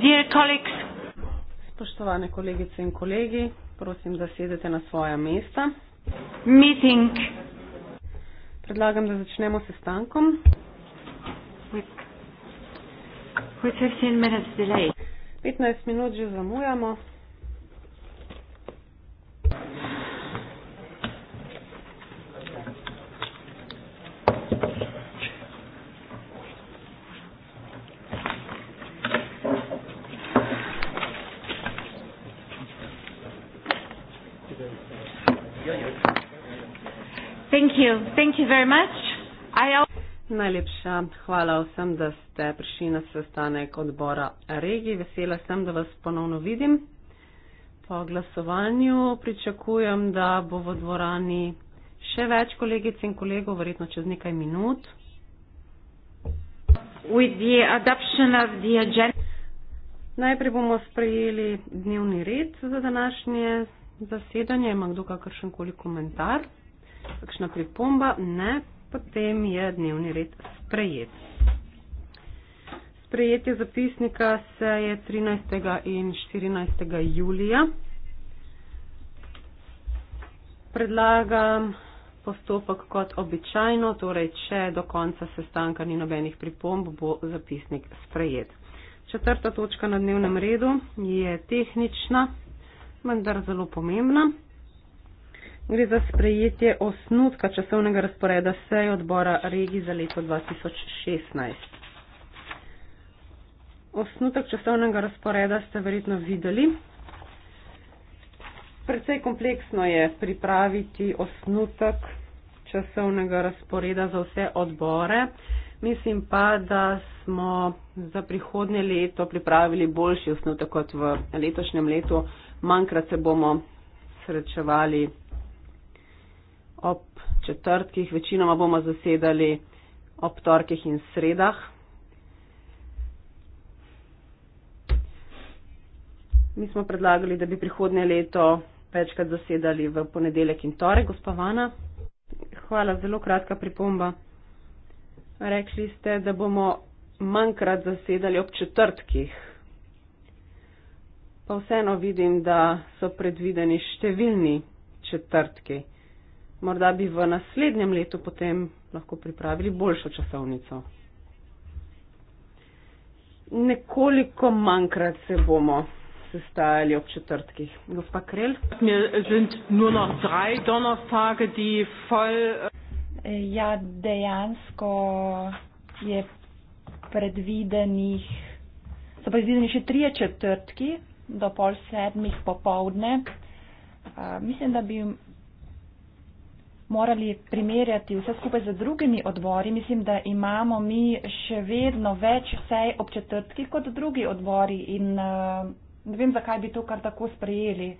Dear colleagues. Spoštovane kolegice in kolegi, prosim, da sedete na svoja mesta. Meeting. Predlagam, da začnemo sestankom. With, with 15 minut že zamujamo. you. Thank you very much. Najlepša hvala vsem, da ste prišli na sestanek odbora regij. Vesela sem, da vas ponovno vidim. Po glasovanju pričakujem, da bo v dvorani še več kolegic in kolegov, verjetno čez nekaj minut. Najprej bomo sprejeli dnevni red za današnje zasedanje. Ima kdo kakršen koli komentar? kakšna pripomba, ne, potem je dnevni red sprejet. Sprejetje zapisnika se je 13. in 14. julija. Predlagam postopek kot običajno, torej če do konca sestanka ni nobenih pripomb, bo zapisnik sprejet. Četrta točka na dnevnem redu je tehnična, vendar zelo pomembna. Gre za sprejetje osnutka časovnega razporeda seje odbora regij za leto 2016. Osnutek časovnega razporeda ste verjetno videli. Predvsej kompleksno je pripraviti osnutek časovnega razporeda za vse odbore. Mislim pa, da smo za prihodnje leto pripravili boljši osnutek kot v letošnjem letu. Manjkrat se bomo srečevali ob četrtkih, večinoma bomo zasedali ob torkih in sredah. Mi smo predlagali, da bi prihodnje leto večkrat zasedali v ponedeljek in torek, gospa Vana. Hvala, zelo kratka pripomba. Rekli ste, da bomo manjkrat zasedali ob četrtkih. Pa vseeno vidim, da so predvideni številni četrtki morda bi v naslednjem letu potem lahko pripravili boljšo časovnico. Nekoliko manjkrat se bomo sestajali ob četrtkih. Gospa Krel? Äh, eh, ja, dejansko je predvidenih, so predvideni še trije četrtki do pol sedmih popovdne. Uh, eh, mislim, da bi morali primerjati vse skupaj z drugimi odbori, mislim, da imamo mi še vedno več sej ob četrtki kot drugi odbori in uh, ne vem, zakaj bi to kar tako sprejeli.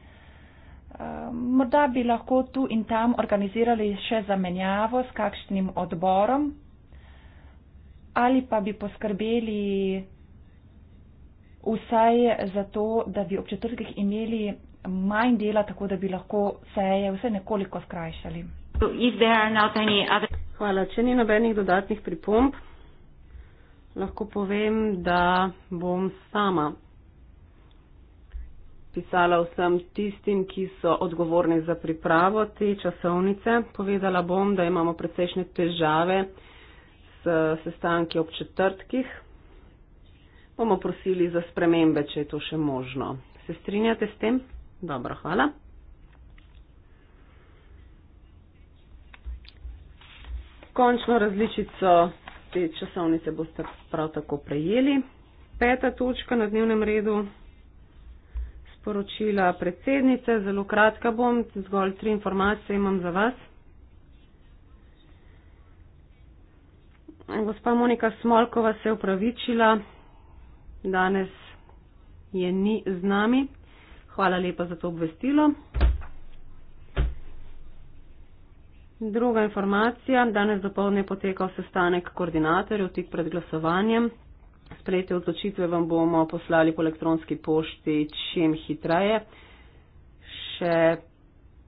Uh, morda bi lahko tu in tam organizirali še zamenjavo s kakšnim odborom ali pa bi poskrbeli vsaj za to, da bi ob četrtkih imeli manj dela, tako da bi lahko seje vse nekoliko skrajšali. Hvala. Če ni nobenih dodatnih pripomb, lahko povem, da bom sama pisala vsem tistim, ki so odgovorni za pripravo te časovnice. Povedala bom, da imamo precejšnje težave s sestanki ob četrtkih. Bomo prosili za spremembe, če je to še možno. Se strinjate s tem? Dobro, hvala. končno različico te časovnice boste prav tako prejeli. Peta točka na dnevnem redu. Sporočila predsednice, zelo kratka bom, zgolj tri informacije imam za vas. Gospa Monika Smolkova se je upravičila, danes je ni z nami. Hvala lepa za to obvestilo. Druga informacija. Danes dopolne je potekal sestanek koordinatorjev tik pred glasovanjem. Sprejete odločitve vam bomo poslali po elektronski pošti čim hitreje. Še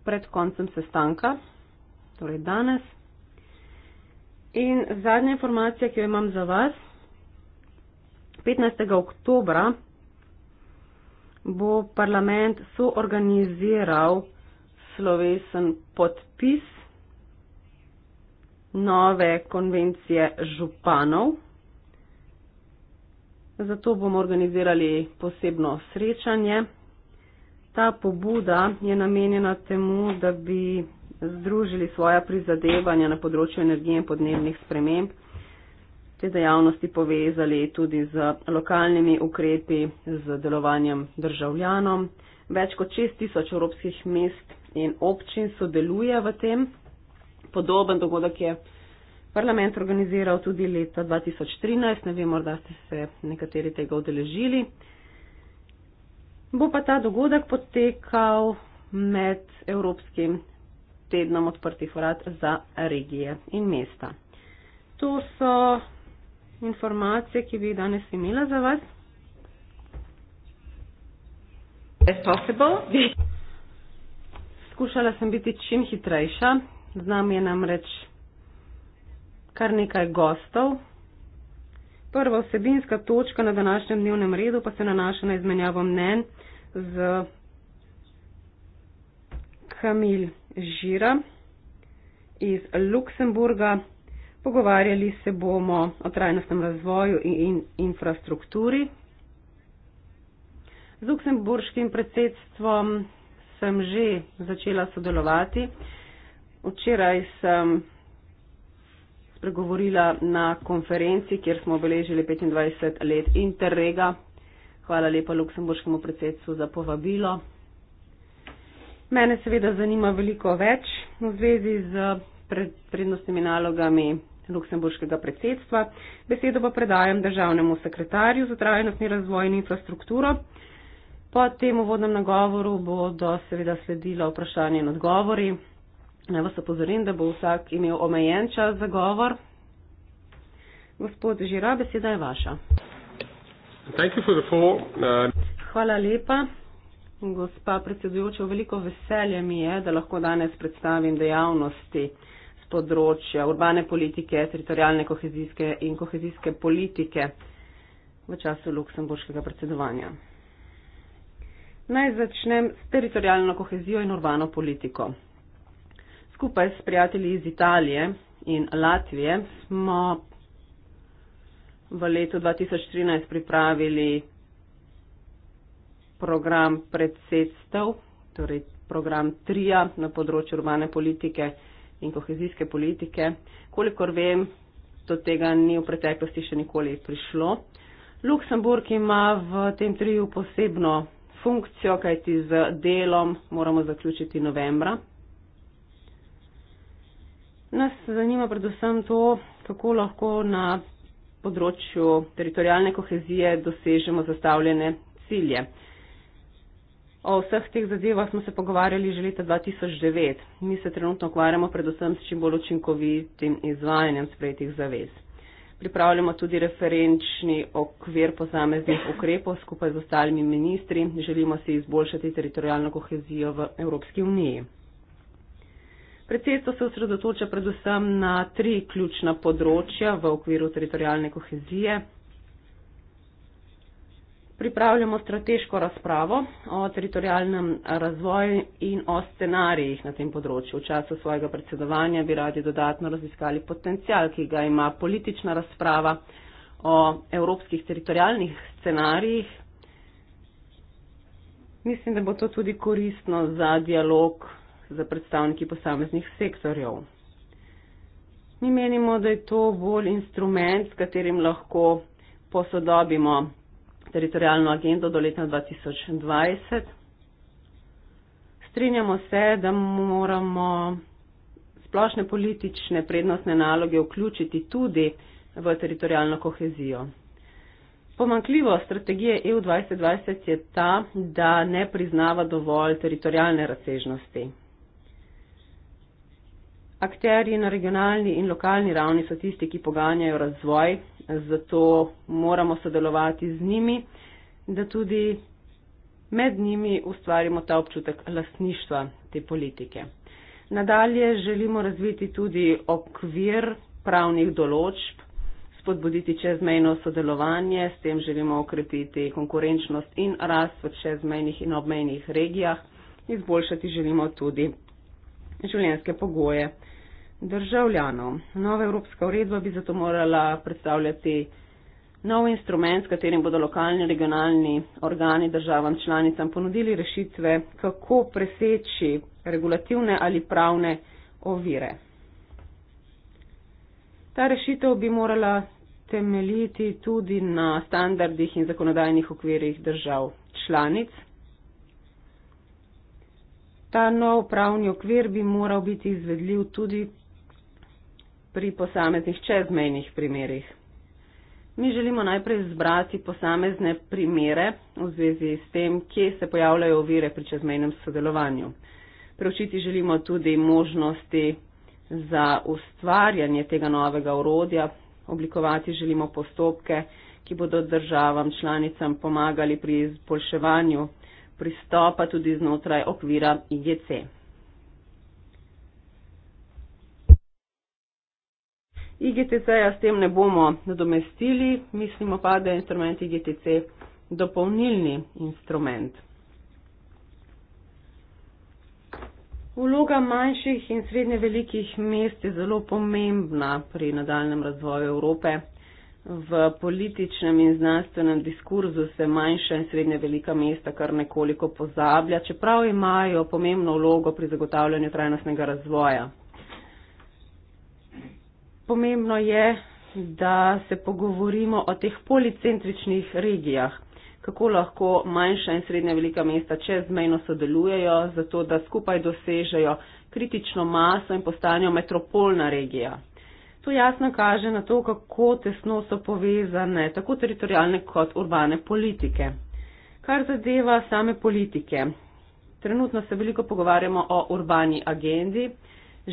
pred koncem sestanka, torej danes. In zadnja informacija, ki jo imam za vas. 15. oktober bo parlament soorganiziral slovesen podpis nove konvencije županov. Zato bomo organizirali posebno srečanje. Ta pobuda je namenjena temu, da bi združili svoja prizadevanja na področju energije in podnebnih sprememb, te dejavnosti povezali tudi z lokalnimi ukrepi, z delovanjem državljanom. Več kot 6000 evropskih mest in občin sodeluje v tem podoben dogodek je parlament organiziral tudi leta 2013, ne vem, morda ste se nekateri tega odeležili. Bo pa ta dogodek potekal med Evropskim tednom odprtih vrat za regije in mesta. To so informacije, ki bi jih danes imela za vas. Skušala sem biti čim hitrejša, z nami je namreč kar nekaj gostov. Prva vsebinska točka na današnjem dnevnem redu pa se nanaša na izmenjavo mnen z Kamil Žira iz Luksemburga. Pogovarjali se bomo o trajnostnem razvoju in infrastrukturi. Z luksemburškim predsedstvom sem že začela sodelovati. Včeraj sem spregovorila na konferenci, kjer smo obeležili 25 let interrega. Hvala lepa luksemburškemu predsedstvu za povabilo. Mene seveda zanima veliko več v zvezi z prednostnimi nalogami luksemburškega predsedstva. Besedo pa predajam državnemu sekretarju za trajnostni razvoj in infrastrukturo. Po tem uvodnem nagovoru bodo seveda sledila vprašanje in odgovori. Naj vas opozorim, da bo vsak imel omejen čas za govor. Gospod Žira, beseda je vaša. Hvala lepa. Gospa predsedujoča, veliko veselje mi je, da lahko danes predstavim dejavnosti z področja urbane politike, teritorijalne kohezijske in kohezijske politike v času luksemburškega predsedovanja. Naj začnem s teritorijalno kohezijo in urbano politiko skupaj s prijatelji iz Italije in Latvije smo v letu 2013 pripravili program predsedstev, torej program trija na področju urbane politike in kohezijske politike. Kolikor vem, do tega ni v preteklosti še nikoli prišlo. Luksemburg ima v tem triju posebno funkcijo, kajti z delom moramo zaključiti novembra Nas zanima predvsem to, kako lahko na področju teritorijalne kohezije dosežemo zastavljene cilje. O vseh teh zadevah smo se pogovarjali že leta 2009. Mi se trenutno ukvarjamo predvsem s čim bolj učinkovitim izvajanjem sprejetih zavez. Pripravljamo tudi referenčni okvir posameznih ukrepov skupaj z ostalimi ministri. Želimo si izboljšati teritorijalno kohezijo v Evropski uniji. Predsedstvo se osredotoča predvsem na tri ključna področja v okviru teritorijalne kohezije. Pripravljamo strateško razpravo o teritorijalnem razvoju in o scenarijih na tem področju. V času svojega predsedovanja bi radi dodatno raziskali potencial, ki ga ima politična razprava o evropskih teritorijalnih scenarijih. Mislim, da bo to tudi koristno za dialog za predstavniki posameznih sektorjev. Mi menimo, da je to bolj instrument, s katerim lahko posodobimo teritorijalno agendo do leta 2020. Strinjamo se, da moramo splošne politične prednostne naloge vključiti tudi v teritorijalno kohezijo. Pomankljivo strategije EU 2020 je ta, da ne priznava dovolj teritorijalne razsežnosti. Akterji na regionalni in lokalni ravni so tisti, ki poganjajo razvoj, zato moramo sodelovati z njimi, da tudi med njimi ustvarimo ta občutek lasništva te politike. Nadalje želimo razviti tudi okvir pravnih določb, spodbuditi čezmejno sodelovanje, s tem želimo okrepiti konkurenčnost in rast v čezmejnih in obmejnih regijah, izboljšati želimo tudi življenjske pogoje državljanov. Nova evropska uredba bi zato morala predstavljati nov instrument, s katerim bodo lokalni in regionalni organi državam članicam ponudili rešitve, kako preseči regulativne ali pravne ovire. Ta rešitev bi morala temeljiti tudi na standardih in zakonodajnih okvirih držav članic. Ta nov pravni okvir bi moral biti izvedljiv tudi pri posameznih čezmejnih primerih. Mi želimo najprej zbrati posamezne primere v zvezi s tem, kje se pojavljajo ovire pri čezmejnem sodelovanju. Preučiti želimo tudi možnosti za ustvarjanje tega novega urodja, oblikovati želimo postopke, ki bodo državam članicam pomagali pri izboljševanju pristopa tudi znotraj okvira IGC. IGTC-ja s tem ne bomo nadomestili, mislimo pa, da je instrument IGTC dopolnilni instrument. Vloga manjših in srednje velikih mest je zelo pomembna pri nadaljem razvoju Evrope. V političnem in znanstvenem diskurzu se manjša in srednje velika mesta kar nekoliko pozablja, čeprav imajo pomembno vlogo pri zagotavljanju trajnostnega razvoja pomembno je, da se pogovorimo o teh policentričnih regijah, kako lahko manjša in srednja velika mesta čezmejno sodelujejo, zato da skupaj dosežejo kritično maso in postanejo metropolna regija. To jasno kaže na to, kako tesno so povezane tako teritorijalne kot urbane politike. Kar zadeva same politike. Trenutno se veliko pogovarjamo o urbani agendi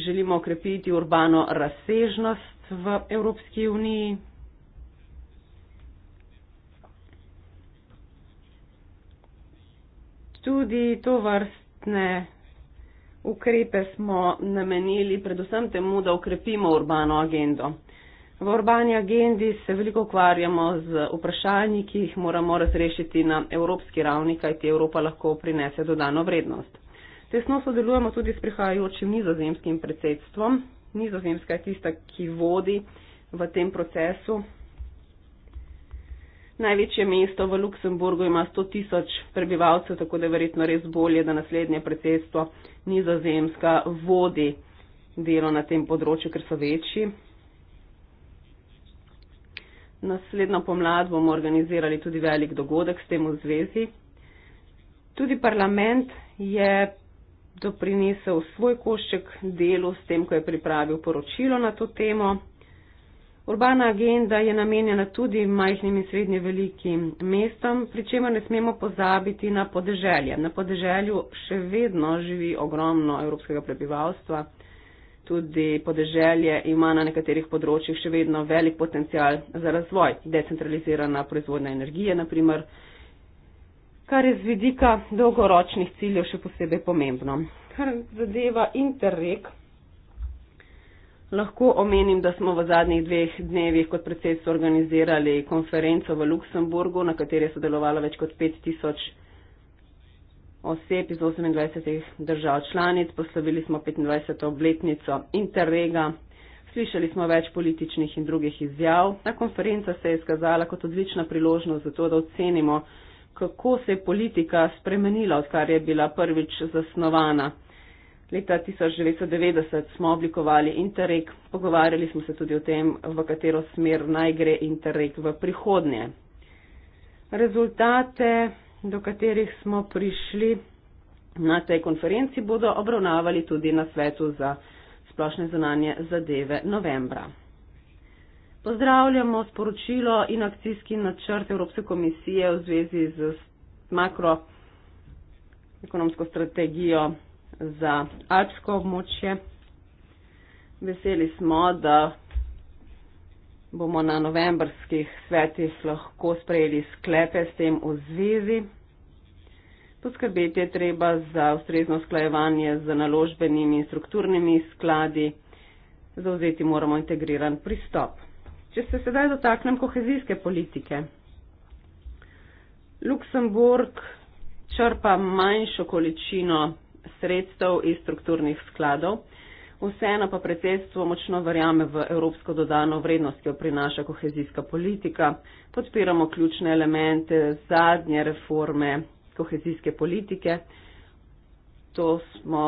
želimo okrepiti urbano razsežnost v Evropski uniji. Tudi to vrstne ukrepe smo namenili predvsem temu, da okrepimo urbano agendo. V urbani agendi se veliko ukvarjamo z vprašanji, ki jih moramo razrešiti na evropski ravni, kajti Evropa lahko prinese dodano vrednost. Tesno sodelujemo tudi s prihajajočim nizozemskim predsedstvom. Nizozemska je tista, ki vodi v tem procesu. Največje mesto v Luksemburgu ima 100 tisoč prebivalcev, tako da je verjetno res bolje, da naslednje predsedstvo nizozemska vodi delo na tem področju, ker so večji. Naslednjo pomlad bomo organizirali tudi velik dogodek s tem v zvezi. Tudi parlament je doprinesel svoj košček delu s tem, ko je pripravil poročilo na to temo. Urbana agenda je namenjena tudi majhnim in srednje velikim mestom, pri čemer ne smemo pozabiti na podeželje. Na podeželju še vedno živi ogromno evropskega prebivalstva, tudi podeželje ima na nekaterih področjih še vedno velik potencial za razvoj, decentralizirana proizvodna energija, naprimer kar je z vidika dolgoročnih ciljev še posebej pomembno. Kar zadeva interreg, lahko omenim, da smo v zadnjih dveh dnevih kot predsedstvo organizirali konferenco v Luksemburgu, na kateri je sodelovalo več kot 5000 oseb iz 28 držav članic. Poslovili smo 25. obletnico interrega. Slišali smo več političnih in drugih izjav. Ta konferenca se je izkazala kot odlična priložnost za to, da ocenimo, kako se je politika spremenila, odkar je bila prvič zasnovana. Leta 1990 smo oblikovali Interreg, pogovarjali smo se tudi o tem, v katero smer naj gre Interreg v prihodnje. Rezultate, do katerih smo prišli na tej konferenci, bodo obravnavali tudi na svetu za splošne zunanje zadeve novembra pozdravljamo sporočilo in akcijski načrt Evropske komisije v zvezi z makroekonomsko strategijo za alpsko območje. Veseli smo, da bomo na novembrskih svetih lahko sprejeli sklepe s tem v zvezi. Poskrbeti je treba za ustrezno sklajevanje z naložbenimi in strukturnimi skladi. Zauzeti moramo integriran pristop. Če se sedaj dotaknem kohezijske politike. Luksemburg črpa manjšo količino sredstev iz strukturnih skladov, vseeno pa predsedstvo močno verjame v evropsko dodano vrednost, ki jo prinaša kohezijska politika. Podpiramo ključne elemente zadnje reforme kohezijske politike. To smo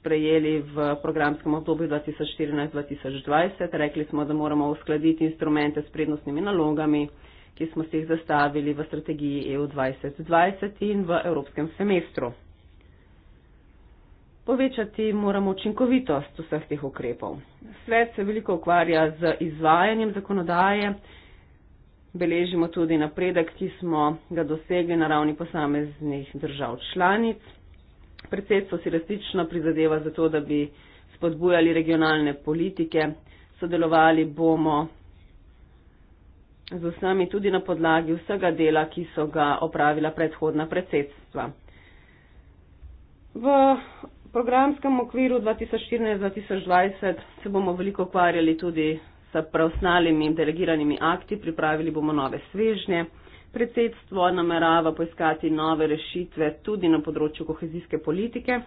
sprejeli v programskem obdobju 2014-2020. Rekli smo, da moramo uskladiti instrumente s prednostnimi nalogami, ki smo si jih zastavili v strategiji EU 2020 in v evropskem semestru. Povečati moramo učinkovitost vseh teh ukrepov. Svet se veliko ukvarja z izvajanjem zakonodaje. Beležimo tudi napredek, ki smo ga dosegli na ravni posameznih držav članic. Predsedstvo si resnično prizadeva za to, da bi spodbujali regionalne politike. Sodelovali bomo z vsemi tudi na podlagi vsega dela, ki so ga opravila predhodna predsedstva. V programskem okviru 2014-2020 se bomo veliko ukvarjali tudi s preostalimi delegiranimi akti, pripravili bomo nove svežnje. Predsedstvo namerava poiskati nove rešitve tudi na področju kohezijske politike.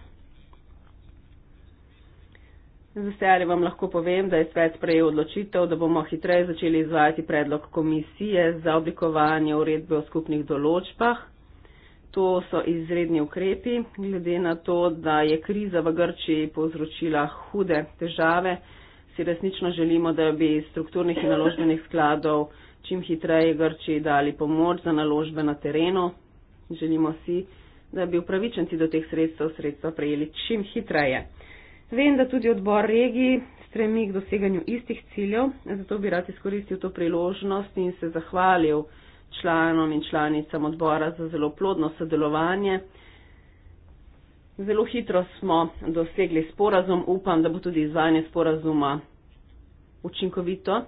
Z veseljem vam lahko povem, da je svet sprejel odločitev, da bomo hitreje začeli izvajati predlog komisije za oblikovanje uredbe o skupnih določbah. To so izredni ukrepi, glede na to, da je kriza v Grčiji povzročila hude težave, si resnično želimo, da bi strukturnih in naložbenih skladov čim hitreje Grčiji dali pomoč za naložbe na terenu. Želimo si, da bi upravičenci do teh sredstev sredstva prejeli čim hitreje. Vem, da tudi odbor regiji stremi k doseganju istih ciljev, zato bi rad izkoristil to priložnost in se zahvalil članom in članicam odbora za zelo plodno sodelovanje. Zelo hitro smo dosegli sporazum, upam, da bo tudi izvajanje sporazuma učinkovito.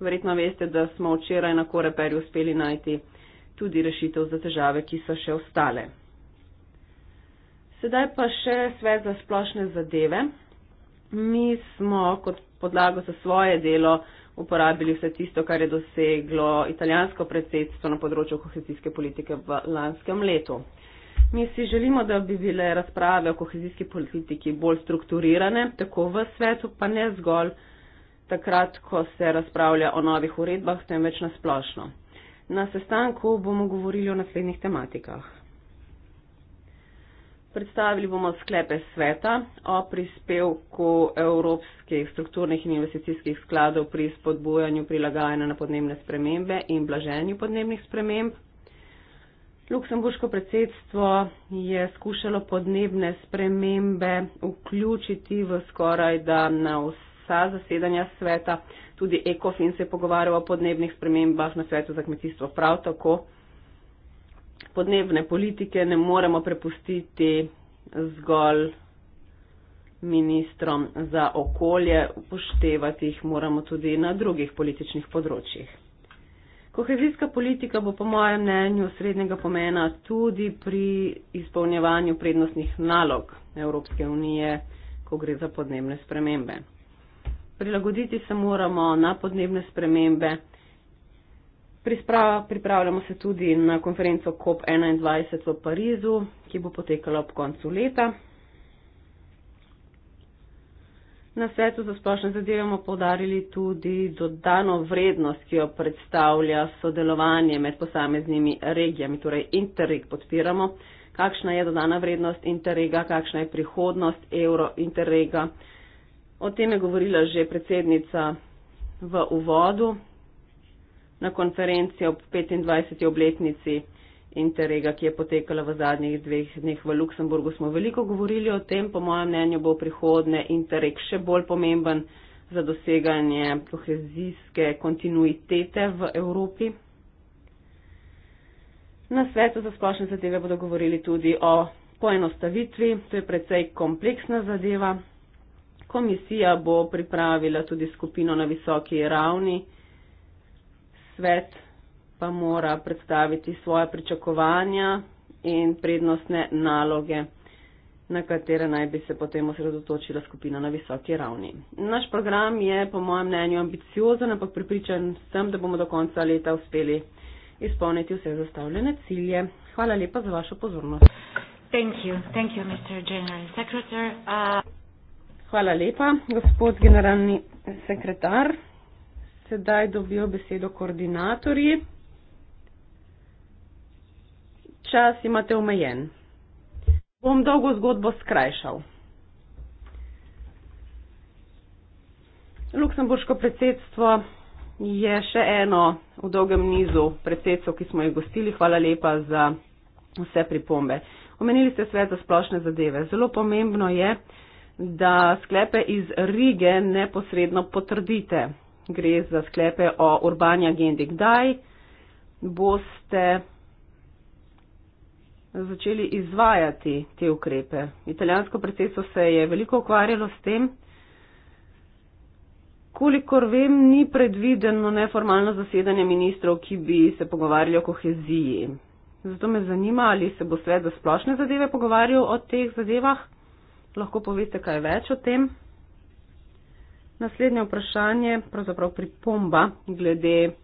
Verjetno veste, da smo včeraj na Koreperju uspeli najti tudi rešitev za težave, ki so še ostale. Sedaj pa še svet za splošne zadeve. Mi smo kot podlago za svoje delo uporabili vse tisto, kar je doseglo italijansko predsedstvo na področju kohezijske politike v lanskem letu. Mi si želimo, da bi bile razprave o kohezijski politiki bolj strukturirane, tako v svetu, pa ne zgolj takrat, ko se razpravlja o novih uredbah, temveč nasplošno. Na sestanku bomo govorili o naslednjih tematikah. Predstavili bomo sklepe sveta o prispevku evropskih strukturnih in investicijskih skladov pri spodbujanju prilagajanja na podnebne spremembe in blaženju podnebnih sprememb. Luksemburško predsedstvo je skušalo podnebne spremembe vključiti v skoraj da na vse vsa zasedanja sveta, tudi ECOFIN se je pogovarjal o podnebnih spremembah na svetu za kmetijstvo. Prav tako podnebne politike ne moremo prepustiti zgolj ministrom za okolje, upoštevati jih moramo tudi na drugih političnih področjih. Kohezijska politika bo po mojem mnenju srednjega pomena tudi pri izpolnjevanju prednostnih nalog Evropske unije, ko gre za podnebne spremembe prilagoditi se moramo na podnebne spremembe. Pripravljamo se tudi na konferenco COP21 v Parizu, ki bo potekala ob koncu leta. Na svetu za splošne zadeve bomo povdarili tudi dodano vrednost, ki jo predstavlja sodelovanje med posameznimi regijami, torej interreg podpiramo, kakšna je dodana vrednost interrega, kakšna je prihodnost evro interrega. O tem je govorila že predsednica v uvodu na konferenci ob 25. obletnici Interrega, ki je potekala v zadnjih dveh dneh v Luksemburgu. Smo veliko govorili o tem, po mojem mnenju bo prihodne Interreg še bolj pomemben za doseganje kohezijske kontinuitete v Evropi. Na svetu za splošne zadeve bodo govorili tudi o poenostavitvi, to je precej kompleksna zadeva. Komisija bo pripravila tudi skupino na visoki ravni, svet pa mora predstaviti svoje pričakovanja in prednostne naloge na katere naj bi se potem osredotočila skupina na visoki ravni. Naš program je po mojem mnenju ambiciozen, ampak pripričan sem, da bomo do konca leta uspeli izpolniti vse zastavljene cilje. Hvala lepa za vašo pozornost. Thank you. Thank you, Hvala lepa, gospod generalni sekretar. Sedaj dobijo besedo koordinatorji. Čas imate omejen. Bom dolgo zgodbo skrajšal. Luksemburško predsedstvo je še eno v dolgem nizu predsedstv, ki smo jih gostili. Hvala lepa za vse pripombe. Omenili ste svet za splošne zadeve. Zelo pomembno je, da sklepe iz Rige neposredno potrdite. Gre za sklepe o urbani agendi. Kdaj boste začeli izvajati te ukrepe? Italijansko predsedstvo se je veliko ukvarjalo s tem. Kolikor vem, ni predvideno neformalno zasedanje ministrov, ki bi se pogovarjali o koheziji. Zato me zanima, ali se bo svet za splošne zadeve pogovarjal o teh zadevah lahko poveste kaj več o tem? Naslednje vprašanje, pravzaprav pripomba glede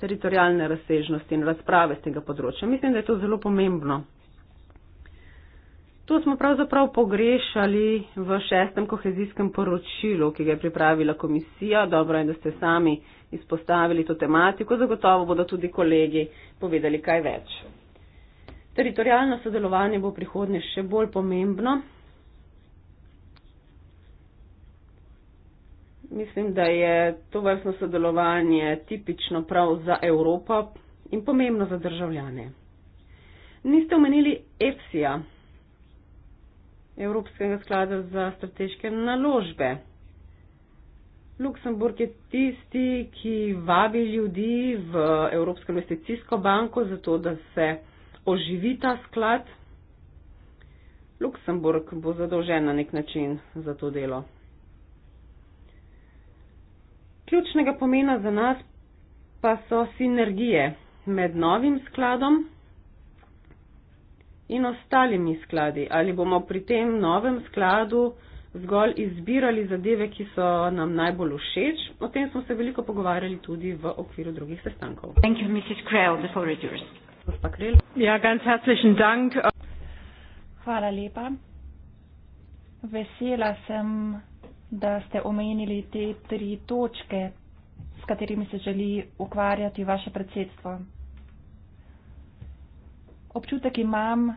teritorijalne razsežnosti in razprave z tega področja. Mislim, da je to zelo pomembno. To smo pravzaprav pogrešali v šestem kohezijskem poročilu, ki ga je pripravila komisija. Dobro je, da ste sami izpostavili to tematiko, zagotovo bodo tudi kolegi povedali kaj več. Teritorijalno sodelovanje bo prihodnje še bolj pomembno, mislim, da je to vrstno sodelovanje tipično prav za Evropo in pomembno za državljane. Niste omenili EFSI-ja, Evropskega sklada za strateške naložbe. Luksemburg je tisti, ki vabi ljudi v Evropsko investicijsko banko, zato da se oživi ta sklad. Luksemburg bo zadolžen na nek način za to delo ključnega pomena za nas pa so sinergije med novim skladom in ostalimi skladi. Ali bomo pri tem novem skladu zgolj izbirali zadeve, ki so nam najbolj všeč, o tem smo se veliko pogovarjali tudi v okviru drugih sestankov. Ja, Hvala lepa. Vesela sem da ste omenili te tri točke, s katerimi se želi ukvarjati vaše predsedstvo. Občutek imam,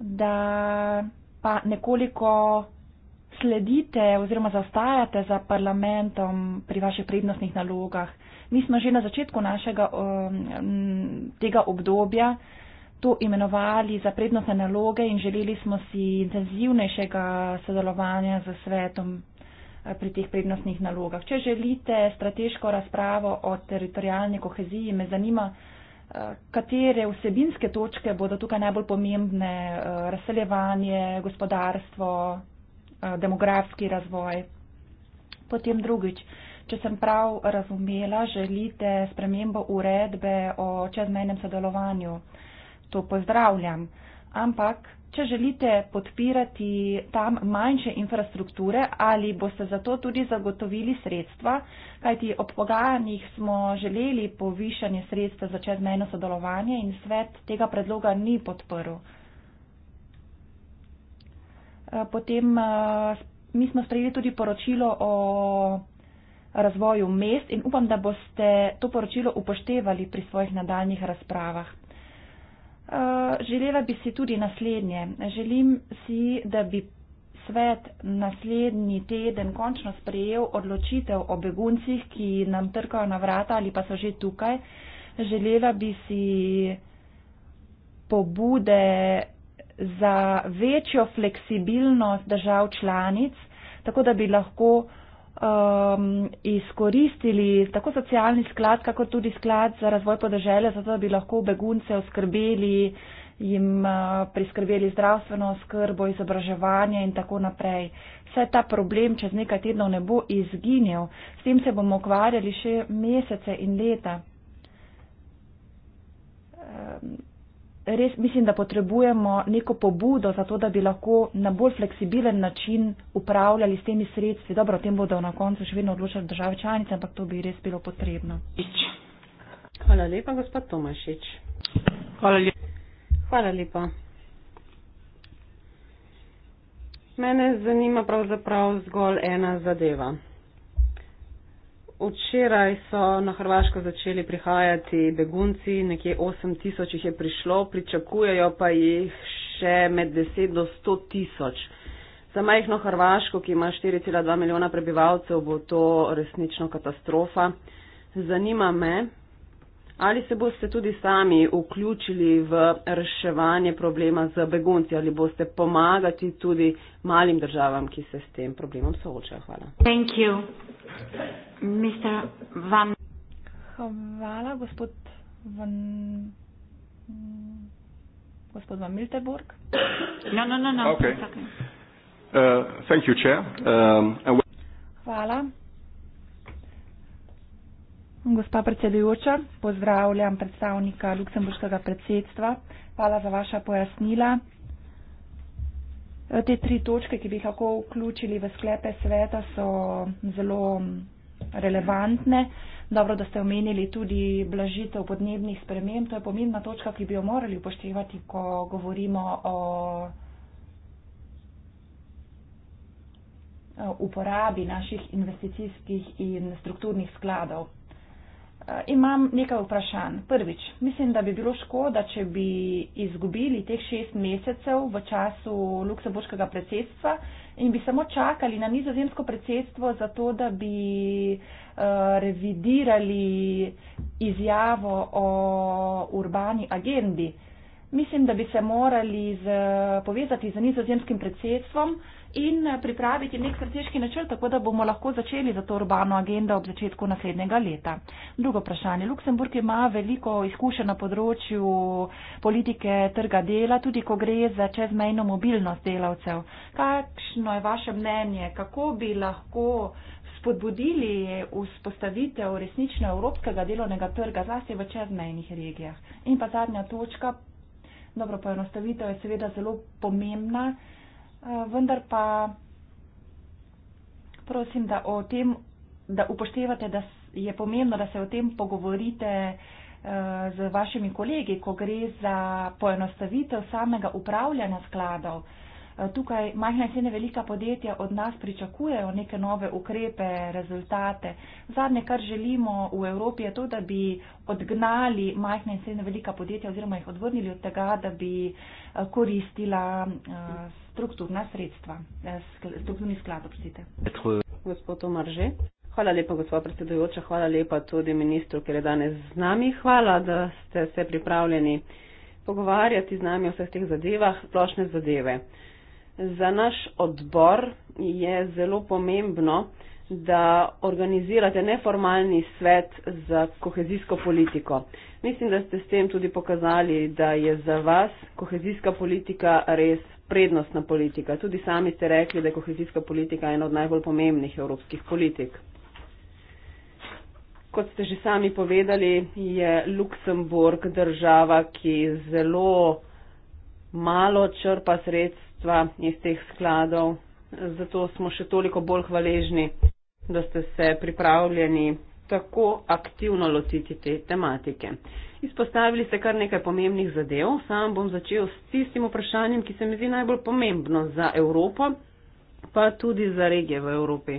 da pa nekoliko sledite oziroma zaostajate za parlamentom pri vaših prednostnih nalogah. Mi smo že na začetku našega um, tega obdobja to imenovali za prednostne naloge in želeli smo si intenzivnejšega sodelovanja z svetom pri teh prednostnih nalogah. Če želite strateško razpravo o teritorijalni koheziji, me zanima, eh, katere vsebinske točke bodo tukaj najbolj pomembne, eh, razseljevanje, gospodarstvo, eh, demografski razvoj. Potem drugič, če sem prav razumela, želite spremembo uredbe o čezmejnem sodelovanju. To pozdravljam. Ampak če želite podpirati tam manjše infrastrukture ali boste za to tudi zagotovili sredstva, kajti ob pogajanjih smo želeli povišanje sredstva za čezmejno sodelovanje in svet tega predloga ni podprl. Eh, potem eh, mi smo sprejeli tudi poročilo o razvoju mest in upam, da boste to poročilo upoštevali pri svojih nadaljnih razpravah. Eh, želela bi si tudi naslednje. Želim si, da bi svet naslednji teden končno sprejel odločitev o beguncih, ki nam trkajo na vrata ali pa so že tukaj. Želela bi si pobude za večjo fleksibilnost držav članic, tako da bi lahko um, izkoristili tako socialni sklad, kako tudi sklad za razvoj podeželja, zato da bi lahko begunce oskrbeli, jim uh, priskrbeli zdravstveno oskrbo, izobraževanje in tako naprej. Vse ta problem čez nekaj tednov ne bo izginil, s tem se bomo ukvarjali še mesece in leta. Um, res mislim, da potrebujemo neko pobudo za to, da bi lahko na bolj fleksibilen način upravljali s temi sredstvi. Dobro, o tem bodo na koncu še vedno odločali države članice, ampak to bi res bilo potrebno. Hvala lepa, gospod Tomašič. Hvala lepa. Hvala lepa. Mene zanima pravzaprav zgolj ena zadeva včeraj so na Hrvaško začeli prihajati begunci, nekje 8 tisoč jih je prišlo, pričakujejo pa jih še med 10 do 100 tisoč. Za majhno Hrvaško, ki ima 4,2 milijona prebivalcev, bo to resnično katastrofa. Zanima me, ali se boste tudi sami vključili v reševanje problema z begunci, ali boste pomagati tudi malim državam, ki se s tem problemom soočajo. Hvala. Thank you. Mister Van. Hvala, gospod Van. Gospod Van Milteburg. No, no, no, no. Okay. Uh, thank you, Chair. Um, and... Hvala. Gospa predsedujoča, pozdravljam predstavnika Luksemburškega predsedstva. Hvala za vaša pojasnila. Eh, te tri točke, ki bi jih lahko vključili v sklepe sveta, so zelo relevantne. Dobro, da ste omenili tudi blažitev podnebnih sprememb. To je pomembna točka, ki bi jo morali upoštevati, ko govorimo o eh, uporabi naših investicijskih in strukturnih skladov. Eh, imam nekaj vprašanj. Prvič, mislim, da bi bilo škoda, če bi izgubili teh šest mesecev v času luksemburškega predsedstva in bi samo čakali na nizozemsko predsedstvo, zato da bi eh, revidirali izjavo o urbani agendi. Mislim, da bi se morali z, povezati z nizozemskim predsedstvom, uh, in eh, pripraviti nek strateški načrt, tako da bomo lahko začeli za to urbano agendo ob začetku naslednjega leta. Drugo vprašanje. Luksemburg ima veliko izkušenj na področju politike trga dela, tudi ko gre za čezmejno mobilnost delavcev. Kakšno je vaše mnenje, kako bi lahko spodbudili vzpostavitev resnično evropskega delovnega trga, zlasti v čezmejnih regijah? In pa zadnja točka. Dobro, poenostavitev je seveda zelo pomembna. Eh, vendar pa prosim, da, tem, da upoštevate, da je pomembno, da se o tem pogovorite eh, z vašimi kolegi, ko gre za poenostavitev samega upravljanja skladov. Eh, tukaj majhna in srednja velika podjetja od nas pričakujejo neke nove ukrepe, rezultate. Zadnje, kar želimo v Evropi, je to, da bi odgnali majhna in srednja velika podjetja oziroma jih odvrnili od tega, da bi eh, koristila eh, strukturna sredstva, strukturni sklad, oprostite. Gospod Omar že. Hvala lepa, gospod predsedujoča, hvala lepa tudi ministru, ker je danes z nami. Hvala, da ste se pripravljeni pogovarjati z nami o vseh teh zadevah, splošne zadeve. Za naš odbor je zelo pomembno, da organizirate neformalni svet za kohezijsko politiko. Mislim, da ste s tem tudi pokazali, da je za vas kohezijska politika res prednostna politika. Tudi sami ste rekli, da je kohezijska politika ena od najbolj pomembnih evropskih politik. Kot ste že sami povedali, je Luksemburg država, ki zelo malo črpa sredstva sredstva iz teh skladov. Zato smo še toliko bolj hvaležni, da ste se pripravljeni tako aktivno lotiti te tematike. Izpostavili ste kar nekaj pomembnih zadev. Sam bom začel s tistim vprašanjem, ki se mi zdi najbolj pomembno za Evropo, pa tudi za regije v Evropi.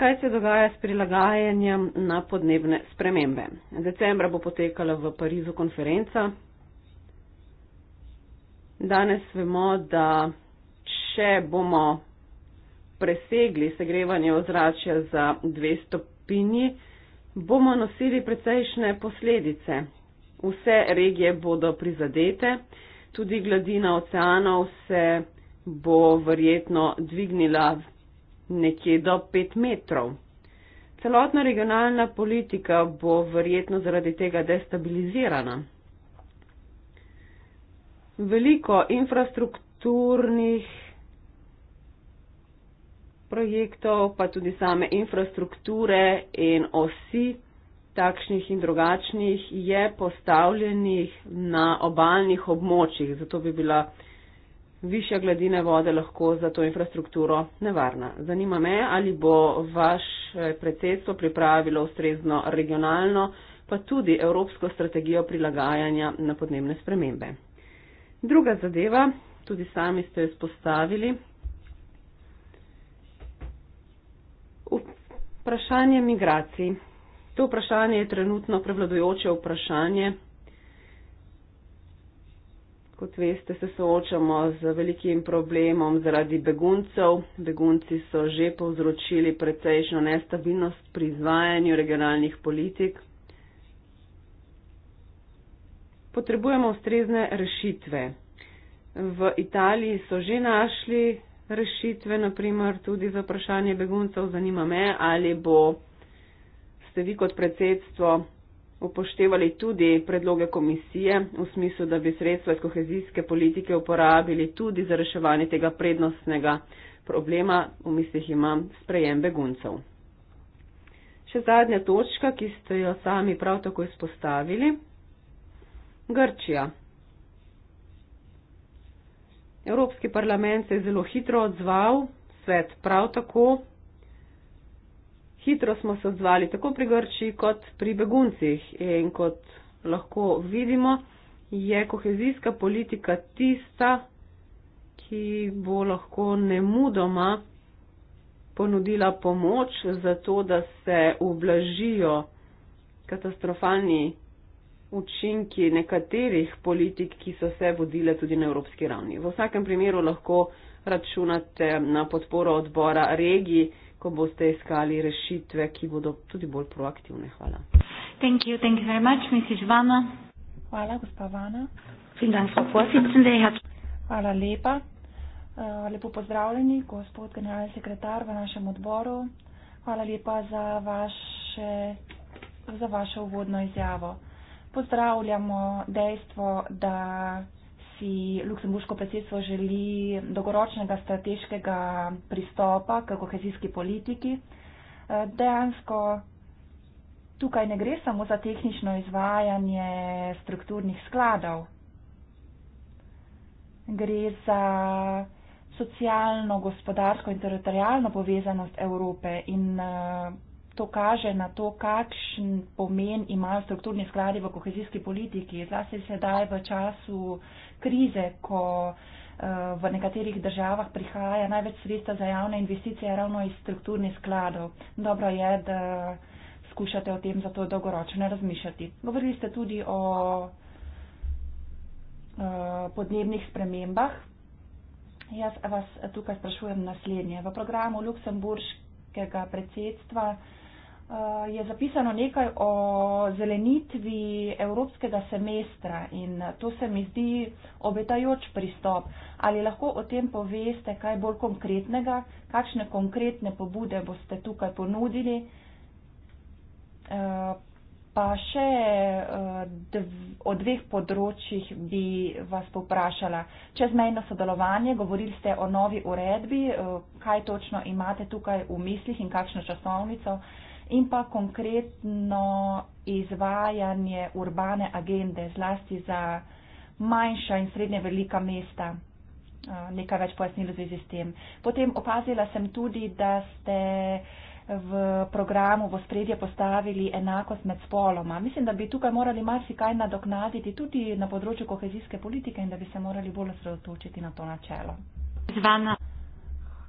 Kaj se dogaja s prilagajanjem na podnebne spremembe? Decembra bo potekala v Parizu konferenca Danes vemo, da če bomo presegli segrevanje ozračja za dve stopinji, bomo nosili precejšnje posledice. Vse regije bodo prizadete, tudi gladina oceanov se bo verjetno dvignila nekje do pet metrov. Celotna regionalna politika bo verjetno zaradi tega destabilizirana veliko infrastrukturnih projektov, pa tudi same infrastrukture in osi takšnih in drugačnih je postavljenih na obaljnih območjih, zato bi bila višja gladina vode lahko za to infrastrukturo nevarna. Zanima me, ali bo vaš predsedstvo pripravilo ustrezno regionalno, pa tudi evropsko strategijo prilagajanja na podnebne spremembe. Druga zadeva, tudi sami ste jo spostavili. Vprašanje migracij. To vprašanje je trenutno prevladojoče vprašanje. Kot veste, se soočamo z velikim problemom zaradi beguncev. Begunci so že povzročili precejšno nestabilnost pri izvajanju regionalnih politik potrebujemo ustrezne rešitve. V Italiji so že našli rešitve, naprimer tudi za vprašanje beguncev. Zanima me, ali bo ste vi kot predsedstvo upoštevali tudi predloge komisije v smislu, da bi sredstva iz kohezijske politike uporabili tudi za reševanje tega prednostnega problema, v mislih imam sprejem beguncev. Še zadnja točka, ki ste jo sami prav tako izpostavili. Grčija. Evropski parlament se je zelo hitro odzval, svet prav tako. Hitro smo se odzvali tako pri Grčiji kot pri beguncih in kot lahko vidimo, je kohezijska politika tista, ki bo lahko nemudoma ponudila pomoč za to, da se ublažijo katastrofalni učinki nekaterih politik, ki so se vodile tudi na evropski ravni. V vsakem primeru lahko računate na podporo odbora regiji, ko boste iskali rešitve, ki bodo tudi bolj proaktivne. Hvala. Thank you, thank you very much, Mrs. Vana. Hvala, gospa Vana. Hvala lepa. Eh, lepo pozdravljeni, gospod generalni sekretar v našem odboru. Hvala lepa za vaše, za vaše uvodno izjavo pozdravljamo dejstvo, da si Luksemburško predsedstvo želi dolgoročnega strateškega pristopa k kohezijski politiki. Dejansko tukaj ne gre samo za tehnično izvajanje strukturnih skladov, gre za socialno, gospodarsko in teritorijalno povezanost Evrope in uh, to kaže na to, kakšen pomen imajo strukturni skladi v kohezijski politiki, zlasti sedaj v času krize, ko eh, v nekaterih državah prihaja največ sredstva za javne investicije ravno iz strukturnih skladov. Dobro je, da skušate o tem zato dolgoročno razmišljati. Govorili ste tudi o, o eh, podnebnih spremembah. Jaz vas tukaj sprašujem naslednje. V programu Luksemburškega predsedstva Eh, je zapisano nekaj o zelenitvi evropskega semestra in to se mi zdi obetajoč pristop. Ali lahko o tem poveste kaj bolj konkretnega, kakšne konkretne pobude boste tukaj ponudili? Eh, pa še eh, o dveh področjih bi vas poprašala. Čezmejno sodelovanje, govorili ste o novi uredbi, kaj točno imate tukaj v mislih in kakšno časovnico in pa konkretno izvajanje urbane agende, zlasti za manjša in srednje velika mesta. Nekaj več pojasnil v zvezi s tem. Potem opazila sem tudi, da ste v programu v spredje postavili enakost med spoloma. Mislim, da bi tukaj morali marsikaj nadoknaditi tudi na področju kohezijske politike in da bi se morali bolj osredotočiti na to načelo. Zvana.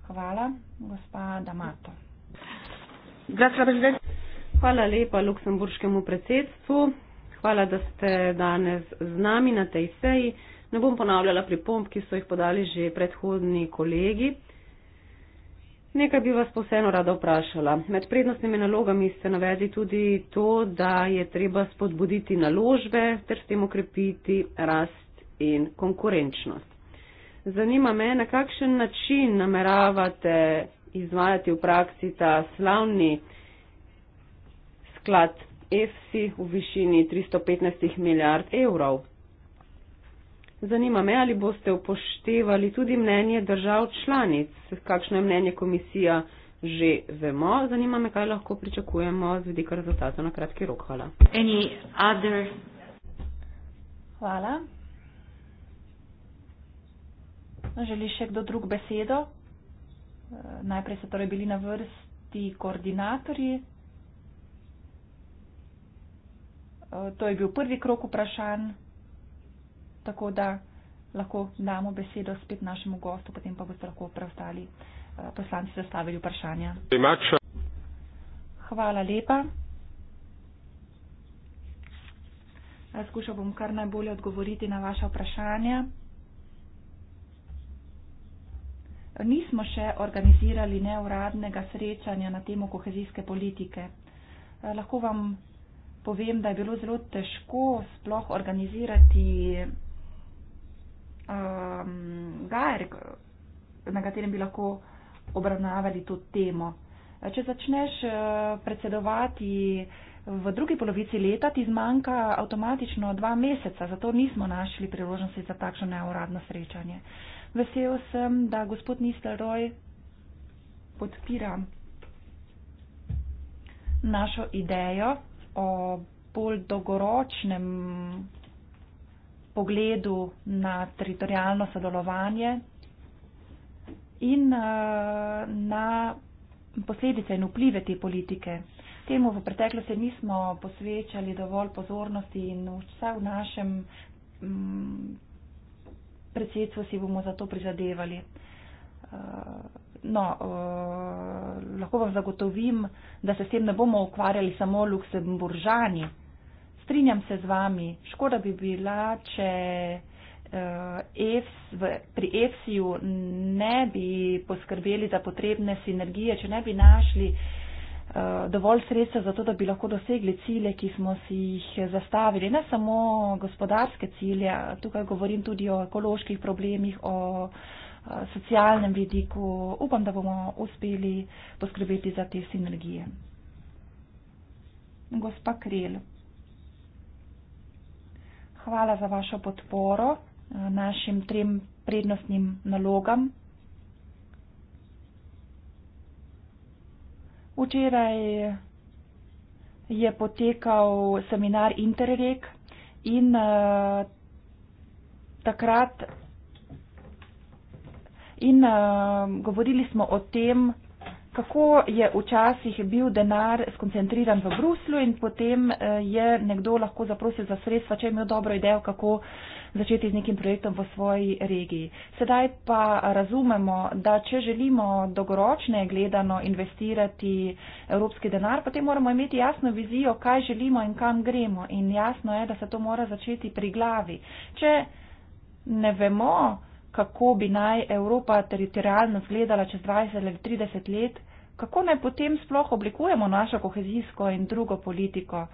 Hvala, gospa Damato. Hvala. Hvala lepa luksemburškemu predsedstvu. Hvala, da ste danes z nami na tej seji. Ne bom ponavljala pripomp, ki so jih podali že predhodni kolegi. Nekaj bi vas posebno rada vprašala. Med prednostnimi nalogami ste navedli tudi to, da je treba spodbuditi naložbe ter s tem okrepiti rast in konkurenčnost. Zanima me, na kakšen način nameravate izvajati v praksi ta slavni sklad EFSI v višini 315 milijard evrov. Zanima me, ali boste upoštevali tudi mnenje držav članic, kakšno je mnenje komisija, že vemo. Zanima me, kaj lahko pričakujemo z vidika rezultatov na kratki rok. Hvala. Other... Hvala. Želi še kdo drug besedo? Najprej so torej bili na vrsti koordinatorji. E, to je bil prvi krok vprašanj, tako da lahko damo besedo spet našemu gostu, potem pa boste lahko preostali e, poslanci zastavili vprašanja. Hvala lepa. Skušal bom kar najbolje odgovoriti na vaše vprašanje. nismo še organizirali neuradnega srečanja na temo kohezijske politike. Eh, lahko vam povem, da je bilo zelo težko sploh organizirati um, ehm, gajer, na katerem bi lahko obravnavali to temo. Eh, če začneš eh, predsedovati v drugi polovici leta, ti zmanjka avtomatično dva meseca, zato nismo našli priložnosti za takšno neuradno srečanje. Uh, Vesel sem, da gospod Nistelroj podpira našo idejo o bolj dolgoročnem pogledu na teritorijalno sodelovanje in eh, na posledice in vplive te politike. Temu v preteklosti nismo posvečali dovolj pozornosti in vse v našem mm, predsedstvo si bomo za to prizadevali. Eh, no, eh, lahko vam zagotovim, da se s tem ne bomo ukvarjali samo luksemburžani. Strinjam se z vami, škoda bi bila, če EFS, eh, pri EFSI-ju ne bi poskrbeli za potrebne sinergije, če ne bi našli Eh, dovolj sredstev za to, da bi lahko dosegli cilje, ki smo si jih zastavili. Ne samo gospodarske cilje, tukaj govorim tudi o ekoloških problemih, o eh, socialnem vidiku. Upam, da bomo uspeli poskrbeti za te sinergije. Gospa Krel, hvala za vašo podporo eh, našim trem prednostnim nalogam. Včeraj je potekal seminar Interreg in uh, takrat in, uh, govorili smo o tem, kako je včasih bil denar skoncentriran v Bruslu in potem uh, je nekdo lahko zaprosil za sredstva, če je imel dobro idejo, kako uh, začeti z nekim projektom v svoji regiji. Sedaj pa razumemo, da če želimo dolgoročne gledano investirati evropski denar, potem moramo imeti jasno vizijo, kaj želimo in kam gremo. In jasno je, da se to mora začeti pri glavi. Če ne vemo, kako bi naj Evropa teritorijalno zgledala čez 20 ali 30 let, kako naj potem sploh oblikujemo našo kohezijsko in drugo politiko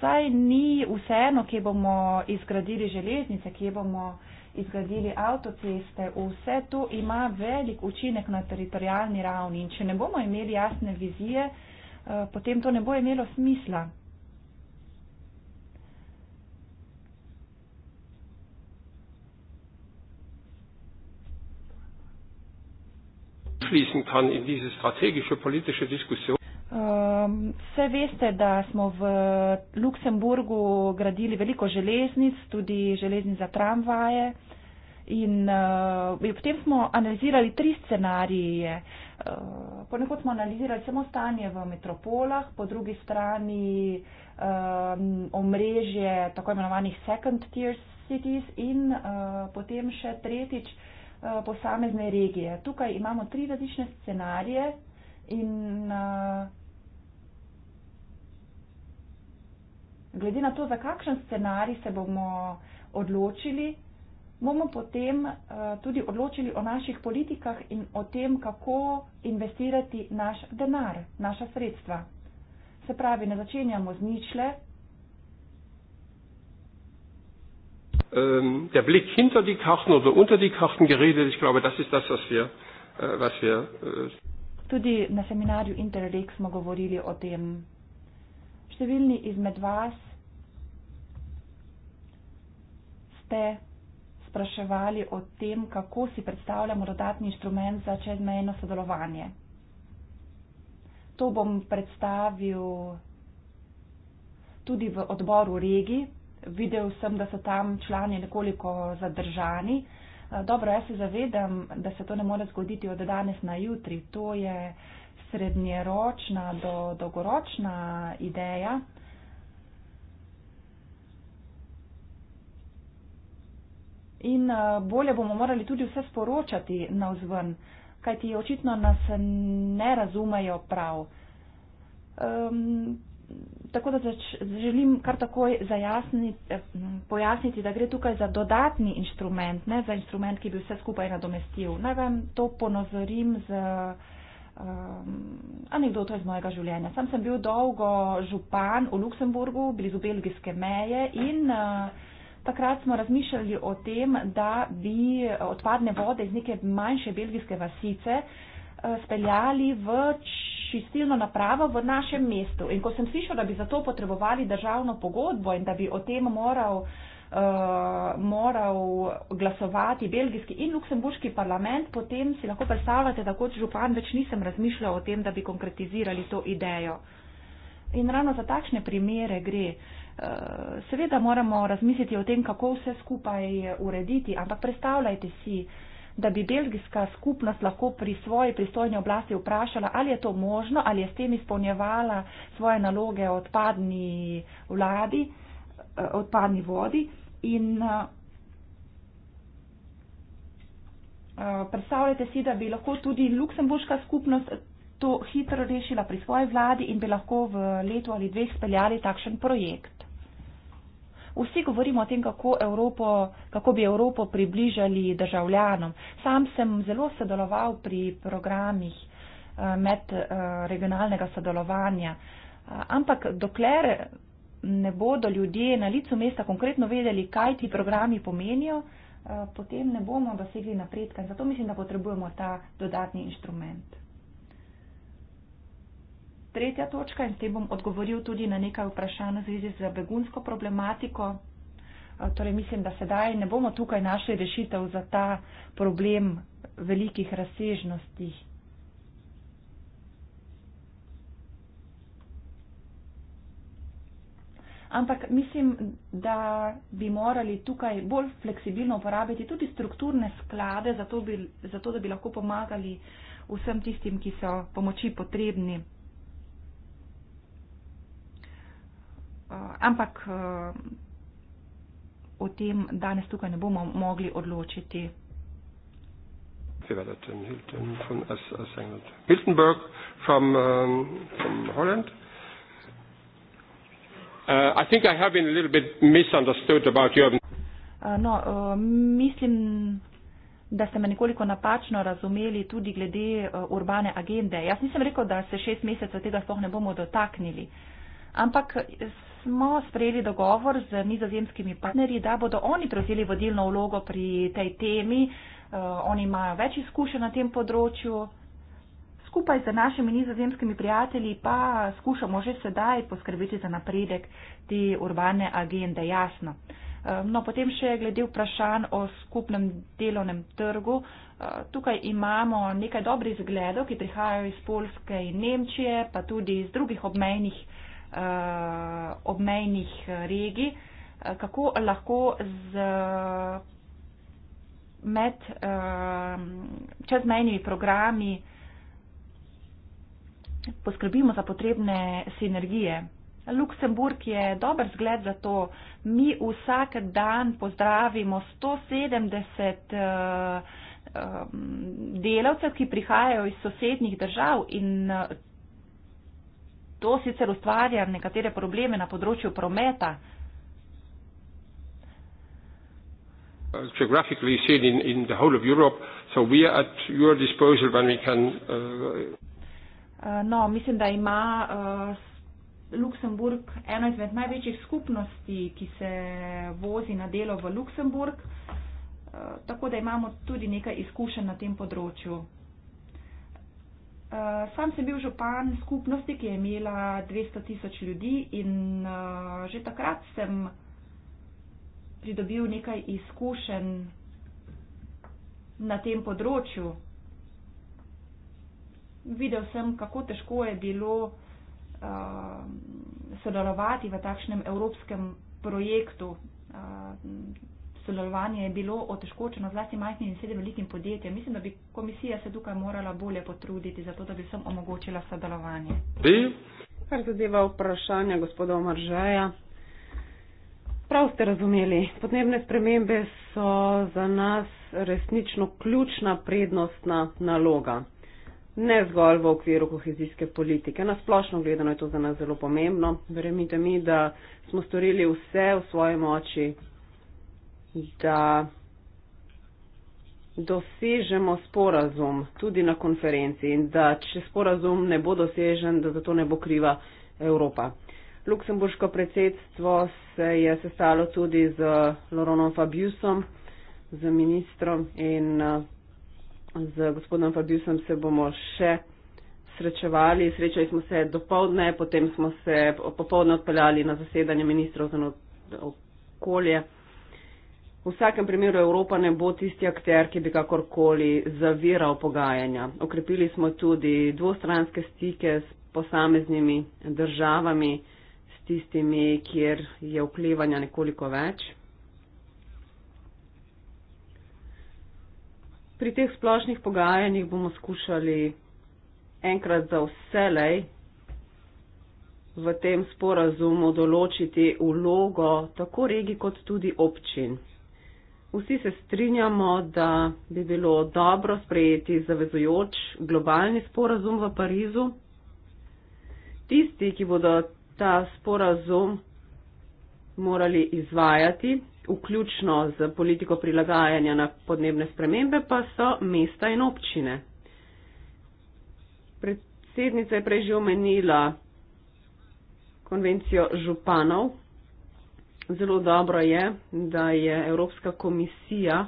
saj ni vseeno, kje bomo izgradili železnice, kje bomo izgradili avtoceste, vse to ima velik učinek na teritorijalni ravni in če ne bomo imeli jasne vizije, eh, potem to ne bo imelo smisla. fließen kann in diese strategische politische Diskussion. Um, ehm, vse veste, da smo v Luksemburgu gradili veliko železnic, tudi železnic za tramvaje. In uh, eh, potem smo analizirali tri scenarije. Uh, ponekod smo analizirali samo stanje v metropolah, po drugi strani um, omrežje tako imenovanih second tier cities in uh, potem še tretjič uh, posamezne regije. Tukaj imamo tri različne scenarije, In uh, glede na to, za kakšen scenarij se bomo odločili, bomo potem uh, tudi odločili o naših politikah in o tem, kako investirati naš denar, naša sredstva. Se pravi, ne začenjamo z ničle. Ähm, der Blick hinter die Karten oder unter die Karten geredet, ich glaube, das ist das, was wir, äh, was wir. Äh, Tudi na seminarju Interreg smo govorili o tem. Številni izmed vas ste spraševali o tem, kako si predstavljamo dodatni inštrument za čezmejno sodelovanje. To bom predstavil tudi v odboru regi. Videl sem, da so tam člani nekoliko zadržani. Eh, dobro, jaz se zavedam, da se to ne more zgoditi od danes na jutri. To je srednjeročna do dolgoročna ideja. In eh, bolje bomo morali tudi vse sporočati na vzven, kajti očitno nas ne razumejo prav tako da zač, želim kar takoj eh, pojasniti, da gre tukaj za dodatni inštrument, ne za inštrument, ki bi vse skupaj nadomestil. Naj vam to ponozorim z um, eh, anegdoto iz mojega življenja. Sam sem bil dolgo župan v Luksemburgu, blizu belgijske meje in uh, Takrat smo razmišljali o tem, da bi odpadne vode iz neke manjše belgijske vasice uh, Eh, speljali v čistilno napravo v našem mestu. In ko sem slišal, da bi za to potrebovali državno pogodbo in da bi o tem moral, uh, moral glasovati belgijski in luksemburški parlament, potem si lahko predstavljate, da kot župan več nisem razmišljal o tem, da bi konkretizirali to idejo. In ravno za takšne primere gre. Eh, seveda moramo razmisliti o tem, kako vse skupaj urediti, ampak predstavljajte si, da bi belgijska skupnost lahko pri svoji pristojni oblasti vprašala, ali je to možno, ali je s tem izpolnjevala svoje naloge odpadni vladi, eh, odpadni vodi. In eh, eh, predstavljajte si, da bi lahko tudi luksemburška skupnost to hitro rešila pri svoji vladi in bi lahko v letu ali dveh speljali takšen projekt. Vsi govorimo o tem, kako, Evropo, kako bi Evropo približali državljanom. Sam sem zelo sodeloval pri programih eh, medregionalnega eh, sodelovanja, eh, ampak dokler ne bodo ljudje na licu mesta konkretno vedeli, kaj ti programi pomenijo, potem ne bomo dosegli napredka. Zato mislim, da potrebujemo ta dodatni inštrument tretja točka in s tem bom odgovoril tudi na nekaj vprašanj v zvezi z begunsko problematiko. Torej mislim, da sedaj ne bomo tukaj našli rešitev za ta problem velikih razsežnosti. Ampak mislim, da bi morali tukaj bolj fleksibilno uporabiti tudi strukturne sklade, zato, bi, zato da bi lahko pomagali vsem tistim, ki so pomoči potrebni. Eh, ampak eh, o tem danes tukaj ne bomo mogli odločiti. Hilton, Hilton von S. S. England. Hiltonberg from, um, from Holland. Uh, I think I have been a little bit misunderstood about your. Uh, no, uh, mislim, da ste me nekoliko napačno razumeli tudi glede uh, urbane agende. Jaz nisem rekel, da se šest mesecev tega sploh ne bomo dotaknili. Ampak smo sprejeli dogovor z nizozemskimi partnerji, da bodo oni prevzeli vodilno vlogo pri tej temi. Eh, oni imajo več izkušenj na tem področju. Skupaj z našimi nizozemskimi prijatelji pa skušamo že sedaj poskrbeti za napredek te urbane agende, jasno. Eh, no, potem še glede vprašanj o skupnem delovnem trgu. Eh, tukaj imamo nekaj dobrih zgledov, ki prihajajo iz Polske in Nemčije, pa tudi iz drugih obmejnih uh, uh, obmejnih eh, regij, eh, kako lahko z med uh, čezmejnimi programi poskrbimo za potrebne sinergije. Luksemburg je dober zgled za to. Mi vsak dan pozdravimo 170 uh, um, delavcev, ki prihajajo iz sosednjih držav in uh, to sicer ustvarja nekatere probleme na področju prometa. Uh, Geografically seen in, in the whole of Europe, so we are at your disposal when we can. Uh, uh, no, mislim, da ima uh, Luksemburg eno izmed največjih skupnosti, ki se vozi na delo v Luksemburg, uh, tako da imamo tudi nekaj izkušenj na tem področju. Uh, sam sem bil župan skupnosti, ki je imela 200 tisoč ljudi in uh, že takrat sem pridobil nekaj izkušenj na tem področju. Videl sem, kako težko je bilo uh, sodelovati v takšnem evropskem projektu. Uh, sodelovanje je bilo otežkočeno zlasti majhnim in sedem velikim podjetjem. Mislim, da bi komisija se tukaj morala bolje potruditi za to, da bi vsem omogočila sodelovanje. Bi? Kar zadeva vprašanje gospoda Omaržaja. Prav ste razumeli, podnebne spremembe so za nas resnično ključna prednostna naloga. Ne zgolj v okviru kohezijske politike. Nasplošno gledano je to za nas zelo pomembno. Verjemite mi, da smo storili vse v svoji moči, da dosežemo sporazum tudi na konferenci in da če sporazum ne bo dosežen, da zato ne bo kriva Evropa. Luksemburško predsedstvo se je sestalo tudi z Loronom Fabiusom, z ministrom in z gospodom Fabiusom se bomo še srečevali. Srečali smo se dopoldne, potem smo se popoldne odpeljali na zasedanje ministrov za okolje. V vsakem primeru Evropa ne bo tisti akter, ki bi kakorkoli zaviral pogajanja. Okrepili smo tudi dvostranske stike s posameznimi državami, s tistimi, kjer je vplivanja nekoliko več. Pri teh splošnih pogajanjih bomo skušali enkrat za vselej v tem sporazumu določiti vlogo tako regi kot tudi občin. Vsi se strinjamo, da bi bilo dobro sprejeti zavezujoč globalni sporazum v Parizu. Tisti, ki bodo ta sporazum morali izvajati, vključno z politiko prilagajanja na podnebne spremembe, pa so mesta in občine. Predsednica je prej že omenila konvencijo županov, zelo dobro je, da je Evropska komisija,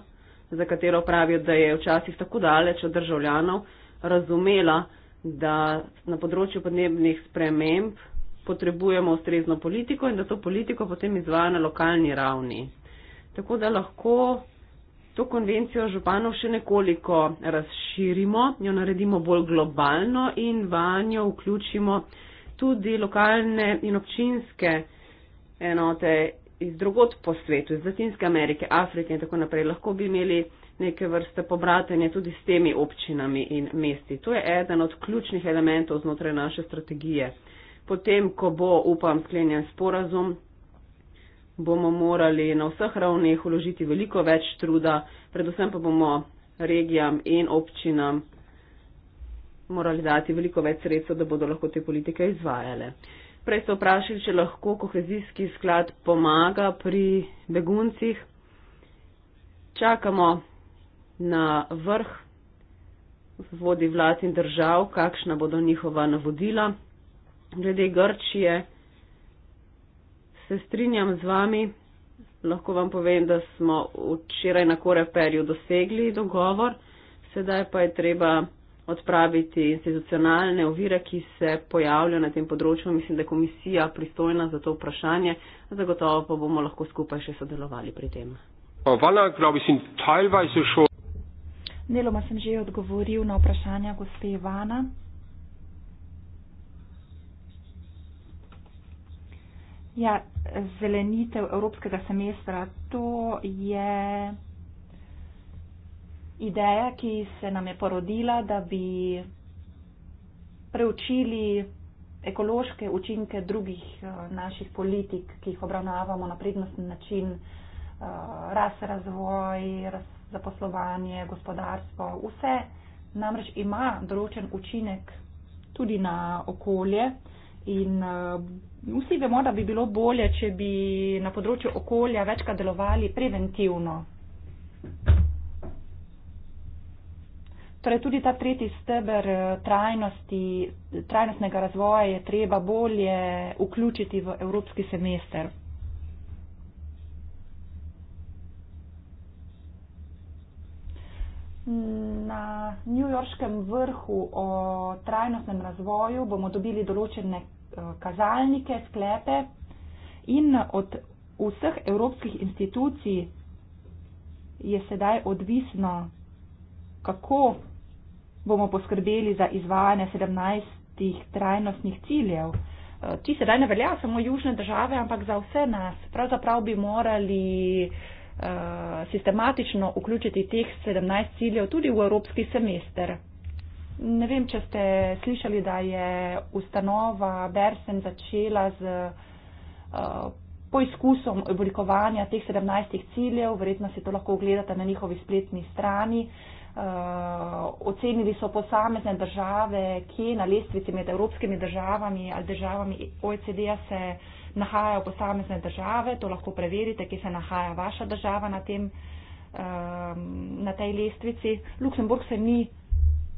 za katero pravijo, da je včasih tako daleč od državljanov, razumela, da na področju podnebnih sprememb potrebujemo ustrezno politiko in da to politiko potem izvaja na lokalni ravni. Tako da lahko to konvencijo županov še nekoliko razširimo, jo naredimo bolj globalno in vanjo vključimo tudi lokalne in občinske enote iz drugot po svetu, iz Latinske Amerike, Afrike in tako naprej, lahko bi imeli neke vrste pobratenje tudi s temi občinami in mesti. To je eden od ključnih elementov znotraj naše strategije. Potem, ko bo, upam, sklenjen sporazum, bomo morali na vseh ravneh uložiti veliko več truda, predvsem pa bomo regijam in občinam morali dati veliko več sredstva, da bodo lahko te politike izvajale. Prej ste vprašali, če lahko kohezijski sklad pomaga pri beguncih. Čakamo na vrh vodi vlad in držav, kakšna bodo njihova navodila. Glede Grčije se strinjam z vami. Lahko vam povem, da smo včeraj na koreperju dosegli dogovor, sedaj pa je treba odpraviti institucionalne ovire, ki se pojavljajo na tem področju. Mislim, da je komisija pristojna za to vprašanje, zagotovo pa bomo lahko skupaj še sodelovali pri tem. Neloma sem že odgovoril na vprašanja gospe Ivana. Ja, zelenitev evropskega semestra, to je ideja, ki se nam je porodila, da bi preučili ekološke učinke drugih eh, naših politik, ki jih obravnavamo na prednostni način, eh, ras razvoj, zaposlovanje, gospodarstvo, vse namreč ima določen učinek tudi na okolje in eh, vsi vemo, da bi bilo bolje, če bi na področju okolja večkrat delovali preventivno. Torej tudi ta tretji steber eh, trajnosti, trajnostnega razvoja je treba bolje vključiti v evropski semester. Na newyorškem vrhu o trajnostnem razvoju bomo dobili določene eh, kazalnike, sklepe in od vseh evropskih institucij je sedaj odvisno, kako bomo poskrbeli za izvajanje 17 trajnostnih ciljev. Eh, ti sedaj ne veljajo samo južne države, ampak za vse nas. Pravzaprav bi morali eh, sistematično vključiti teh 17 ciljev tudi v evropski semester. Ne vem, če ste slišali, da je ustanova Bersen začela z uh, poizkusom oblikovanja teh 17 ciljev, verjetno si to lahko ogledate na njihovi spletni strani. Uh, Eh, ocenili so posamezne države, kje na lestvici med evropskimi državami ali državami OECD-ja se nahajajo posamezne države. To lahko preverite, kje se nahaja vaša država na, tem, ehm, na tej lestvici. Luksemburg se ni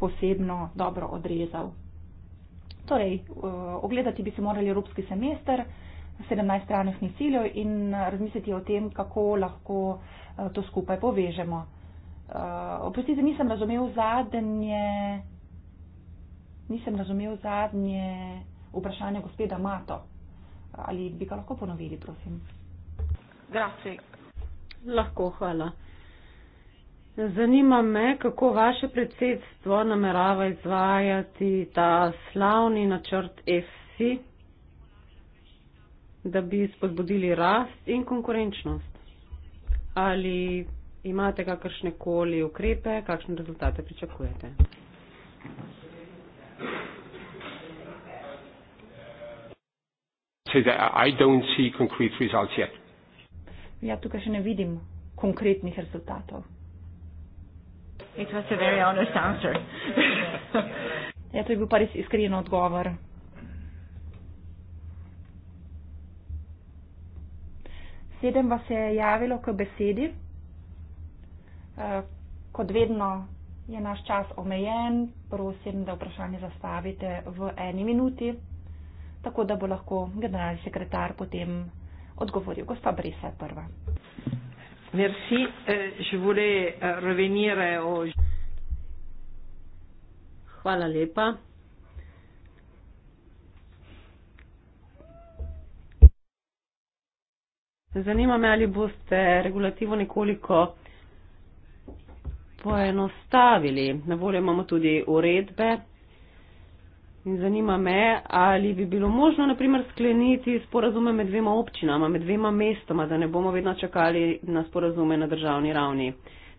posebno dobro odrezal. Torej, eh, ogledati bi se morali evropski semester, 17 stranih ciljev in eh, razmisliti o tem, kako lahko to skupaj povežemo. Uh, oprostite, nisem razumel zadnje, nisem razumel zadnje vprašanje gospeda Mato. Ali bi ga lahko ponovili, prosim? Grazie. Lahko, hvala. Zanima me, kako vaše predsedstvo namerava izvajati ta slavni načrt FC, da bi spodbudili rast in konkurenčnost. Ali Imate kakršne koli ukrepe, kakšne rezultate pričakujete? Ja, tukaj še ne vidim konkretnih rezultatov. ja, to je bil pa res iskren odgovor. Sedem vas je javilo k besedi. Eh, kot vedno je naš čas omejen, prosim, da vprašanje zastavite v eni minuti, tako da bo lahko generalni sekretar potem odgovoril. Gospa Brisa je prva. Merci, eh, je voulais eh, revenir au... Hvala lepa. Zanima me, ali boste regulativo nekoliko poenostavili. Na voljo imamo tudi uredbe. In zanima me, ali bi bilo možno, naprimer, skleniti sporazume med dvema občinama, med dvema mestoma, da ne bomo vedno čakali na sporazume na državni ravni.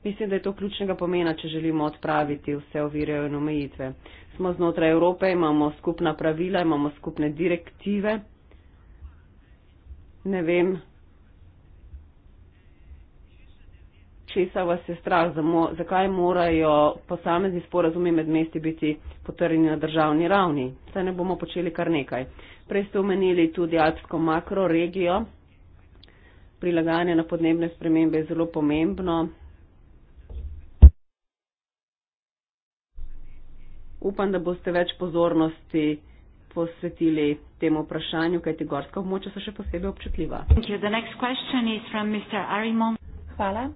Mislim, da je to ključnega pomena, če želimo odpraviti vse ovire in omejitve. Smo znotraj Evrope, imamo skupna pravila, imamo skupne direktive. Ne vem, česa vas je strah, zakaj morajo posamezni sporazumi med mesti biti potrjeni na državni ravni. Saj ne bomo počeli kar nekaj. Prej ste omenili tudi alpsko makroregijo. Prilagajanje na podnebne spremembe je zelo pomembno. Upam, da boste več pozornosti posvetili temu vprašanju, kajti gorska območja so še posebej občutljiva. Hvala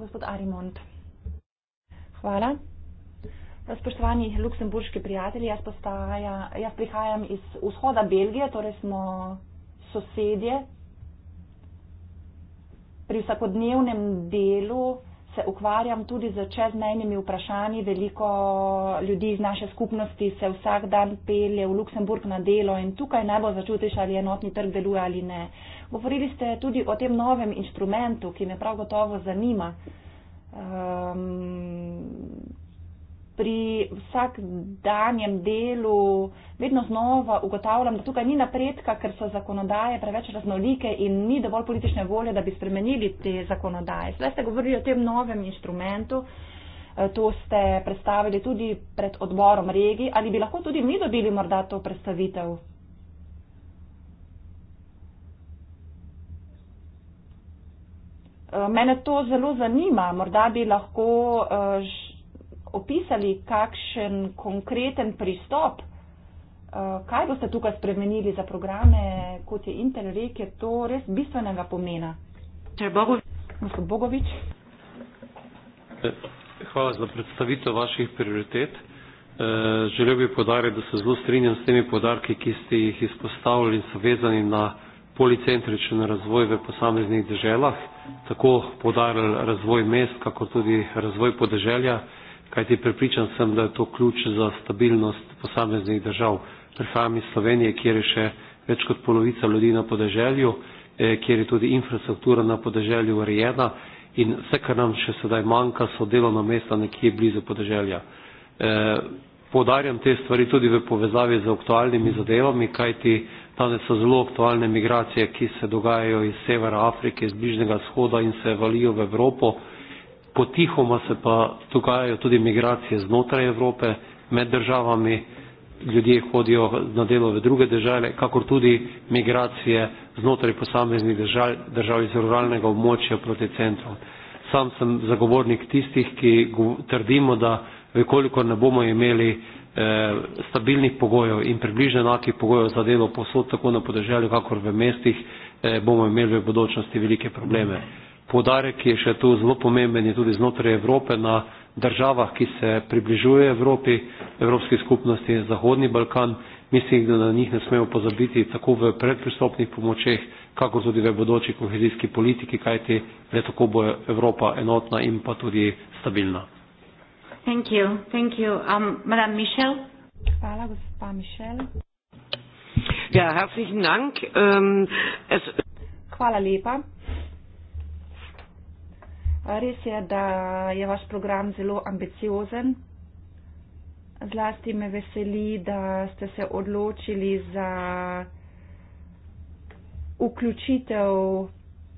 gospod Arimont. Hvala. Spoštovani luksemburški prijatelji, jaz, postaja, jaz prihajam iz vzhoda Belgije, torej smo sosedje. Pri vsakodnevnem delu se ukvarjam tudi z čezmejnimi vprašanji. Veliko ljudi iz naše skupnosti se vsak dan pelje v Luksemburg na delo in tukaj najbolj začutiš, ali enotni trg deluje ali ne. Govorili ste tudi o tem novem inštrumentu, ki me prav gotovo zanima. Um, pri vsakdanjem delu vedno znova ugotavljam, da tukaj ni napredka, ker so zakonodaje preveč raznolike in ni dovolj politične volje, da bi spremenili te zakonodaje. Sedaj ste govorili o tem novem instrumentu, eh, to ste predstavili tudi pred odborom regij, ali bi lahko tudi mi dobili morda to predstavitev? Eh, mene to zelo zanima, morda bi lahko uh, opisali kakšen konkreten pristop, eh, kaj boste tukaj spremenili za programe, kot je Interreg, je to res bistvenega pomena. Gospod Bogovič. E, hvala za predstavitev vaših prioritet. E, želel bi podariti, da se zelo strinjam s temi podarki, ki ste jih izpostavili in so vezani na policentričen razvoj v posameznih državah, tako podarili razvoj mest, kako tudi razvoj podeželja kajti pripričan sem, da je to ključ za stabilnost posameznih držav. Prihajam iz Slovenije, kjer je še več kot polovica ljudi na podeželju, eh, kjer je tudi infrastruktura na podeželju urejena in vse, kar nam še sedaj manjka, so delovna mesta nekje blizu podeželja. Eh, Podarjam te stvari tudi v povezavi z aktualnimi zadevami, kajti danes so zelo aktualne migracije, ki se dogajajo iz severa Afrike, iz bližnjega shoda in se valijo v Evropo potihoma se pa dogajajo tudi migracije znotraj Evrope, med državami, ljudje hodijo na delo v druge države, kakor tudi migracije znotraj posameznih držav, držav iz ruralnega območja proti centrom. Sam sem zagovornik tistih, ki trdimo, da vekoliko ne bomo imeli eh, stabilnih pogojev in približno enakih pogojev za delo posod, tako na podeželju, kakor v mestih, eh, bomo imeli v bodočnosti velike probleme. Mm -hmm. Podarek je še tu zelo pomemben in tudi znotraj Evrope na državah, ki se približuje Evropi, Evropski skupnosti, Zahodni Balkan. Mislim, da na njih ne smemo pozabiti tako v predpristopnih pomočeh, kako tudi v bodoči kohezijski politiki, kajti le tako bo Evropa enotna in pa tudi stabilna. Thank you. Thank you. Um, Hvala, gospa Mišel. Ja, herzlichen Dank. Um, es... Hvala lepa. Res je, da je vaš program zelo ambiciozen. Zlasti me veseli, da ste se odločili za vključitev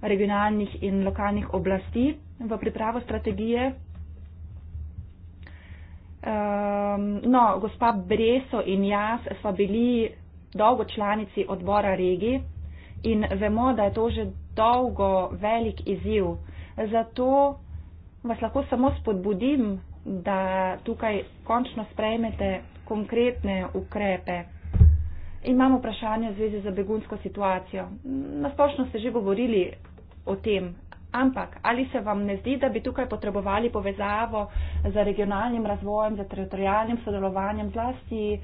regionalnih in lokalnih oblasti v pripravo strategije. Um, no, gospa Breso in jaz smo bili dolgo članici odbora regij in vemo, da je to že dolgo velik izziv. Zato vas lahko samo spodbudim, da tukaj končno sprejmete konkretne ukrepe. Imamo vprašanje v zvezi z begunsko situacijo. Nasplošno ste že govorili o tem, ampak ali se vam ne zdi, da bi tukaj potrebovali povezavo z regionalnim razvojem, z teritorijalnim sodelovanjem, zlasti uh,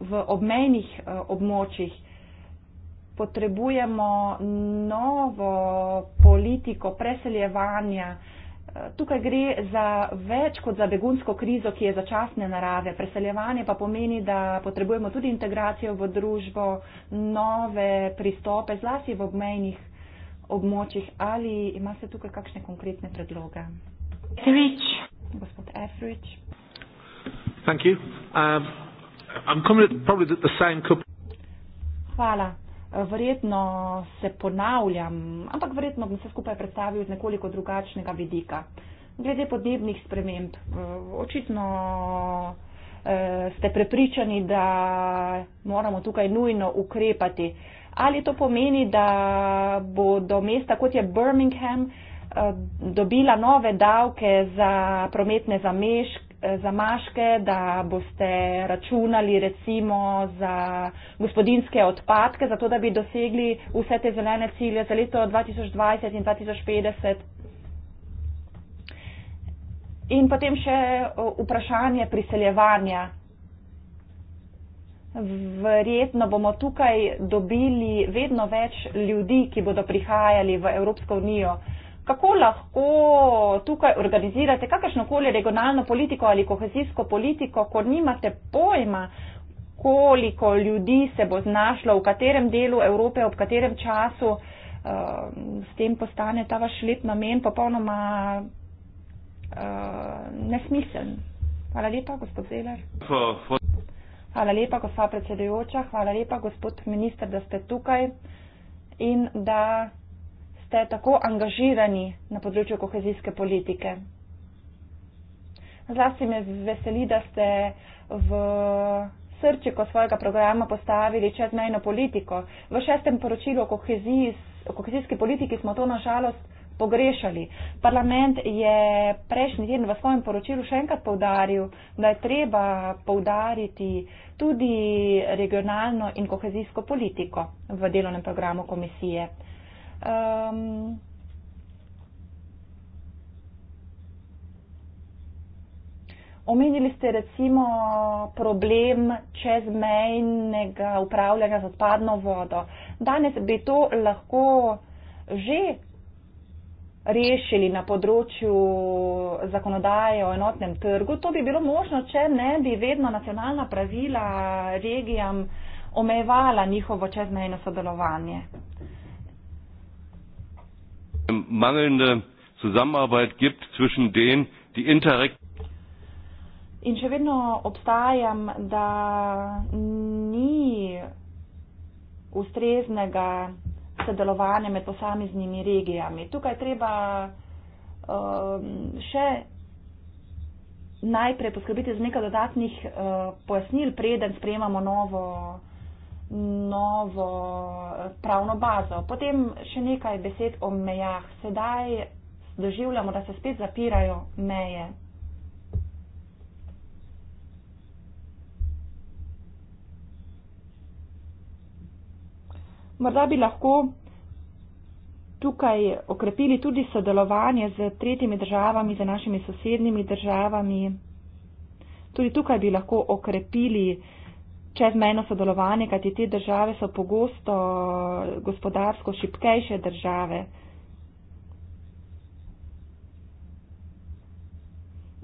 v obmejnih uh, območjih, uh, potrebujemo novo politiko preseljevanja. Eh, tukaj gre za več kot za begunsko krizo, ki je začasne narave. Preseljevanje pa pomeni, da potrebujemo tudi integracijo v družbo, nove pristope, zlasti v obmejnih območjih. Ali ima se tukaj kakšne konkretne predloge? Efrič. Gospod Efrič. Um, Hvala. Hvala verjetno se ponavljam, ampak verjetno bom se skupaj predstavil iz nekoliko drugačnega vidika. Glede podnebnih sprememb, eh, očitno eh, ste prepričani, da moramo tukaj nujno ukrepati. Ali to pomeni, da bo do mesta, kot je Birmingham, eh, dobila nove davke za prometne zameške? Eh, zamaške, da boste računali recimo za gospodinske odpadke, zato da bi dosegli vse te zelene cilje za leto 2020 in 2050. In potem še vprašanje priseljevanja. Verjetno bomo tukaj dobili vedno več ljudi, ki bodo prihajali v Evropsko unijo kako lahko tukaj organizirate kakršnokoli regionalno politiko ali kohezijsko politiko, ko nimate pojma, koliko ljudi se bo znašlo, v katerem delu Evrope, ob katerem času, eh, s tem postane ta vaš lep namen popolnoma eh, nesmiseln. Hvala lepa, gospod Zeler. Hvala lepa, gospa predsedujoča. Hvala lepa, gospod minister, da ste tukaj in da ste tako angažirani na področju kohezijske politike. Zlasti me veseli, da ste v srčiko svojega programa postavili čezmejno politiko. V šestem poročilu o, koheziji, o kohezijski politiki smo to nažalost pogrešali. Parlament je prejšnji teden v svojem poročilu še enkrat povdaril, da je treba povdariti tudi regionalno in kohezijsko politiko v delovnem programu komisije. Um, omenili ste recimo problem čezmejnega upravljanja z odpadno vodo. Danes bi to lahko že rešili na področju zakonodaje o enotnem trgu. To bi bilo možno, če ne bi vedno nacionalna pravila regijam omejevala njihovo čezmejno sodelovanje. Uh, mangelnde Zusammenarbeit gibt zwischen denen, die Interreg. In še vedno obstajam, da ni ustreznega sodelovanja med posameznimi regijami. Tukaj treba um, še najprej poskrbiti z nekaj dodatnih uh, pojasnil, preden sprejemamo novo novo eh, pravno bazo. Potem še nekaj besed o mejah. Sedaj doživljamo, da se spet zapirajo meje. Morda bi lahko tukaj okrepili tudi sodelovanje z tretjimi državami, z našimi sosednjimi državami. Tudi tukaj bi lahko okrepili čezmejno sodelovanje, kajti te države so pogosto gospodarsko šipkejše države.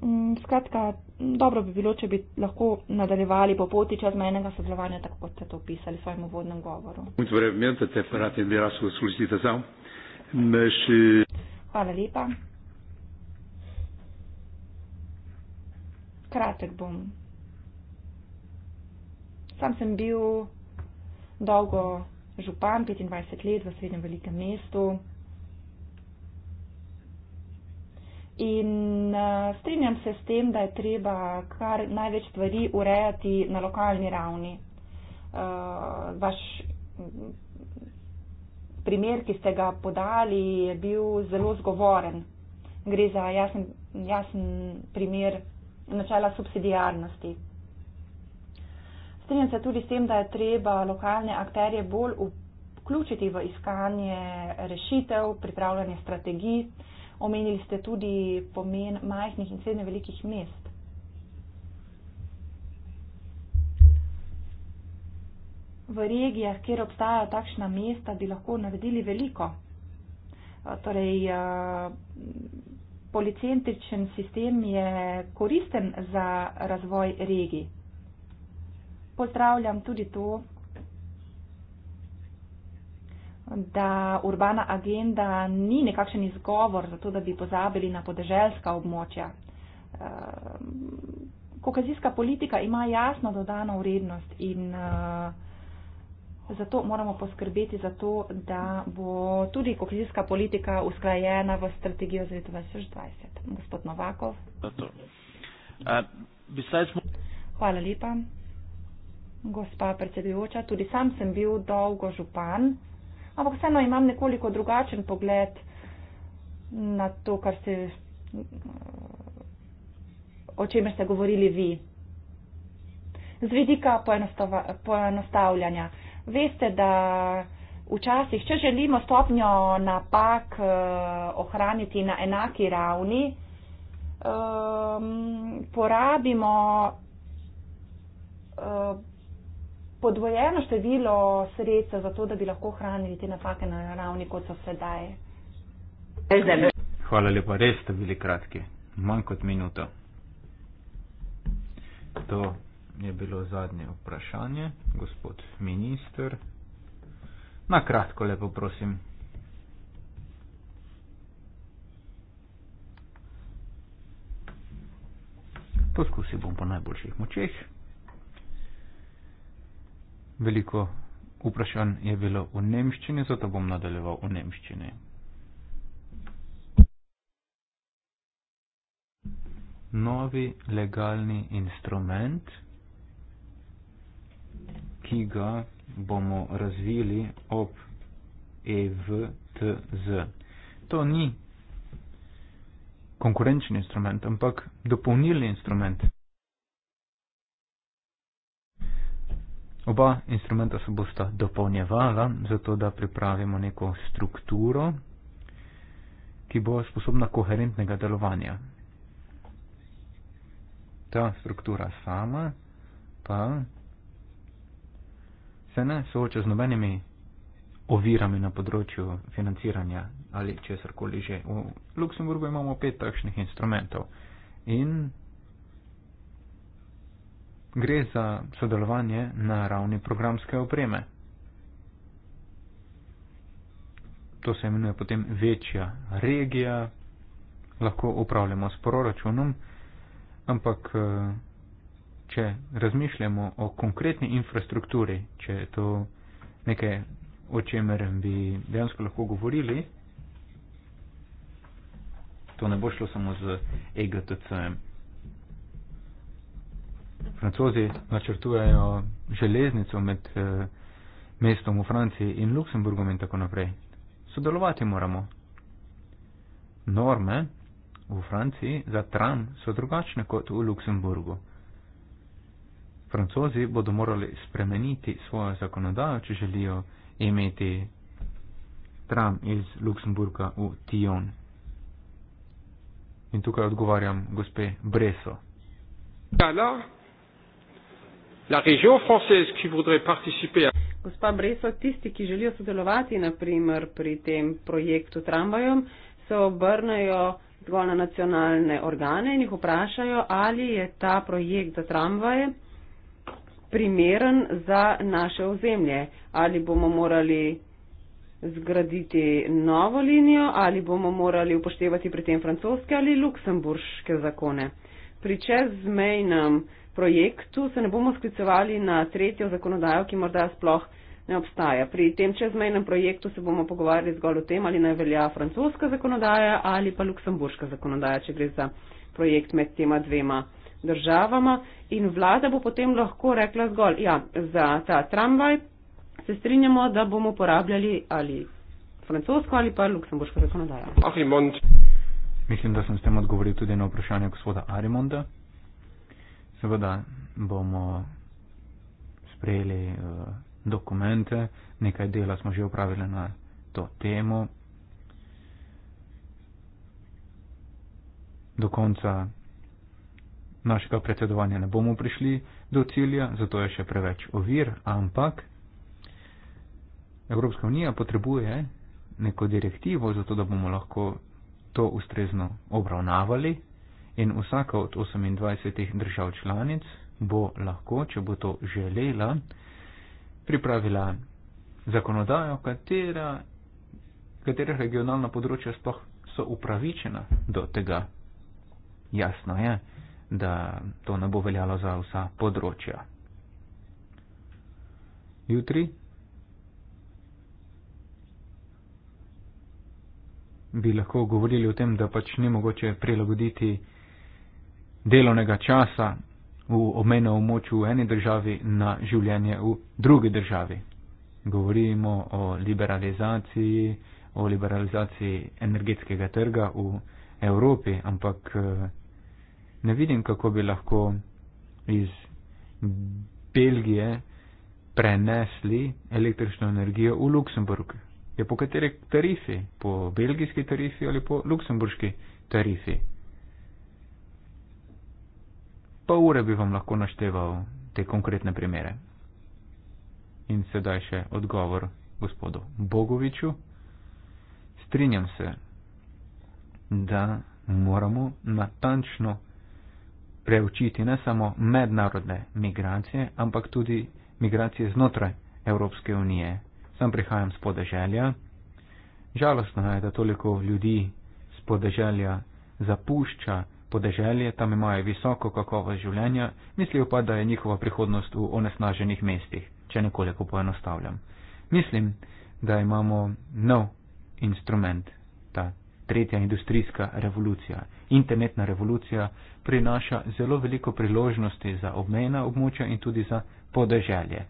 Mm, skratka, dobro bi bilo, če bi lahko nadaljevali po poti čezmejnega sodelovanja, tako kot ste to opisali v svojem uvodnem govoru. Eh, Hvala lepa. Kratek bom. Sam sem bil dolgo župan, 25 let v srednjem velikem mestu. In eh, strinjam se s tem, da je treba kar največ stvari urejati na lokalni ravni. Uh, vaš primer, ki ste ga podali, je bil zelo zgovoren. Gre za jasen, jasen primer načela subsidijarnosti. Strinjam se tudi s tem, da je treba lokalne akterje bolj vključiti v iskanje rešitev, pripravljanje strategij. Omenili ste tudi pomen majhnih in srednje velikih mest. V regijah, kjer obstajajo takšna mesta, bi lahko naredili veliko. Torej, policentričen sistem je koristen za razvoj regij pozdravljam tudi to, da urbana agenda ni nekakšen izgovor za to, da bi pozabili na podeželska območja. Ehm, kokazijska politika ima jasno dodano vrednost in eh, zato moramo poskrbeti za to, da bo tudi kokazijska politika usklajena v strategijo za 2020. Gospod Novakov. Eh, Hvala lepa gospa predsedujoča, tudi sam sem bil dolgo župan, ampak vseeno imam nekoliko drugačen pogled na to, kar se, o čemer ste govorili vi. Z vidika poenostava, poenostavljanja. Veste, da včasih, če želimo stopnjo napak eh, ohraniti na enaki ravni, eh, porabimo eh, podvojeno število sredstev za to, da bi lahko hranili te napake na ravni, kot so sedaj. Hvala lepa, res ste bili kratki, manj kot minuto. To je bilo zadnje vprašanje, gospod minister. Na kratko, lepo prosim. Poskusil bom po najboljših močeh. Veliko vprašanj je bilo v nemščini, zato bom nadaljeval v nemščini. Novi legalni instrument, ki ga bomo razvili ob EVTZ. To ni konkurenčni instrument, ampak dopolnilni instrument. Oba instrumenta se bosta dopolnjevala, zato da pripravimo neko strukturo, ki bo sposobna koherentnega delovanja. Ta struktura sama pa se ne sooča z nobenimi ovirami na področju financiranja ali česarkoli že. V Luksemburgu imamo pet takšnih instrumentov in gre za sodelovanje na ravni programske opreme. To se imenuje potem večja regija, lahko upravljamo s proračunom, ampak eh, če razmišljamo o konkretni infrastrukturi, če je to nekaj, o čemer bi dejansko lahko govorili, to ne bo šlo samo z EGTC-em. Francozi načrtujejo železnico med eh, mestom v Franciji in Luksemburgom in tako naprej. Sodelovati moramo. Norme v Franciji za tran so drugačne kot v Luksemburgu. Francozi bodo morali spremeniti svojo zakonodajo, če želijo imeti tram iz Luksemburga v Tion. In tukaj odgovarjam gospe Breso. Alors, ja, no. La région française qui voudrait participer à... Gospa Breso, tisti, ki želijo sodelovati naprimer pri tem projektu tramvajom, se obrnejo zgolj na nacionalne organe in jih vprašajo, ali je ta projekt za tramvaje primeren za naše ozemlje, ali bomo morali zgraditi novo linijo, ali bomo morali upoštevati pri tem francoske ali luksemburške zakone. Pri čezmejnem projektu, se ne bomo sklicevali na tretjo zakonodajo, ki morda sploh ne obstaja. Pri tem čezmejnem projektu se bomo pogovarjali zgolj o tem, ali naj velja francoska zakonodaja ali pa luksemburška zakonodaja, če gre za projekt med tema dvema državama. In vlada bo potem lahko rekla zgolj, ja, za ta tramvaj se strinjamo, da bomo uporabljali ali francosko ali pa luksemburško zakonodajo. Mislim, da sem s tem odgovoril tudi na vprašanje gospoda Arimonda. Seveda bomo sprejeli uh, dokumente, nekaj dela smo že upravili na to temo. Do konca našega predsedovanja ne bomo prišli do cilja, zato je še preveč ovir, ampak Evropska unija potrebuje neko direktivo, zato da bomo lahko to ustrezno obravnavali in vsaka od 28 držav članic bo lahko, če bo to želela, pripravila zakonodajo, katera, katera regionalna področja sploh so upravičena do tega. Jasno je, da to ne bo veljalo za vsa področja. Jutri bi lahko govorili o tem, da pač ni mogoče prilagoditi delovnega časa v omejeno moč v eni državi na življenje v drugi državi. Govorimo o liberalizaciji, o liberalizaciji energetskega trga v Evropi, ampak eh, ne vidim, kako bi lahko iz Belgije prenesli električno energijo v Luksemburg. Je po kateri tarifi? Po belgijski tarifi ali po luksemburški tarifi? pol ure bi vam lahko našteval te konkretne primere. In sedaj še odgovor gospodu Bogoviču. Strinjam se, da moramo natančno preučiti ne samo mednarodne migracije, ampak tudi migracije znotraj Evropske unije. Sam prihajam z podeželja. Žalostno je, da toliko ljudi z podeželja zapušča podeželje, tam imajo visoko kakovost življenja, mislijo pa, da je njihova prihodnost v onesnaženih mestih, če nekoliko poenostavljam. Mislim, da imamo nov instrument, ta tretja industrijska revolucija. Internetna revolucija prinaša zelo veliko priložnosti za obmejna območja in tudi za podeželje.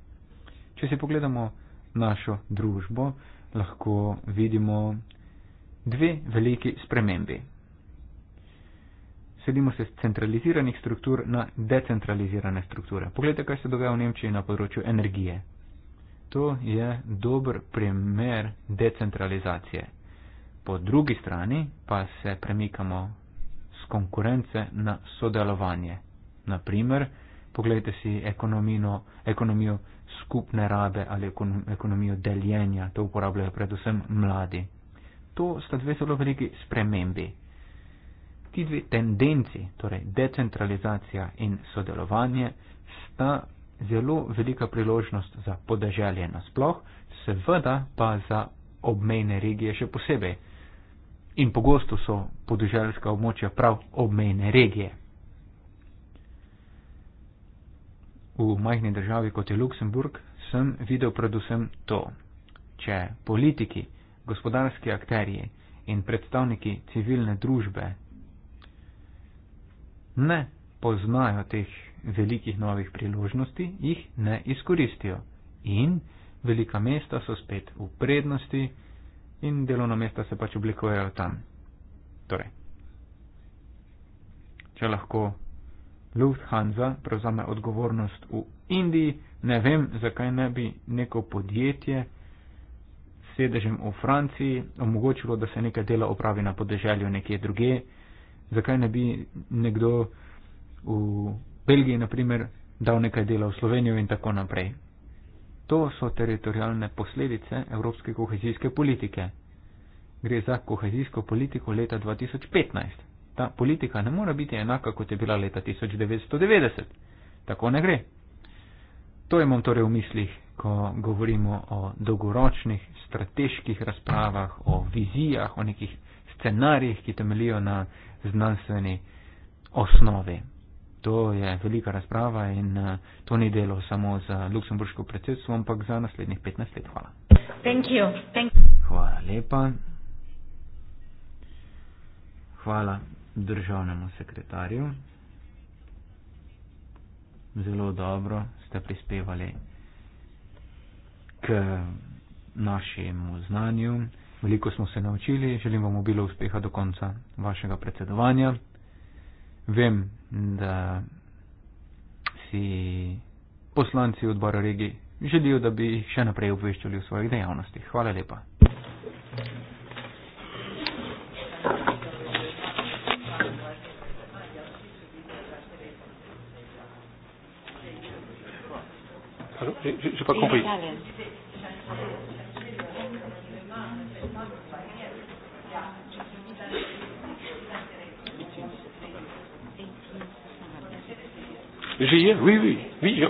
Če si pogledamo našo družbo, lahko vidimo dve veliki spremembi sedimo se z centraliziranih struktur na decentralizirane strukture. Poglejte, kaj se dogaja v Nemčiji na področju energije. To je dober primer decentralizacije. Po drugi strani pa se premikamo z konkurence na sodelovanje. Naprimer, pogledajte si ekonomijo skupne rabe ali ekonomijo deljenja, to uporabljajo predvsem mladi. To sta dve zelo veliki spremembi. Ti dve tendenci, torej decentralizacija in sodelovanje, sta zelo velika priložnost za podeželje nasploh, seveda pa za obmejne regije še posebej. In pogosto so podeželjska območja prav obmejne regije. V majhni državi kot je Luksemburg sem videl predvsem to, če politiki, gospodarski akterji in predstavniki civilne družbe ne poznajo teh velikih novih priložnosti, jih ne izkoristijo. In velika mesta so spet v prednosti in delovna mesta se pač oblikujejo tam. Torej, če lahko Lufthansa prevzame odgovornost v Indiji, ne vem, zakaj ne bi neko podjetje s sedežem v Franciji omogočilo, da se nekaj dela opravi na podeželju nekje druge zakaj ne bi nekdo v Belgiji, na primer, dal nekaj dela v Slovenijo in tako naprej. To so teritorijalne posledice evropske kohezijske politike. Gre za kohezijsko politiko leta 2015. Ta politika ne mora biti enaka, kot je bila leta 1990. Tako ne gre. To imam torej v mislih, ko govorimo o dolgoročnih strateških razpravah, o vizijah, o nekih scenarijih, ki temelijo na znanstveni osnovi. To je velika razprava in eh, to ni delo samo za luksemburško predsedstvo, ampak za naslednjih 15 let. Hvala. Thank you. Thank you. Hvala lepa. Hvala državnemu sekretarju. Zelo dobro ste prispevali k našemu znanju. Veliko smo se naučili, želim vam obilo uspeha do konca vašega predsedovanja. Vem, da si poslanci odbora regij želijo, da bi jih še naprej obveščali v svojih dejavnostih. Hvala lepa. Je, je, je pas compris. Oui, Zie je? Oui, oui. oui je...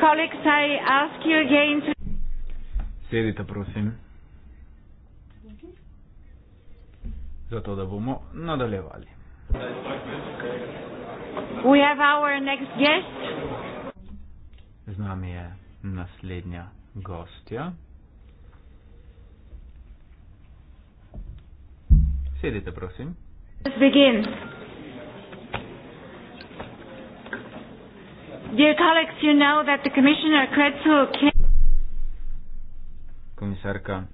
colleagues, I ask you again to... Sedite, prosim. Zato, da bomo nadaljevali. We have our next guest. Z nami je naslednja gostja. Sedite, prosim. Let's begin. Dear colleagues, you know that the commissioner Kretsu came... Komisarka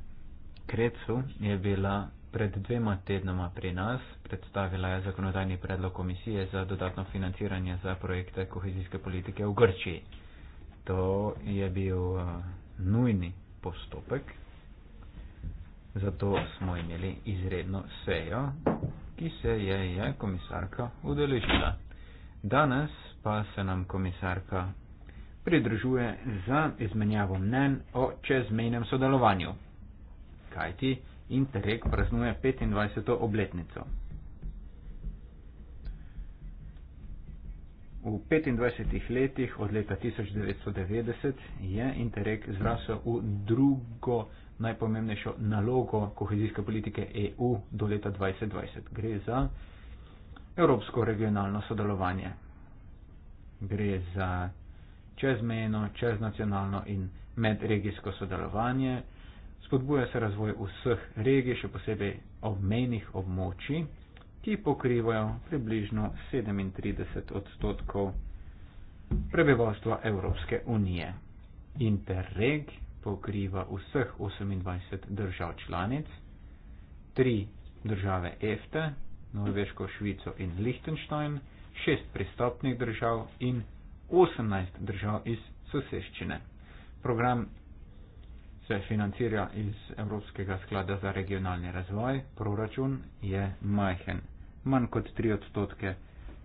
Kretsu je bila pred dvema tednoma pri nas, predstavila je zakonodajni predlog komisije za dodatno financiranje za projekte kohezijske politike v Grčiji. To je bil uh, nujni postopek, zato smo imeli izredno sejo, ki se je, je komisarka udeležila. Danes pa se nam komisarka pridružuje za izmenjavo mnen o čezmejnem sodelovanju. Kajti Interreg praznuje 25. obletnico. V 25 letih od leta 1990 je Interreg zrasel v drugo najpomembnejšo nalogo kohezijske politike EU do leta 2020. Gre za evropsko regionalno sodelovanje. Gre za čezmejno, čeznacionalno in medregijsko sodelovanje. Spodbuja se razvoj vseh regij, še posebej obmejnih območij, ki pokrivajo približno 37 odstotkov prebivalstva Evropske unije. Interreg pokriva vseh 28 držav članic, tri države EFTA, Norveško, Švico in Lihtenštajn, šest pristopnih držav in 18 držav iz soseščine. Program se financira iz Evropskega sklada za regionalni razvoj, proračun je majhen, manj kot 3 odstotke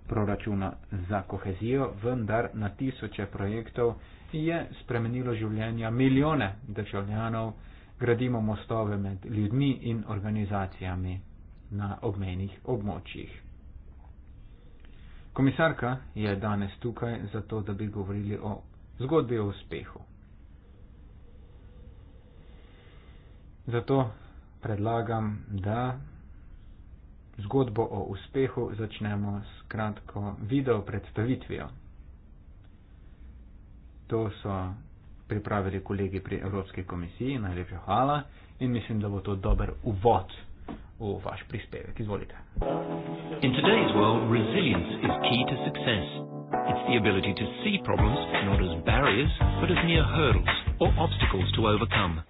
proračuna za kohezijo, vendar na tisoče projektov je spremenilo življenja milijone državljanov, gradimo mostove med ljudmi in organizacijami na obmejnih območjih. Komisarka je danes tukaj zato, da bi govorili o zgodbi o uspehu. Zato predlagam, da zgodbo o uspehu začnemo s kratko video predstavitvijo. To so pripravili kolegi pri Evropski komisiji, najlepša hvala in mislim, da bo to dober uvod v vaš prispevek. Izvolite. In today's world resilience is key to success. It's the ability to see problems not as barriers, but as mere hurdles or obstacles to overcome.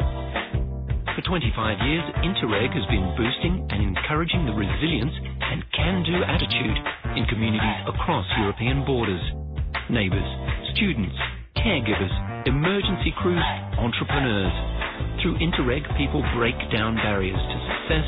For 25 years, Interreg has been boosting and encouraging the resilience and can do attitude in communities across European borders. Neighbors, students, caregivers, emergency crews, entrepreneurs. Through Interreg, people break down barriers to success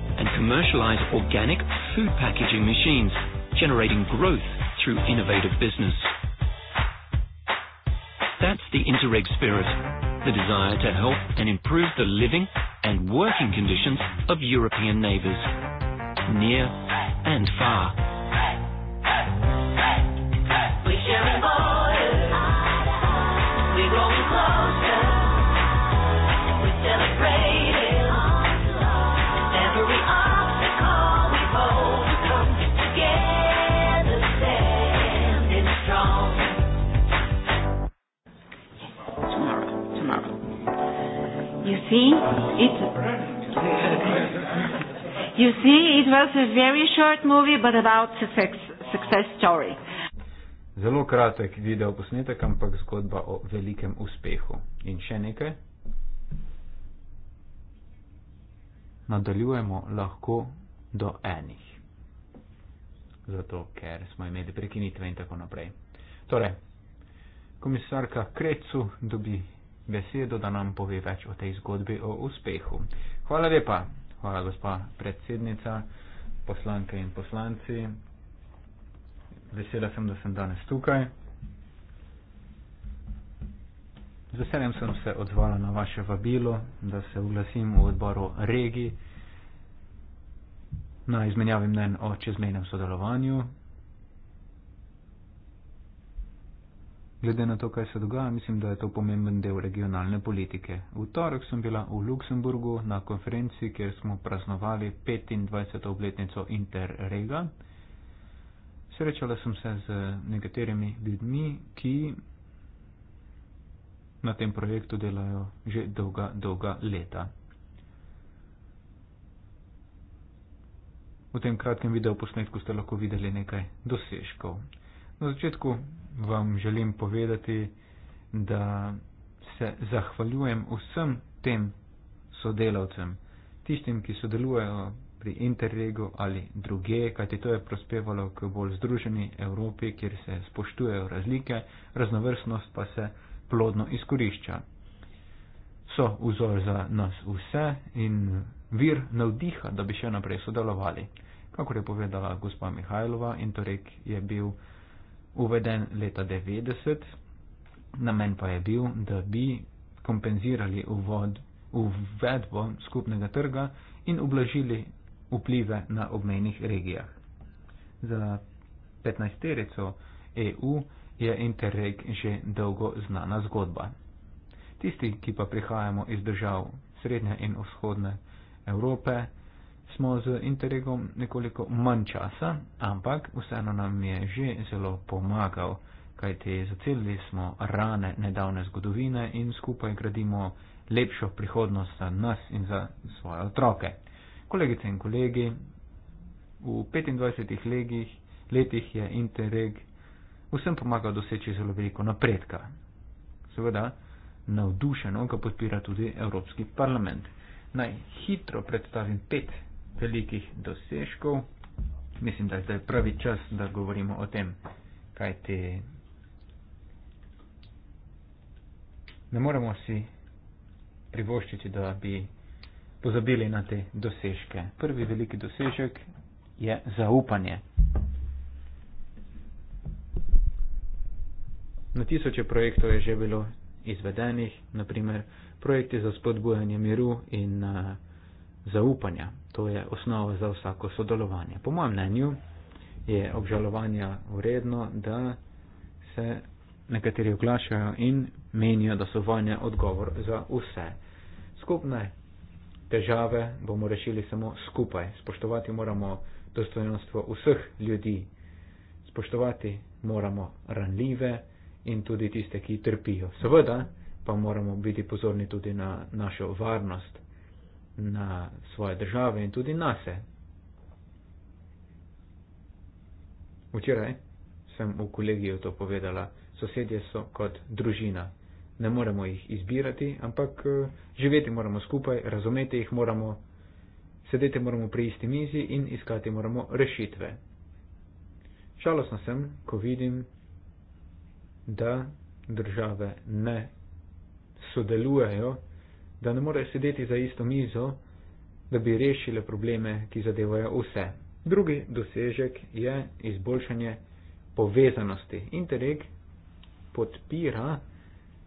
and commercialize organic food packaging machines, generating growth through innovative business. That's the Interreg spirit, the desire to help and improve the living and working conditions of European neighbors, near and far. We share a You see, it, you see, it was a very short movie, but about success, success story. Zelo kratek video posnetek, ampak zgodba o velikem uspehu. In še nekaj. Nadaljujemo lahko do enih. Zato, ker smo imeli prekinitve in tako naprej. Torej, komisarka Krecu dobi besedo, da nam pove več o tej zgodbi o uspehu. Hvala lepa. Hvala, gospa predsednica, poslanke in poslanci. Vesela sem, da sem danes tukaj. Z veseljem sem se odzvala na vaše vabilo, da se oglasim v odboru regi na izmenjavi mnen o čezmejnem sodelovanju. Glede na to, kaj se dogaja, mislim, da je to pomemben del regionalne politike. V torek sem bila v Luksemburgu na konferenci, kjer smo praznovali 25. obletnico Interrega. Srečala sem se z nekaterimi ljudmi, ki na tem projektu delajo že dolga, dolga leta. V tem kratkem videoposnetku ste lahko videli nekaj dosežkov. Na začetku vam želim povedati, da se zahvaljujem vsem tem sodelavcem, tistim, ki sodelujejo pri Interregu ali druge, kajti to je prospevalo k bolj združeni Evropi, kjer se spoštujejo razlike, raznovrstnost pa se plodno izkorišča. So vzor za nas vse in vir navdiha, da bi še naprej sodelovali. Kakor je povedala gospa Mihajlova, Interreg je bil uveden leta 90, namen pa je bil, da bi kompenzirali uvod, uvedbo skupnega trga in oblažili vplive na obmejnih regijah. Za 15-terico EU je Interreg že dolgo znana zgodba. Tisti, ki pa prihajamo iz držav srednje in vzhodne Evrope, smo z interregom nekoliko manj časa, ampak vseeno nam je že zelo pomagal, kajti zacelili smo rane nedavne zgodovine in skupaj gradimo lepšo prihodnost za nas in za svoje otroke. Kolegice in kolegi, v 25 legih, letih je interreg vsem pomagal doseči zelo veliko napredka. Seveda, navdušeno ga podpira tudi Evropski parlament. Naj hitro predstavim pet velikih dosežkov. Mislim, da je zdaj pravi čas, da govorimo o tem, kaj ti. Ne moremo si privoščiti, da bi pozabili na te dosežke. Prvi veliki dosežek je zaupanje. Na tisoče projektov je že bilo izvedenih, naprimer projekti za spodbujanje miru in uh, zaupanja. To je osnova za vsako sodelovanje. Po mojem mnenju je obžalovanja vredno, da se nekateri oglašajo in menijo, da so vanje odgovor za vse. Skupne težave bomo rešili samo skupaj. Spoštovati moramo dostojenstvo vseh ljudi. Spoštovati moramo ranljive in tudi tiste, ki trpijo. Seveda pa moramo biti pozorni tudi na našo varnost na svoje države in tudi nase. Včeraj sem v kolegiju to povedala, sosedje so kot družina. Ne moremo jih izbirati, ampak eh, živeti moramo skupaj, razumeti jih moramo, sedeti moramo pri isti mizi in iskati moramo rešitve. Žalostna sem, ko vidim, da države ne sodelujejo da ne morejo sedeti za isto mizo, da bi rešile probleme, ki zadevajo vse. Drugi dosežek je izboljšanje povezanosti. Interreg podpira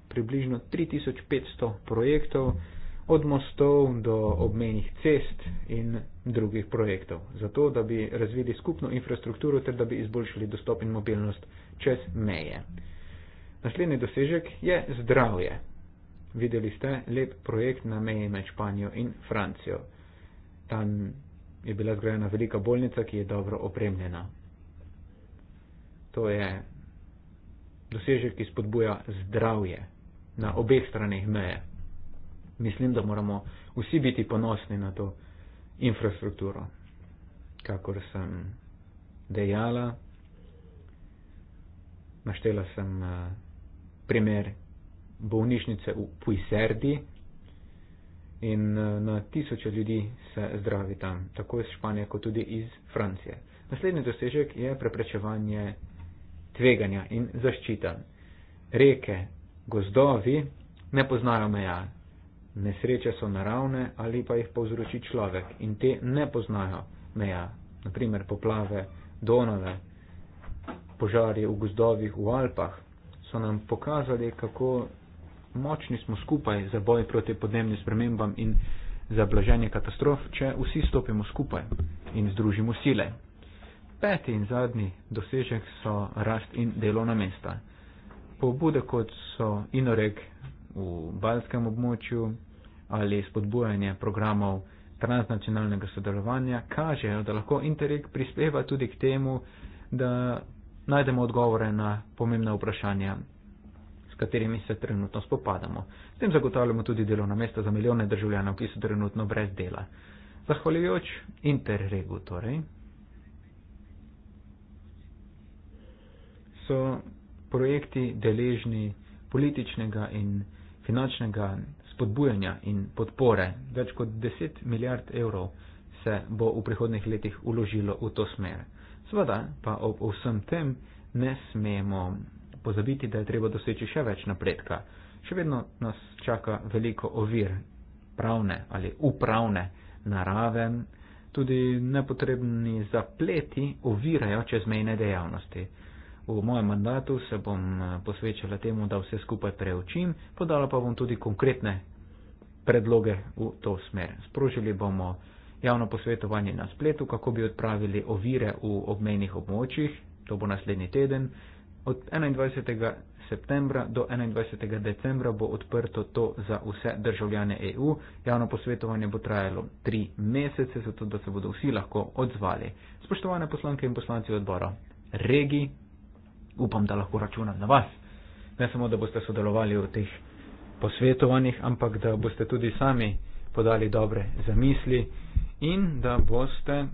približno 3500 projektov, od mostov do obmejnih cest in drugih projektov, zato da bi razvili skupno infrastrukturo ter da bi izboljšali dostop in mobilnost čez meje. Naslednji dosežek je zdravje videli ste lep projekt na meji med Španijo in Francijo. Tam je bila zgrajena velika bolnica, ki je dobro opremljena. To je dosežek, ki spodbuja zdravje na obeh straneh meje. Mislim, da moramo vsi biti ponosni na to infrastrukturo. Kakor sem dejala, naštela sem eh, primer bolnišnice v Pujserdi in eh, na tisoče ljudi se zdravi tam, tako iz Španije kot tudi iz Francije. Naslednji dosežek je preprečevanje tveganja in zaščita. Reke, gozdovi ne poznajo meja. Nesreče so naravne ali pa jih povzroči človek in te ne poznajo meja. Naprimer poplave, donove, požari v gozdovih v Alpah so nam pokazali, kako močni smo skupaj za boj proti podnebnim spremembam in za blaženje katastrof, če vsi stopimo skupaj in združimo sile. Peti in zadnji dosežek so rast in delovna mesta. Pobude, kot so inoreg v balskem območju ali spodbujanje programov transnacionalnega sodelovanja, kažejo, da lahko interreg prispeva tudi k temu, da najdemo odgovore na pomembna vprašanja s katerimi se trenutno spopadamo. S tem zagotavljamo tudi delovna mesta za milijone državljanov, ki so trenutno brez dela. Zahvaljujoč interregu torej, so projekti deležni političnega in finančnega spodbujanja in podpore. Več kot 10 milijard evrov se bo v prihodnih letih uložilo v to smer. Sveda pa ob vsem tem ne smemo pozabiti, da je treba doseči še več napredka. Še vedno nas čaka veliko ovir pravne ali upravne narave, tudi nepotrebni zapleti ovirajo čezmejne dejavnosti. V mojem mandatu se bom eh, posvečala temu, da vse skupaj preučim, podala pa bom tudi konkretne predloge v to smer. Sprožili bomo javno posvetovanje na spletu, kako bi odpravili ovire v obmejnih območjih, to bo naslednji teden, Od 21. septembra do 21. decembra bo odprto to za vse državljane EU. Javno posvetovanje bo trajalo tri mesece, zato da se bodo vsi lahko odzvali. Spoštovane poslanke in poslanci odbora regi, upam, da lahko računam na vas. Ne samo, da boste sodelovali v teh posvetovanjih, ampak da boste tudi sami podali dobre zamisli in da boste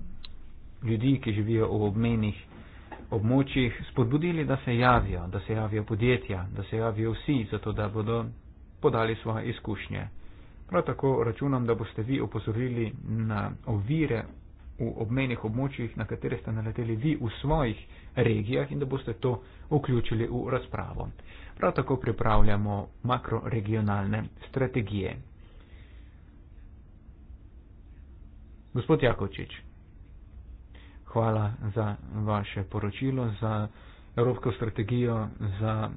ljudi, ki živijo v obmenih, območjih spodbudili, da se javijo, da se javijo podjetja, da se javijo vsi, zato da bodo podali svoje izkušnje. Prav tako računam, da boste vi opozorili na ovire v obmejnih območjih, na katere ste naleteli vi v svojih regijah in da boste to vključili v razpravo. Prav tako pripravljamo makroregionalne strategije. Gospod Jakočič hvala za vaše poročilo, za Evropsko strategijo za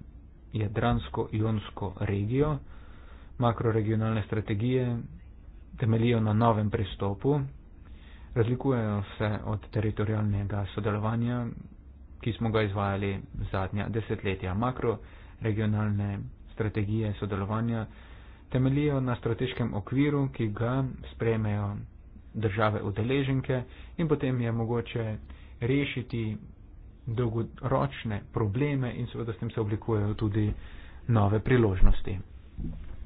Jadransko-Jonsko regijo. Makroregionalne strategije temelijo na novem pristopu, razlikujejo se od teritorijalnega sodelovanja, ki smo ga izvajali zadnja desetletja. Makroregionalne strategije sodelovanja temelijo na strateškem okviru, ki ga spremejo države udeleženke in potem je mogoče rešiti dolgoročne probleme in seveda s tem se oblikujejo tudi nove priložnosti.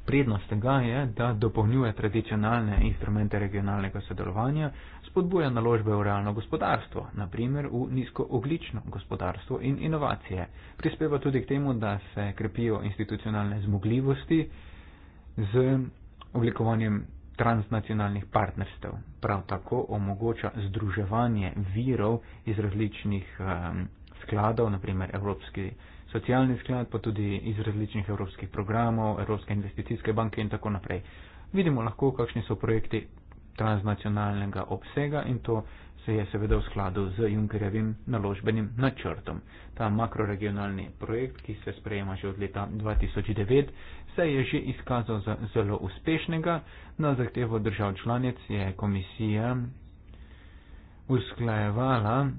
Prednost tega je, da dopolnjuje tradicionalne instrumente regionalnega sodelovanja, spodbuja naložbe v realno gospodarstvo, naprimer v nizkooglično gospodarstvo in inovacije. Prispeva tudi k temu, da se krepijo institucionalne zmogljivosti z oblikovanjem transnacionalnih partnerstev. Prav tako omogoča združevanje virov iz različnih um, skladov, naprimer Evropski socialni sklad, pa tudi iz različnih evropskih programov, Evropske investicijske banke in tako naprej. Vidimo lahko, kakšni so projekti transnacionalnega obsega in to se je seveda v skladu z Junkerjevim naložbenim načrtom. Ta makroregionalni projekt, ki se sprejema že od leta 2009, se je že izkazal za zelo uspešnega. Na zahtevo držav članic je komisija usklajevala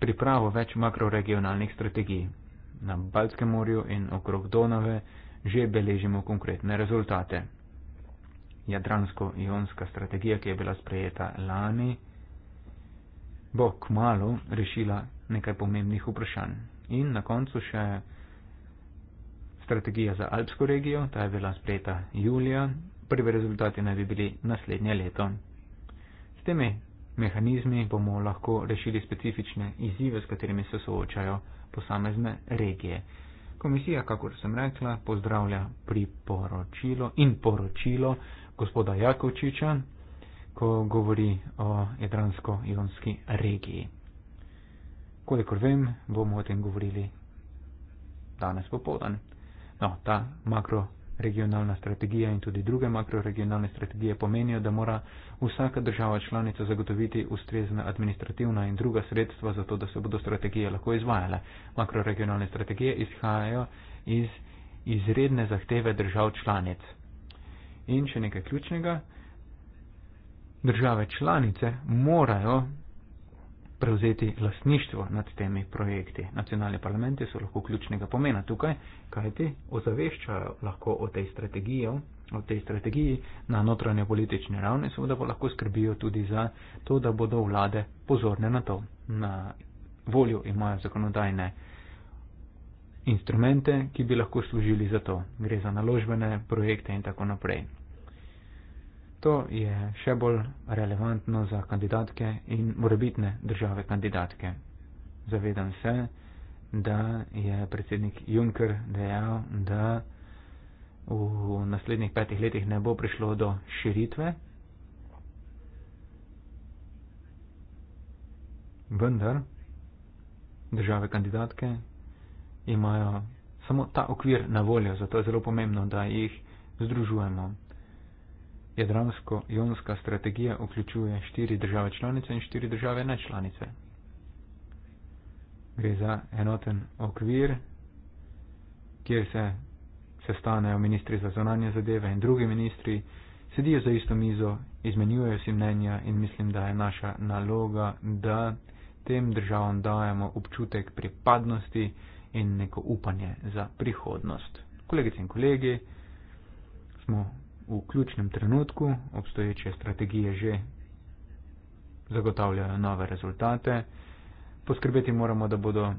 pripravo več makroregionalnih strategij. Na Balckem morju in okrog Donave že beležimo konkretne rezultate. Jadransko-ionska strategija, ki je bila sprejeta lani, bo kmalo rešila nekaj pomembnih vprašanj. In na koncu še strategija za Alpsko regijo, ta je bila sprejeta julija, prvi rezultati naj bi bili naslednje leto. S temi mehanizmi bomo lahko rešili specifične izzive, s katerimi se soočajo posamezne regije. Komisija, kakor sem rekla, pozdravlja priporočilo in poročilo gospoda Jakovčiča, ko govori o Jadransko-Jonski regiji. Kolikor vem, bomo o tem govorili danes popoldan. No, ta makroregionalna strategija in tudi druge makroregionalne strategije pomenijo, da mora vsaka država članica zagotoviti ustrezna administrativna in druga sredstva za to, da se bodo strategije lahko izvajale. Makroregionalne strategije izhajajo iz izredne zahteve držav članic. In še nekaj ključnega. Države članice morajo prevzeti lasništvo nad temi projekti. Nacionalni parlamenti so lahko ključnega pomena tukaj, kajti ozaveščajo lahko o tej strategiji, o tej strategiji na notranje politični ravni, seveda pa lahko skrbijo tudi za to, da bodo vlade pozorne na to. Na voljo imajo zakonodajne instrumente, ki bi lahko služili za to. Gre za naložbene projekte in tako naprej. To je še bolj relevantno za kandidatke in morebitne države kandidatke. Zavedam se, da je predsednik Juncker dejal, da v naslednjih petih letih ne bo prišlo do širitve, vendar države kandidatke imajo samo ta okvir na voljo, zato je zelo pomembno, da jih združujemo jadransko-jonska strategija vključuje štiri države članice in štiri države nečlanice. Gre za enoten okvir, kjer se sestanejo ministri za zonanje zadeve in drugi ministri, sedijo za isto mizo, izmenjujejo si mnenja in mislim, da je naša naloga, da tem državam dajemo občutek pripadnosti in neko upanje za prihodnost. Kolegice in kolegi, smo v ključnem trenutku obstoječe strategije že zagotavljajo nove rezultate, poskrbeti moramo, da bodo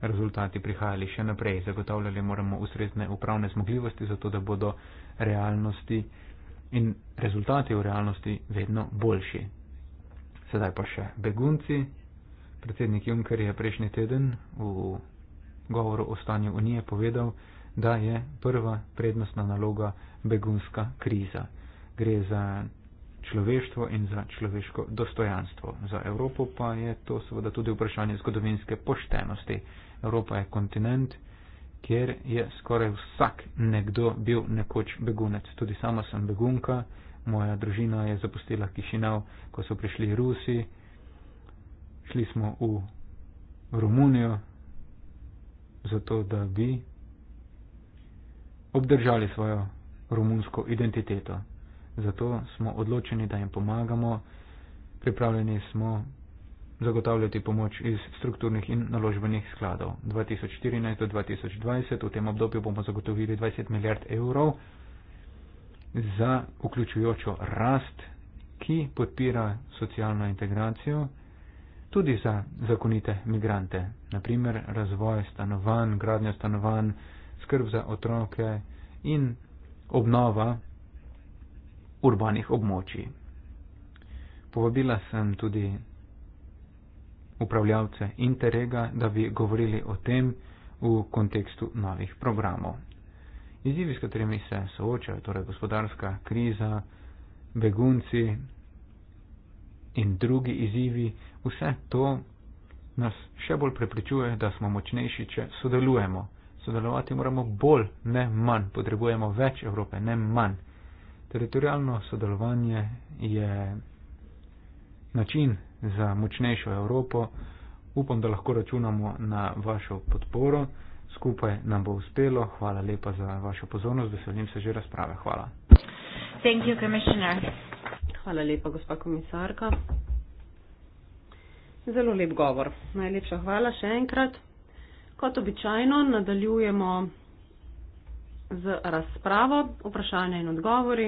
rezultati prihajali še naprej, zagotavljali moramo ustrezne upravne zmogljivosti, zato da bodo realnosti in rezultati v realnosti vedno boljši. Sedaj pa še begunci. Predsednik Juncker je prejšnji teden v govoru o stanju Unije povedal, da je prva prednostna naloga begunska kriza. Gre za človeštvo in za človeško dostojanstvo. Za Evropo pa je to seveda tudi vprašanje zgodovinske poštenosti. Evropa je kontinent, kjer je skoraj vsak nekdo bil nekoč begunec. Tudi sama sem begunka, moja družina je zapustila Kišinav, ko so prišli Rusi, šli smo v Romunijo, zato da bi obdržali svojo romunsko identiteto. Zato smo odločeni, da jim pomagamo, pripravljeni smo zagotavljati pomoč iz strukturnih in naložbenih skladov. 2014 do 2020 v tem obdobju bomo zagotovili 20 milijard evrov za vključujočo rast, ki podpira socialno integracijo, tudi za zakonite migrante, naprimer razvoj stanovanj, gradnja stanovanj, skrb za otroke in obnova urbanih območij. Povabila sem tudi upravljavce Interrega, da bi govorili o tem v kontekstu novih programov. Izzivi, s katerimi se soočajo, torej gospodarska kriza, begunci in drugi izzivi, vse to nas še bolj prepričuje, da smo močnejši, če sodelujemo sodelovati moramo bolj, ne manj. Potrebujemo več Evrope, ne manj. Teritorijalno sodelovanje je način za močnejšo Evropo. Upam, da lahko računamo na vašo podporo. Skupaj nam bo uspelo. Hvala lepa za vašo pozornost. Veselim se že razprave. Hvala. Thank you, Commissioner. Hvala lepa, gospa komisarka. Zelo lep govor. Najlepša hvala še enkrat. Kot običajno nadaljujemo z razpravo, vprašanja in odgovori.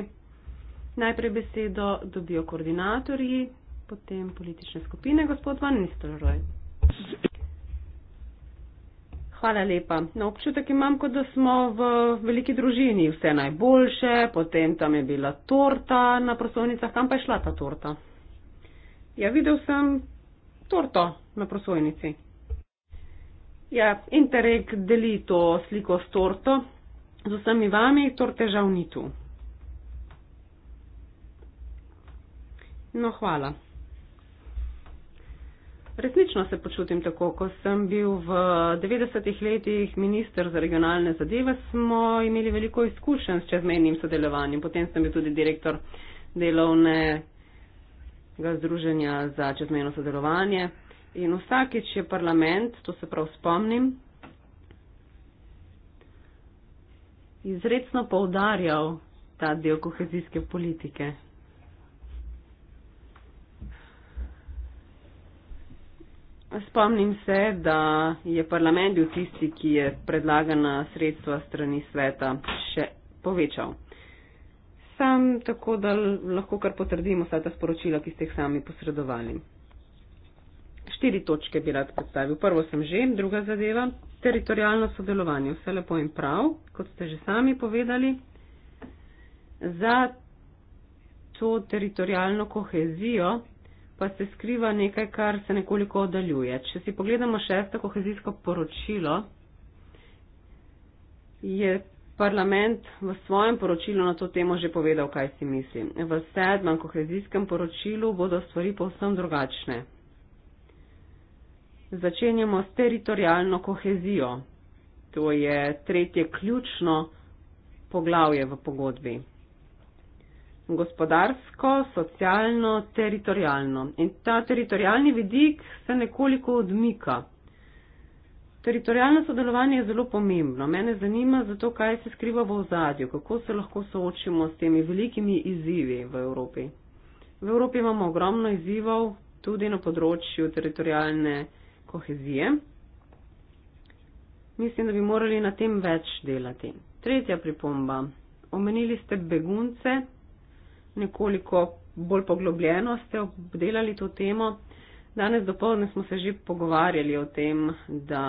Najprej besedo dobijo koordinatorji, potem politične skupine, gospod Van Nistelrooy. Hvala lepa. Na no, občutek imam, kot da smo v veliki družini, vse najboljše, potem tam je bila torta na prosojnicah, kam pa je šla ta torta? Ja, videl sem torto na prosojnici. Ja, Interreg deli to sliko s torto, z vsemi vami, torte žal ni tu. No, hvala. Resnično se počutim tako, ko sem bil v 90-ih letih minister za regionalne zadeve, smo imeli veliko izkušenj s čezmejnim sodelovanjem. Potem sem bil tudi direktor delovnega združenja za čezmejno sodelovanje. In vsakeč je parlament, to se prav spomnim, izredno poudarjal ta del kohezijske politike. Spomnim se, da je parlament bil tisti, ki je predlagana sredstva strani sveta še povečal. Sam tako, da lahko kar potrdimo vsa ta sporočila, ki ste jih sami posredovali. Štiri točke bi rad predstavil. Prvo sem že, druga zadeva, teritorijalno sodelovanje. Vse lepo in prav, kot ste že sami povedali. Za to teritorijalno kohezijo pa se skriva nekaj, kar se nekoliko oddaljuje. Če si pogledamo šesto kohezijsko poročilo, je parlament v svojem poročilu na to temo že povedal, kaj si misli. V sedmem kohezijskem poročilu bodo stvari povsem drugačne začenjamo s teritorijalno kohezijo. To je tretje ključno poglavje v pogodbi. Gospodarsko, socialno, teritorijalno. In ta teritorijalni vidik se nekoliko odmika. Teritorijalno sodelovanje je zelo pomembno. Mene zanima zato, kaj se skriva v ozadju, kako se lahko soočimo s temi velikimi izzivi v Evropi. V Evropi imamo ogromno izzivov, tudi na področju teritorijalne kohezije. Mislim, da bi morali na tem več delati. Tretja pripomba. Omenili ste begunce, nekoliko bolj poglobljeno ste obdelali to temo. Danes dopoledne smo se že pogovarjali o tem, da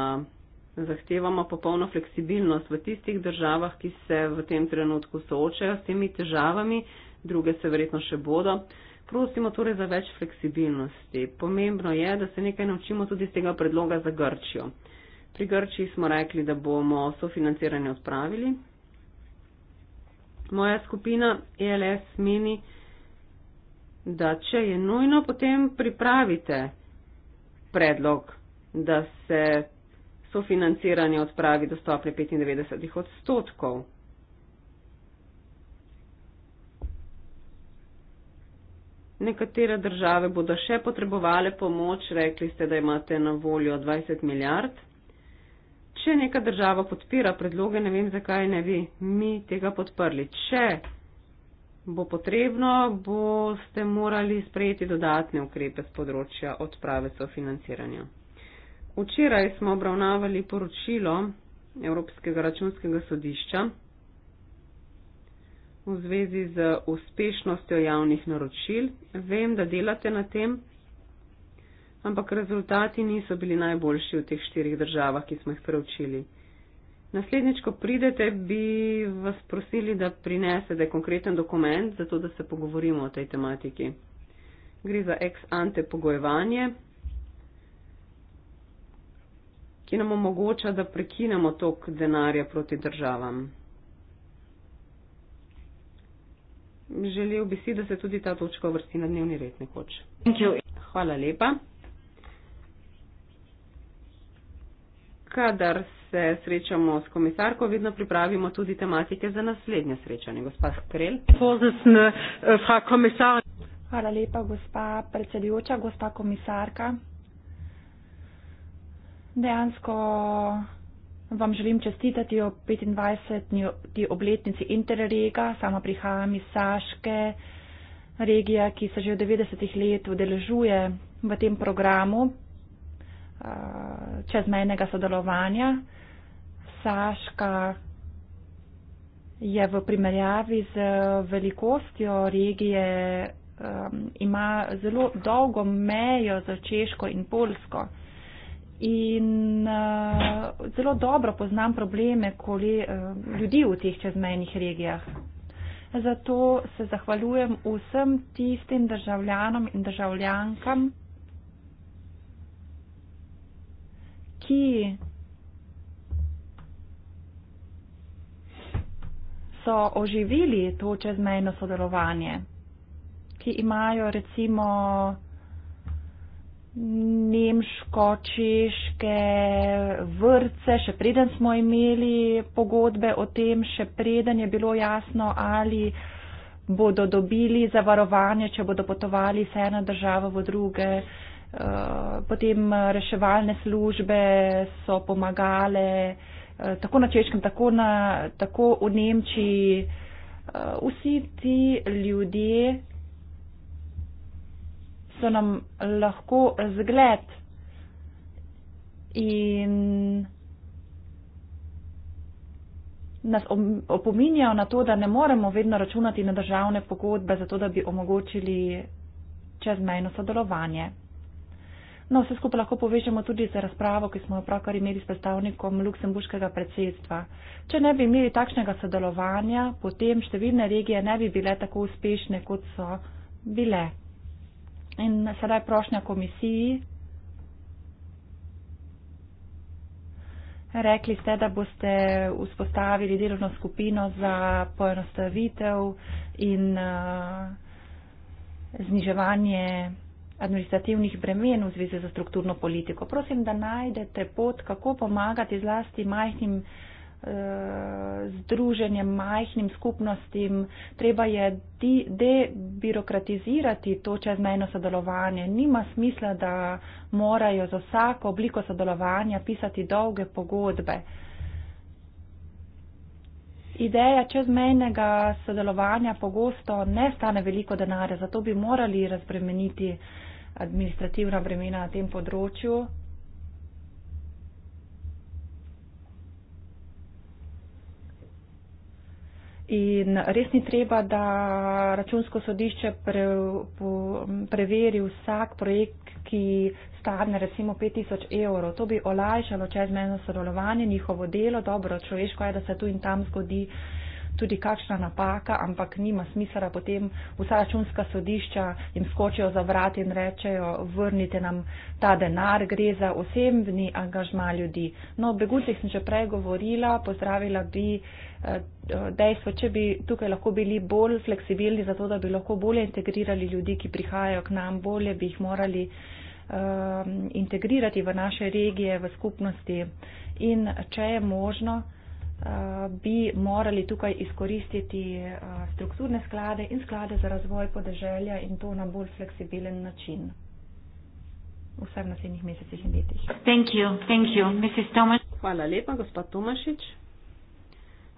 zahtevamo popolno fleksibilnost v tistih državah, ki se v tem trenutku soočajo s temi težavami, druge se verjetno še bodo. Uh, prosimo torej za več fleksibilnosti. Pomembno je, da se nekaj naučimo tudi iz tega predloga za Grčijo. Pri Grčiji smo rekli, da bomo sofinanciranje odpravili. Moja skupina ELS meni, da če je nujno, potem pripravite predlog, da se sofinanciranje odpravi do stopne 95 odstotkov. Nekatere države bodo še potrebovale pomoč, rekli ste, da imate na voljo 20 milijard. Če neka država podpira predloge, ne vem, zakaj ne bi mi tega podprli. Če bo potrebno, boste morali sprejeti dodatne ukrepe z področja odprave sofinanciranja. Včeraj smo obravnavali poročilo Evropskega računskega sodišča v zvezi z uspešnostjo javnih naročil. Vem, da delate na tem, ampak rezultati niso bili najboljši v teh štirih državah, ki smo jih preučili. Naslednjič, ko pridete, bi vas prosili, da prinesete konkreten dokument, zato da se pogovorimo o tej tematiki. Gre za ex ante pogojevanje, ki nam omogoča, da prekinemo tok denarja proti državam. želel bi si, da se tudi ta točka vrsti na dnevni red nekoč. Hvala lepa. Kadar se srečamo s komisarko, vedno pripravimo tudi tematike za naslednje srečanje. Gospa Skrel. Eh, Hvala lepa, gospa predsedujoča, gospa komisarka. Dejansko Vam želim čestitati o 25. obletnici Interrega. Sama prihajam iz Saške, regija, ki se že od 90. let udeležuje v tem programu uh, čezmejnega sodelovanja. Saška je v primerjavi z uh, velikostjo regije, um, ima zelo dolgo mejo za Češko in Polsko. In uh, zelo dobro poznam probleme koli, uh, eh, ljudi v teh čezmejnih regijah. Zato se zahvaljujem vsem tistim državljanom in državljankam, ki so oživili to čezmejno sodelovanje, ki imajo recimo nemško, češke vrce, še preden smo imeli pogodbe o tem, še preden je bilo jasno, ali bodo dobili zavarovanje, če bodo potovali iz ene države v druge. Eh, potem reševalne službe so pomagale eh, tako na češkem, tako, na, tako v Nemčiji. Eh, vsi ti ljudje, so nam lahko zgled in nas opominjajo na to, da ne moremo vedno računati na državne pogodbe, zato da bi omogočili čezmejno sodelovanje. No, vse skupaj lahko povežemo tudi z razpravo, ki smo jo pravkar imeli s predstavnikom luksemburškega predsedstva. Če ne bi imeli takšnega sodelovanja, potem številne regije ne bi bile tako uspešne, kot so bile. In sedaj prošnja komisiji. Rekli ste, da boste vzpostavili delovno skupino za poenostavitev in uh, zniževanje administrativnih bremen v zvezi za strukturno politiko. Prosim, da najdete pot, kako pomagati zlasti majhnim. Eh, združenjem, majhnim skupnostim, treba je debirokratizirati to čezmejno sodelovanje. Nima smisla, da morajo za vsako obliko sodelovanja pisati dolge pogodbe. Ideja čezmejnega sodelovanja pogosto ne stane veliko denarja, zato bi morali razbremeniti administrativna bremena na tem področju, In res ni treba, da računsko sodišče pre, po, preveri vsak projekt, ki stane recimo 5000 evrov. To bi olajšalo čezmejno sodelovanje, njihovo delo, dobro človeško je, da se tu in tam zgodi tudi kakšna napaka, ampak nima smisla potem vsa računska sodišča jim skočijo za vrat in rečejo, vrnite nam ta denar, gre za osebni angažma ljudi. No, o beguncih sem že prej govorila, pozdravila bi eh, eh, dejstvo, če bi tukaj lahko bili bolj fleksibilni, zato da bi lahko bolje integrirali ljudi, ki prihajajo k nam, bolje bi jih morali eh, integrirati v naše regije, v skupnosti in če je možno, Eh, bi morali tukaj izkoristiti eh, strukturne sklade in sklade za razvoj podeželja in to na bolj fleksibilen način. Vse v naslednjih mesecih in letih. Thank you. Thank you, Hvala lepa, gospod Tomašič.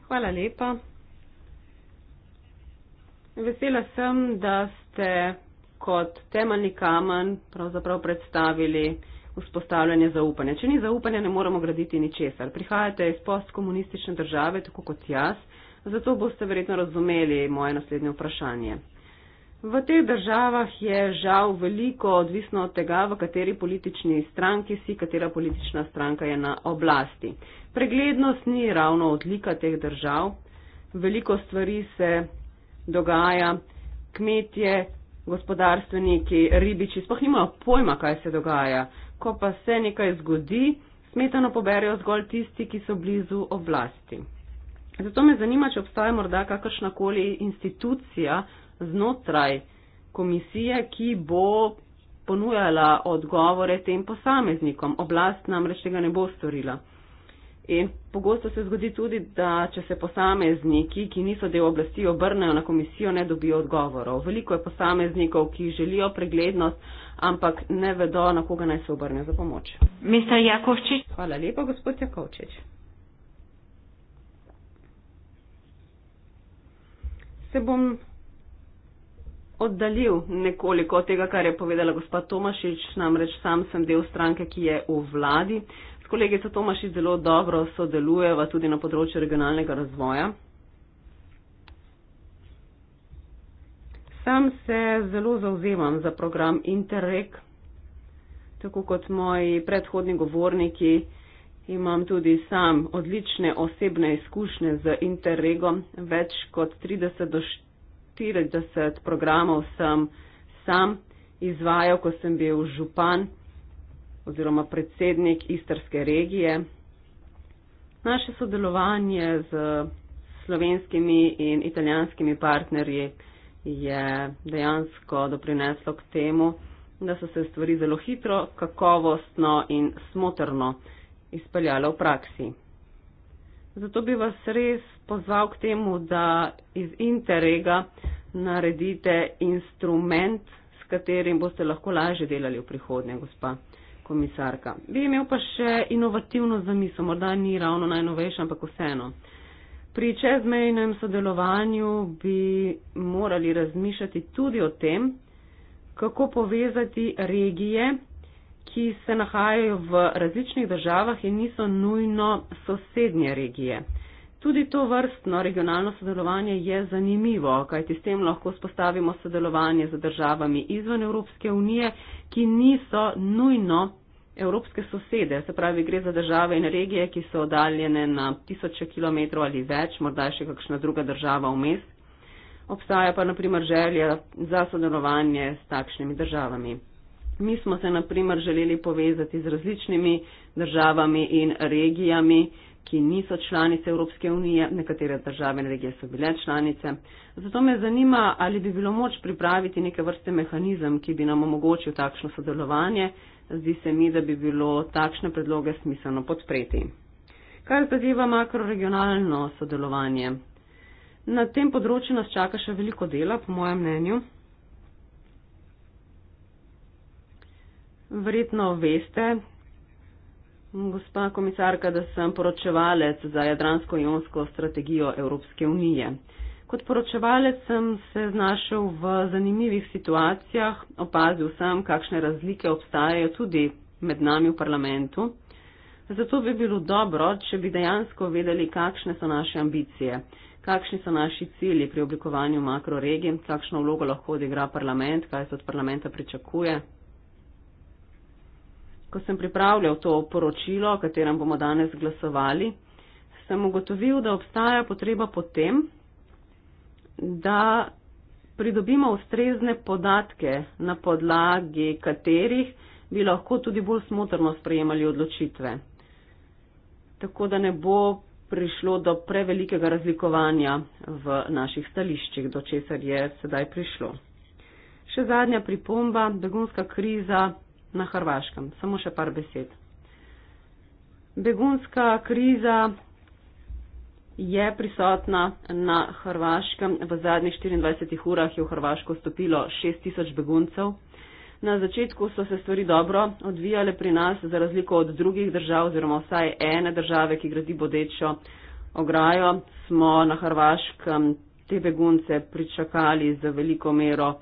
Hvala lepa. Vesela sem, da ste kot temeljni kamen pravzaprav predstavili vzpostavljanje zaupanja. Če ni zaupanja, ne moremo graditi ničesar. Prihajate iz postkomunistične države, tako kot jaz, zato boste verjetno razumeli moje naslednje vprašanje. V teh državah je žal veliko odvisno od tega, v kateri politični stranki si, katera politična stranka je na oblasti. Preglednost ni ravno odlika teh držav. Veliko stvari se dogaja. Kmetje, gospodarstveniki, ribiči, spohnimo pojma, kaj se dogaja ko pa se nekaj zgodi, smetano poberijo zgolj tisti, ki so blizu oblasti. Zato me zanima, če obstaja morda kakršnakoli institucija znotraj komisije, ki bo ponujala odgovore tem posameznikom. Oblast namreč tega ne bo storila. In pogosto se zgodi tudi, da če se posamezniki, ki niso del oblasti, obrnejo na komisijo, ne dobijo odgovorov. Veliko je posameznikov, ki želijo preglednost, ampak ne vedo, na koga naj se obrne za pomoč. Mr. Jakovčič. Hvala lepa, gospod Jakovčič. Se bom oddaljil nekoliko od tega, kar je povedala gospa Tomašič, namreč sam sem del stranke, ki je v vladi. S kolegico Tomašič zelo dobro sodelujeva tudi na področju regionalnega razvoja. Sam se zelo zauzemam za program Interreg. Tako kot moji predhodni govorniki, imam tudi sam odlične osebne izkušnje z Interregom. Več kot 30 do 40 programov sem sam izvajal, ko sem bil župan oziroma predsednik Istrske regije. Naše sodelovanje z slovenskimi in italijanskimi partnerji je dejansko doprineslo k temu, da so se stvari zelo hitro, kakovostno in smotrno izpeljale v praksi. Zato bi vas res pozval k temu, da iz interega naredite instrument, s katerim boste lahko lažje delali v prihodnje, gospa komisarka. Bi imel pa še inovativno zamisel, morda ni ravno najnovejša, ampak vseeno. Pri čezmejnem sodelovanju bi morali razmišljati tudi o tem, kako povezati regije, ki se nahajajo v različnih državah in niso nujno sosednje regije. Tudi to vrstno regionalno sodelovanje je zanimivo, kajti s tem lahko spostavimo sodelovanje z državami izven Evropske unije, ki niso nujno evropske sosede, se pravi, gre za države in regije, ki so oddaljene na tisoče kilometrov ali več, morda še kakšna druga država vmes. Obstaja pa naprimer želja za sodelovanje s takšnimi državami. Mi smo se naprimer želeli povezati z različnimi državami in regijami, ki niso članice Evropske unije, nekatere države in regije so bile članice. Zato me zanima, ali bi bilo moč pripraviti neke vrste mehanizem, ki bi nam omogočil takšno sodelovanje, zdi se mi, da bi bilo takšne predloge smiselno podpreti. Kar zadeva makroregionalno sodelovanje. Na tem področju nas čaka še veliko dela, po mojem mnenju. Verjetno veste, gospa komisarka, da sem poročevalec za Jadransko-Jonsko strategijo Evropske unije. Kot poročevalec sem se znašel v zanimivih situacijah, opazil sem, kakšne razlike obstajajo tudi med nami v parlamentu. Zato bi bilo dobro, če bi dejansko vedeli, kakšne so naše ambicije, kakšni so naši cilji pri oblikovanju makroregij, kakšno vlogo lahko odigra parlament, kaj se od parlamenta pričakuje. Ko sem pripravljal to poročilo, o katerem bomo danes glasovali, sem ugotovil, da obstaja potreba potem, da pridobimo ustrezne podatke, na podlagi katerih bi lahko tudi bolj smotrno sprejemali odločitve. Tako da ne bo prišlo do prevelikega razlikovanja v naših stališčih, do česar je sedaj prišlo. Še zadnja pripomba, begunska kriza na Hrvaškem. Samo še par besed. Begunska kriza je prisotna na Hrvaškem. V zadnjih 24 urah je v Hrvaško stopilo 6000 beguncev. Na začetku so se stvari dobro odvijale pri nas, za razliko od drugih držav oziroma vsaj ene države, ki gradi bodečo ograjo, smo na Hrvaškem te begunce pričakali z veliko mero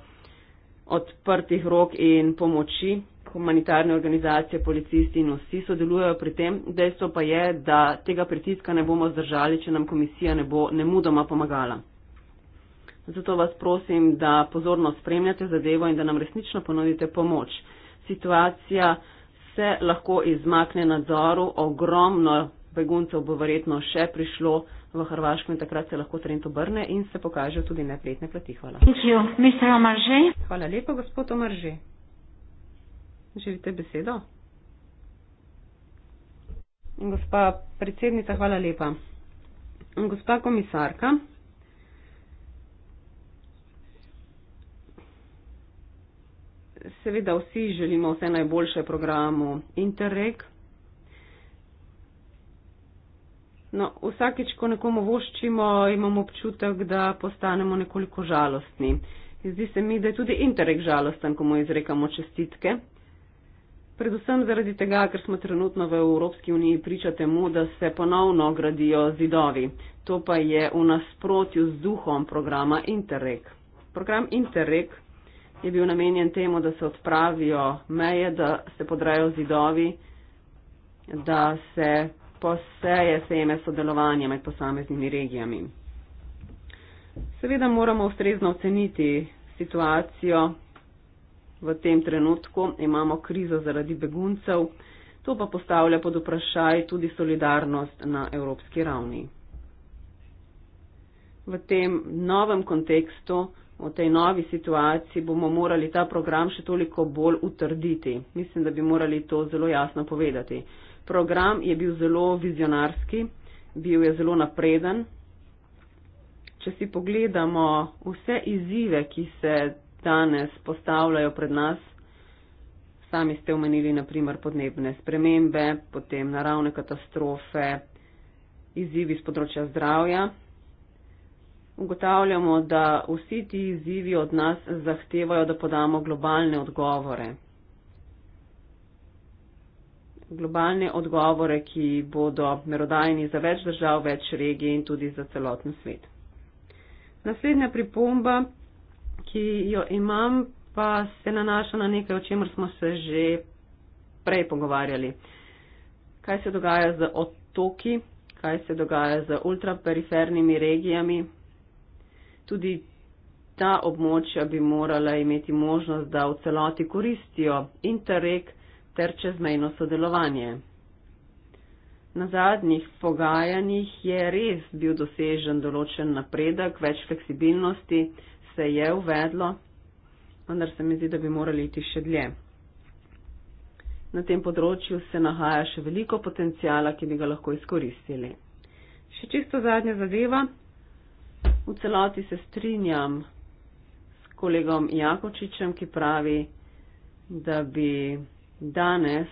odprtih rok in pomoči humanitarne organizacije, policisti in vsi sodelujejo pri tem. Dejstvo pa je, da tega pritiska ne bomo zdržali, če nam komisija ne bo nemudoma pomagala. Zato vas prosim, da pozorno spremljate zadevo in da nam resnično ponudite pomoč. Situacija se lahko izmakne nadzoru, ogromno beguncev bo verjetno še prišlo v Hrvaško in takrat se lahko trend obrne in se pokaže tudi neprijetne plati. Hvala. Hvala lepa, gospod Omarže. Želite besedo? Gospa predsednica, hvala lepa. Gospa komisarka, seveda vsi želimo vse najboljše programu Interreg. No, vsakeč, ko nekomu voščimo, imamo občutek, da postanemo nekoliko žalostni. Zdi se mi, da je tudi Interreg žalosten, ko mu izrekamo čestitke. Predvsem zaradi tega, ker smo trenutno v Evropski uniji priča temu, da se ponovno gradijo zidovi. To pa je v nasprotju z duhom programa Interreg. Program Interreg je bil namenjen temu, da se odpravijo meje, da se podrajo zidovi, da se poseje seme sodelovanja med posameznimi regijami. Seveda moramo ustrezno oceniti situacijo v tem trenutku imamo krizo zaradi beguncev, to pa postavlja pod vprašaj tudi solidarnost na evropski ravni. V tem novem kontekstu, v tej novi situaciji bomo morali ta program še toliko bolj utrditi. Mislim, da bi morali to zelo jasno povedati. Program je bil zelo vizionarski, bil je zelo napreden. Če si pogledamo vse izzive, ki se danes postavljajo pred nas. Sami ste omenili naprimer podnebne spremembe, potem naravne katastrofe, izzivi z področja zdravja. Ugotavljamo, da vsi ti izzivi od nas zahtevajo, da podamo globalne odgovore. Globalne odgovore, ki bodo merodajni za več držav, več regij in tudi za celoten svet. Naslednja pripomba, ki jo imam, pa se nanaša na nekaj, o čemer smo se že prej pogovarjali. Kaj se dogaja z otoki, kaj se dogaja z ultrapernimi regijami. Tudi ta območja bi morala imeti možnost, da v celoti koristijo interreg ter čezmejno sodelovanje. Na zadnjih pogajanjih je res bil dosežen določen napredek, več fleksibilnosti, se je uvedlo, vendar se mi zdi, da bi morali iti še dlje. Na tem področju se nahaja še veliko potencijala, ki bi ga lahko izkoristili. Še čisto zadnja zadeva. V celoti se strinjam s kolegom Jakočičem, ki pravi, da bi danes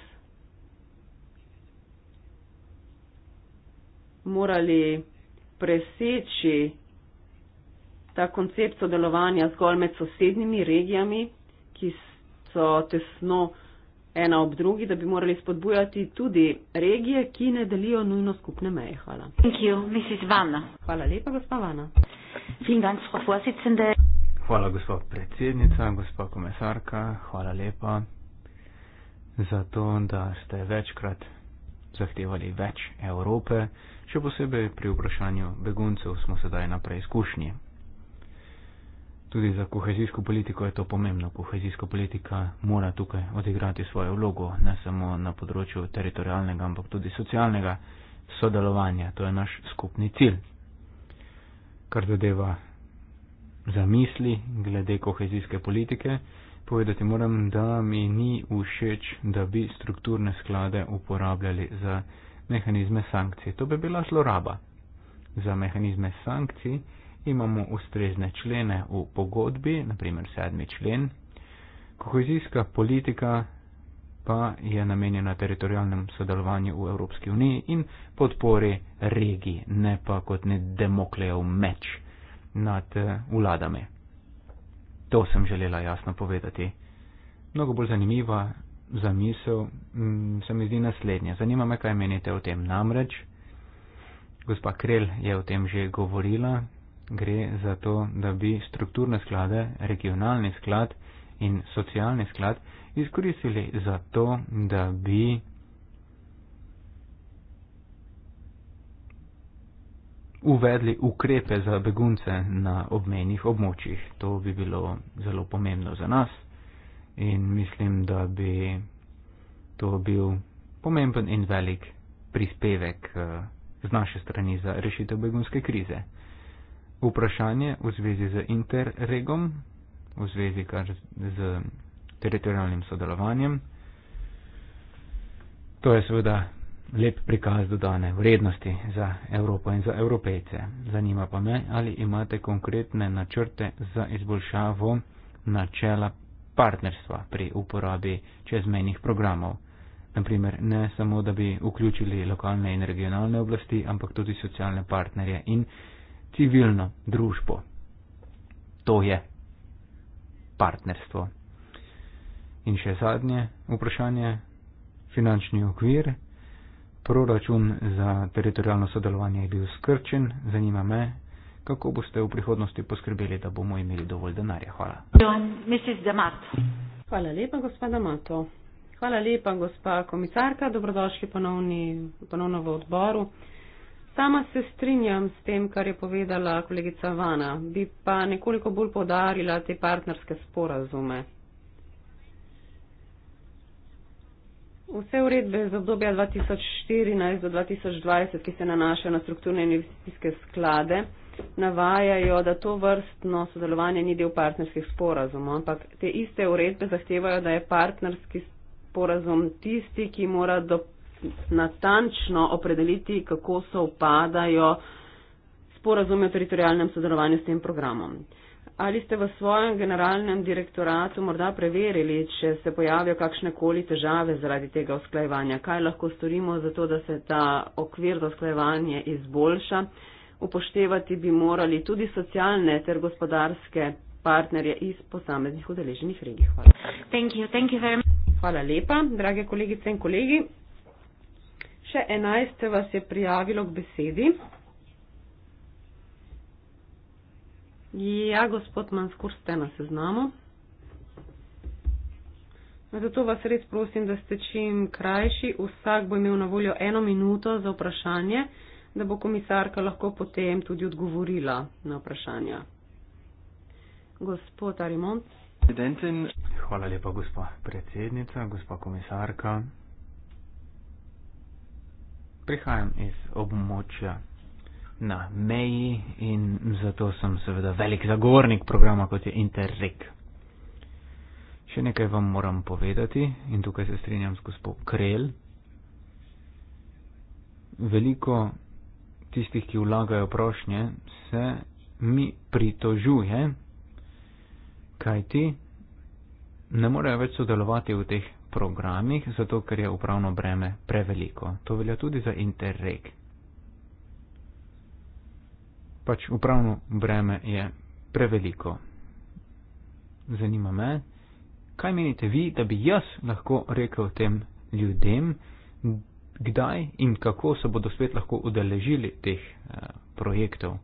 morali preseči ta koncept sodelovanja zgolj med sosednjimi regijami, ki so tesno ena ob drugi, da bi morali spodbujati tudi regije, ki ne delijo nujno skupne meje. Hvala. Hvala lepa, gospa Vana. Hvala, gospod predsednica, gospod komesarka, hvala lepa za to, da ste večkrat zahtevali več Evrope, še posebej pri vprašanju beguncev smo sedaj na preizkušnji tudi za kohezijsko politiko je to pomembno. Kohezijska politika mora tukaj odigrati svojo vlogo, ne samo na področju teritorijalnega, ampak tudi socialnega sodelovanja. To je naš skupni cilj. Kar zadeva zamisli glede kohezijske politike, povedati moram, da mi ni všeč, da bi strukturne sklade uporabljali za mehanizme sankcij. To bi bila zloraba. Za mehanizme sankcij imamo ustrezne člene v pogodbi, naprimer sedmi člen. Kohezijska politika pa je namenjena teritorijalnem sodelovanju v Evropski uniji in podpori regiji, ne pa kot ne demoklejev meč nad eh, vladami. To sem želela jasno povedati. Mnogo bolj zanimiva zamisel mm, se mi zdi naslednja. Zanima me, kaj menite o tem namreč. Gospa Krel je o tem že govorila, gre za to, da bi strukturne sklade, regionalni sklad in socialni sklad izkoristili za to, da bi uvedli ukrepe za begunce na obmejnih območjih. To bi bilo zelo pomembno za nas in mislim, da bi to bil pomemben in velik prispevek eh, z naše strani za rešitev begunske krize vprašanje v zvezi z interregom, v zvezi kar z teritorijalnim sodelovanjem. To je seveda lep prikaz dodane vrednosti za Evropo in za evropejce. Zanima pa me, ali imate konkretne načrte za izboljšavo načela partnerstva pri uporabi čezmejnih programov. Naprimer, ne samo, da bi vključili lokalne in regionalne oblasti, ampak tudi socialne partnerje in civilno družbo. To je partnerstvo. In še zadnje vprašanje, finančni okvir. Proračun za teritorijalno sodelovanje je bil skrčen, zanima me, kako boste v prihodnosti poskrbeli, da bomo imeli dovolj denarja. Hvala. Hvala lepa, gospod Amato. Hvala lepa, gospa komisarka. Dobrodošli ponovni, ponovno v odboru. Sama se strinjam s tem, kar je povedala kolegica Vana, bi pa nekoliko bolj podarila te partnerske sporazume. Vse uredbe iz obdobja 2014 do 2020, ki se nanašajo na strukturne investicijske sklade, navajajo, da to vrstno sodelovanje ni del partnerskih sporazumov, ampak te iste uredbe zahtevajo, da je partnerski sporazum tisti, ki mora dopustiti natančno opredeliti, kako se upadajo sporazume o teritorijalnem sodelovanju s tem programom. Ali ste v svojem generalnem direktoratu morda preverili, če se pojavijo kakšne koli težave zaradi tega usklajevanja? Kaj lahko storimo za to, da se ta okvir za usklajevanje izboljša? Upoštevati bi morali tudi socialne ter gospodarske partnerje iz posameznih udeleženih regij. Hvala. Thank you. Thank you Hvala lepa, drage kolegice in kolegi še enajst vas je prijavilo k besedi. Ja, gospod Manskur, ste na seznamu. Zato vas res prosim, da ste čim krajši. Vsak bo imel na voljo eno minuto za vprašanje, da bo komisarka lahko potem tudi odgovorila na vprašanja. Gospod Arimont. Hvala lepa, gospa predsednica, gospa komisarka prihajam iz območja na meji in zato sem seveda velik zagovornik programa kot je Interreg. Še nekaj vam moram povedati in tukaj se strinjam z gospod Krel. Veliko tistih, ki vlagajo prošnje, se mi pritožuje, kajti ne morejo več sodelovati v teh programih, zato ker je upravno breme preveliko. To velja tudi za Interreg. Pač upravno breme je preveliko. Zanima me, kaj menite vi, da bi jaz lahko rekel tem ljudem, kdaj in kako se bodo spet lahko udeležili teh eh, projektov.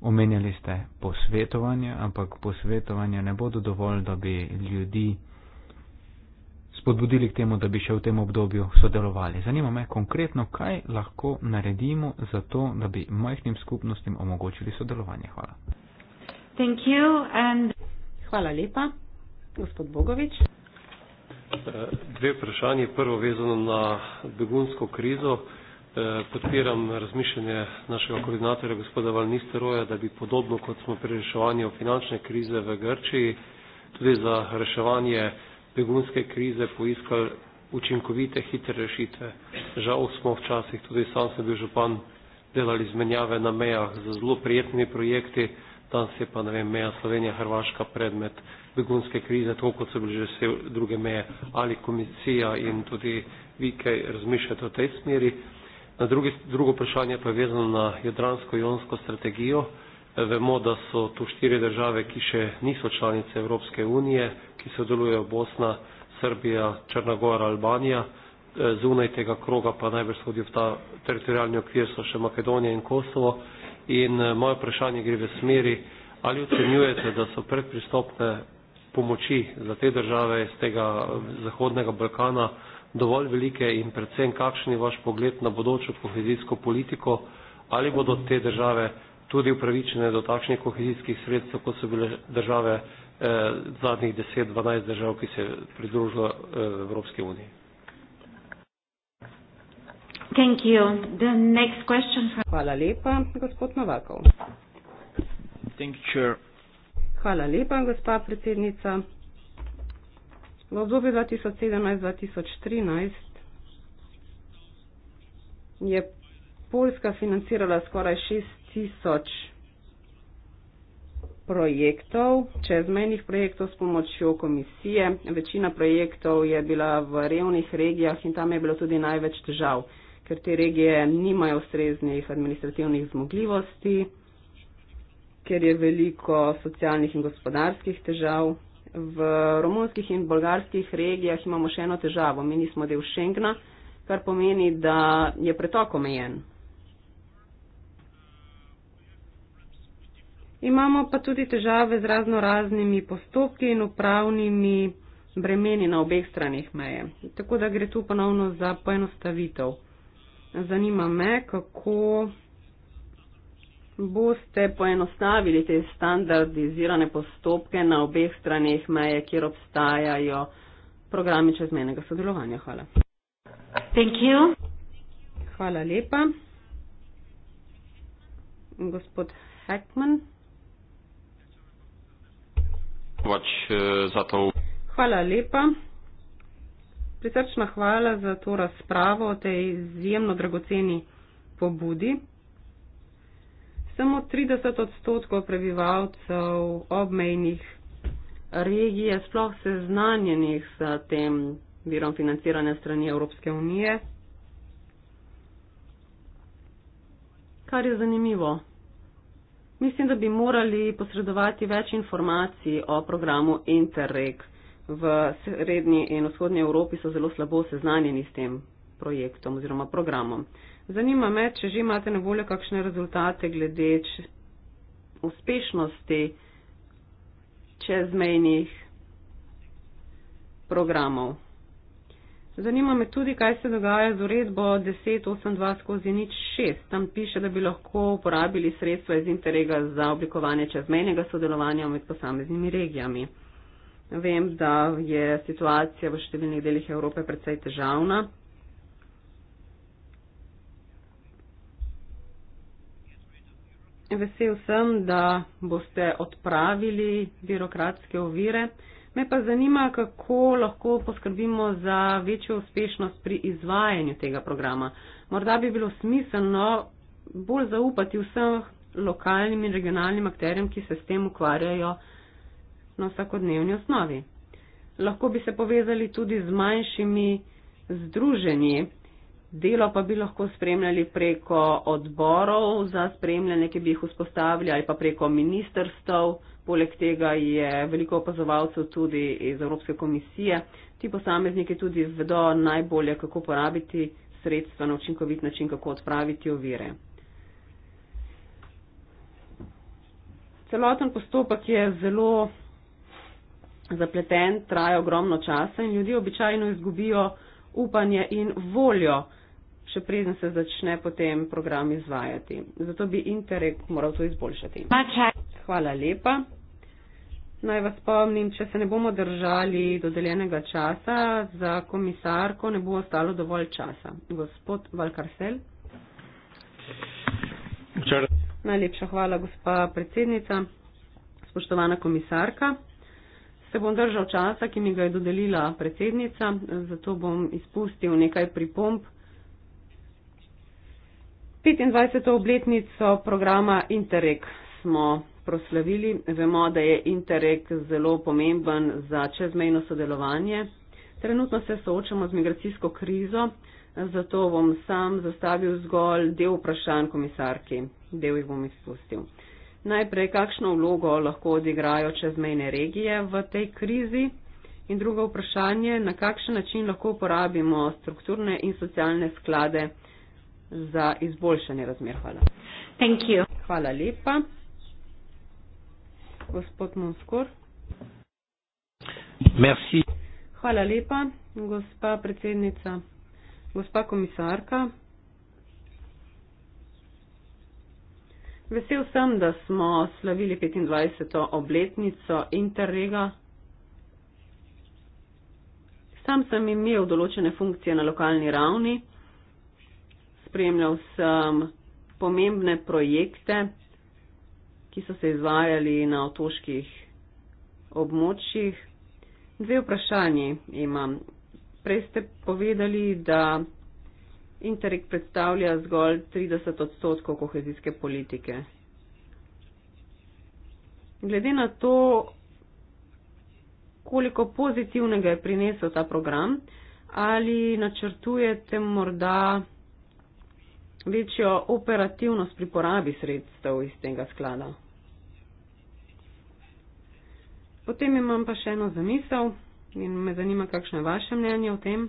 Omenjali ste posvetovanje, ampak posvetovanje ne bodo dovolj, da bi ljudi spodbudili k temu, da bi še v tem obdobju sodelovali. Zanima me konkretno, kaj lahko naredimo za to, da bi majhnim skupnostim omogočili sodelovanje. Hvala. And... Hvala lepa, gospod Bogovič. Eh, dve vprašanje. Prvo vezano na begunsko krizo. Eh, podpiram razmišljanje našega koordinatorja, gospoda Valnisteroja, da bi podobno kot smo pri reševanju finančne krize v Grčiji, tudi za reševanje begunske krize poiskali učinkovite, hitre rešitve. Žal smo včasih, tudi sam sem bil župan, delali izmenjave na mejah z zelo prijetnimi projekti, danes je pa, ne vem, meja Slovenija-Hrvaška predmet begunske krize, tako kot so bile že vse druge meje ali komisija in tudi vi, kaj razmišljate v tej smeri. Na drugi, drugo vprašanje pa je vezano na jadransko-jonsko strategijo. Vemo, da so tu štiri države, ki še niso članice Evropske unije, ki se delujejo Bosna, Srbija, Črnagora, Albanija. E, zunaj tega kroga pa najbrž hodi v ta teritorijalni okvir so še Makedonija in Kosovo. In e, moje vprašanje gre v smeri, ali ocenjujete, da so predpristopne pomoči za te države iz tega e, Zahodnega Balkana dovolj velike in predvsem kakšen je vaš pogled na bodočo kohezijsko politiko, ali bodo te države tudi upravičene do takšnih kohezijskih sredstev, kot so bile države eh, zadnjih 10-12 držav, ki se je pridružila eh, Evropske unije. Thank you. The next question from... Hvala lepa, gospod Novakov. Thank you, chair. Hvala lepa, gospa predsednica. V obdobju 2017-2013 je Poljska financirala skoraj 6 tisoč projektov, čezmejnih projektov s pomočjo komisije. Večina projektov je bila v revnih regijah in tam je bilo tudi največ težav, ker te regije nimajo ustreznih administrativnih zmogljivosti, ker je veliko socialnih in gospodarskih težav. V romunskih in bolgarskih regijah imamo še eno težavo. Mi nismo del Schengna, kar pomeni, da je pretok omejen. Imamo pa tudi težave z razno raznimi postopki in upravnimi bremeni na obeh stranih meje. Tako da gre tu ponovno za poenostavitev. Zanima me, kako boste poenostavili te standardizirane postopke na obeh stranih meje, kjer obstajajo programi čezmenega sodelovanja. Hvala. Thank you. Hvala lepa. Gospod Heckman pričakovati eh, za to. Hvala lepa. Prisrčna hvala za to razpravo o tej izjemno dragoceni pobudi. Samo 30 odstotkov prebivalcev obmejnih regij je sploh seznanjenih s tem virom financiranja strani Evropske unije. Kar je zanimivo. Mislim, da bi morali posredovati več informacij o programu Interreg. V srednji in vzhodnji Evropi so zelo slabo seznanjeni s tem projektom oziroma programom. Zanima me, če že imate na voljo kakšne rezultate glede uspešnosti čezmejnih programov. Zanima me tudi, kaj se dogaja z uredbo 1082 skozi nič 6. Tam piše, da bi lahko uporabili sredstva iz interega za oblikovanje čezmenjega sodelovanja med posameznimi regijami. Vem, da je situacija v številnih delih Evrope predvsej težavna. Vesel sem, da boste odpravili birokratske ovire. Me pa zanima, kako lahko poskrbimo za večjo uspešnost pri izvajanju tega programa. Morda bi bilo smiselno bolj zaupati vsem lokalnim in regionalnim akterjem, ki se s tem ukvarjajo na vsakodnevni osnovi. Lahko bi se povezali tudi z manjšimi združenji, delo pa bi lahko spremljali preko odborov za spremljanje, ki bi jih vzpostavljali, ali pa preko ministrstv. Poleg tega je veliko opazovalcev tudi iz Evropske komisije. Ti posamezniki tudi vedo najbolje, kako porabiti sredstva na učinkovit način, kako odpraviti ovire. Celoten postopek je zelo zapleten, traja ogromno časa in ljudje običajno izgubijo upanje in voljo, še preden se začne potem program izvajati. Zato bi Interreg moral to izboljšati. Mačaj. Hvala lepa. Naj vas spomnim, če se ne bomo držali dodeljenega časa, za komisarko ne bo ostalo dovolj časa. Gospod Valkarsel. Včer. Najlepša hvala, gospa predsednica. Spoštovana komisarka, se bom držal časa, ki mi ga je dodelila predsednica, zato bom izpustil nekaj pripomb. 25. obletnico programa Interreg smo proslavili. Vemo, da je Interreg zelo pomemben za čezmejno sodelovanje. Trenutno se soočamo z migracijsko krizo, zato bom sam zastavil zgolj del vprašanj komisarki, del jih bom izpustil. Najprej, kakšno vlogo lahko odigrajo čezmejne regije v tej krizi? In drugo vprašanje, na kakšen način lahko uporabimo strukturne in socialne sklade za izboljšanje razmer? Hvala. Hvala lepa gospod Monskur. Merci. Hvala lepa, gospa predsednica, gospa komisarka. Vesel sem, da smo slavili 25. obletnico Interrega. Sam sem imel določene funkcije na lokalni ravni, spremljal sem pomembne projekte ki so se izvajali na otoških območjih. Dve vprašanje imam. Prej ste povedali, da Interreg predstavlja zgolj 30 odstotkov kohezijske politike. Glede na to, koliko pozitivnega je prinesel ta program, ali načrtujete morda večjo operativnost pri porabi sredstev iz tega sklada? Potem imam pa še eno zamisel in me zanima, kakšno je vaše mnenje o tem.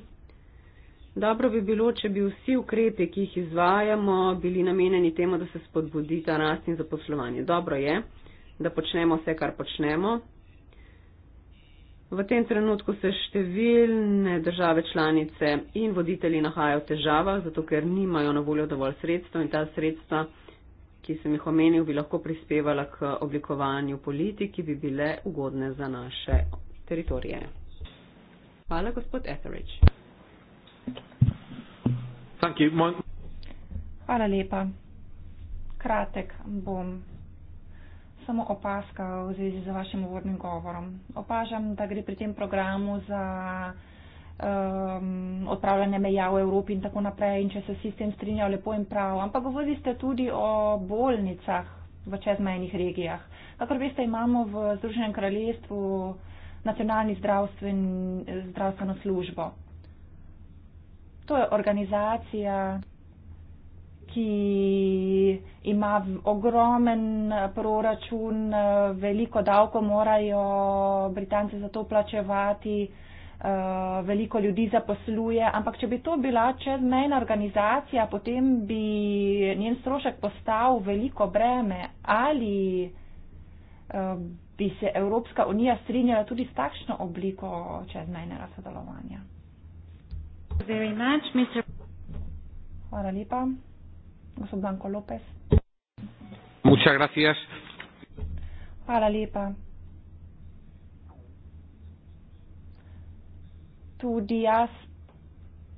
Dobro bi bilo, če bi vsi ukrepe, ki jih izvajamo, bili namenjeni temu, da se spodbudi ta rast in zaposlovanje. Dobro je, da počnemo vse, kar počnemo. V tem trenutku se številne države članice in voditelji nahajajo v težavah, zato ker nimajo na voljo dovolj sredstev in ta sredstva ki sem jih omenil, bi lahko prispevala k oblikovanju politik, ki bi bile ugodne za naše teritorije. Hvala, gospod Etheridge. Hvala lepa. Kratek bom. Samo opaska v zvezi z vašim uvodnim govorom. Opažam, da gre pri tem programu za um, odpravljanje meja v Evropi in tako naprej in če se vsi s tem strinjajo lepo in prav. Ampak govorili ste tudi o bolnicah v čezmejnih regijah. Kakor veste, imamo v Združenem kraljestvu nacionalni zdravstven, zdravstveno službo. To je organizacija, ki ima ogromen proračun, veliko davko morajo Britance za to plačevati. Uh, Eh, veliko ljudi zaposluje, ampak če bi to bila čezmejna organizacija, potem bi njen strošek postal veliko breme. Ali eh, bi se Evropska unija strinjala tudi s takšno obliko čezmejnega sodelovanja? Hvala lepa. Gospod Blanko Lopez. Hvala lepa. tudi jaz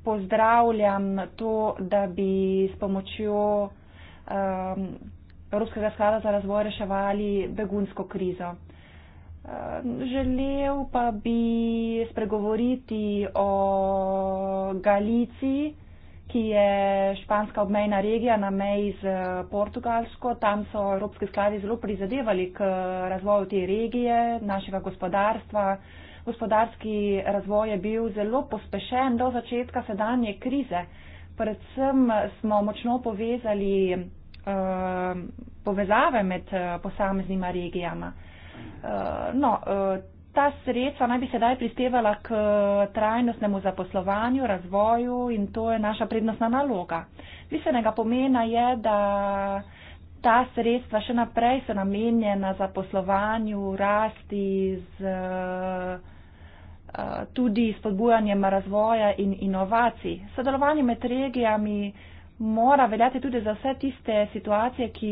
pozdravljam to, da bi s pomočjo um, Ruskega sklada za razvoj reševali begunsko krizo. Um, želel pa bi spregovoriti o Galiciji, ki je španska obmejna regija na meji z uh, Portugalsko. Tam so evropski skladi zelo prizadevali k razvoju te regije, našega gospodarstva, gospodarski razvoj je bil zelo pospešen do začetka sedanje krize. Predvsem smo močno povezali uh, povezave med eh, posameznima regijama. Uh, no, uh, Ta sredstva naj bi sedaj prispevala k trajnostnemu zaposlovanju, razvoju in to je naša prednostna naloga. Visenega pomena je, da ta sredstva še naprej so namenjena zaposlovanju, rasti z. Uh, Eh, tudi spodbujanjem razvoja in inovacij. Sodelovanje med regijami mora veljati tudi za vse tiste situacije, ki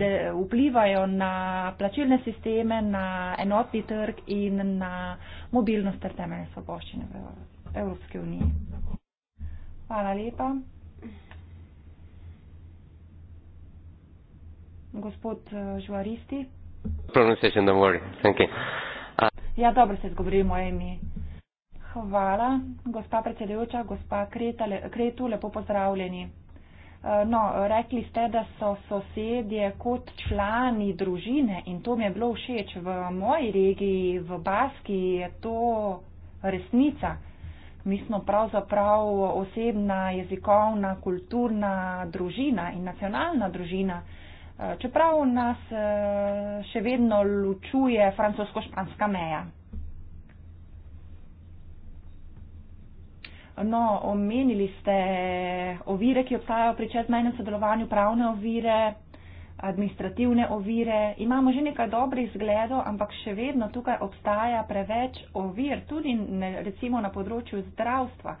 de, vplivajo na plačilne sisteme, na enotni trg in na mobilnost ter temeljne svoboščine v Evropski uniji. Hvala lepa. Gospod eh, Žuaristi. Pronunciation don't worry. Thank you. Ja, dobro se zgovori moje ime. Hvala, gospa predsedujoča, gospa Kretu, lepo pozdravljeni. Eh, no, rekli ste, da so sosedje kot člani družine in to mi je bilo všeč v moji regiji, v Baski, je to resnica. Mi smo pravzaprav osebna, jezikovna, kulturna družina in nacionalna družina. Eh, čeprav nas eh, še vedno ločuje francosko-španska meja. No, omenili ste ovire, ki obstajajo pri čezmejnem sodelovanju, pravne ovire, administrativne ovire. Imamo že nekaj dobrih zgledov, ampak še vedno tukaj obstaja preveč ovir, tudi ne, recimo na področju zdravstva,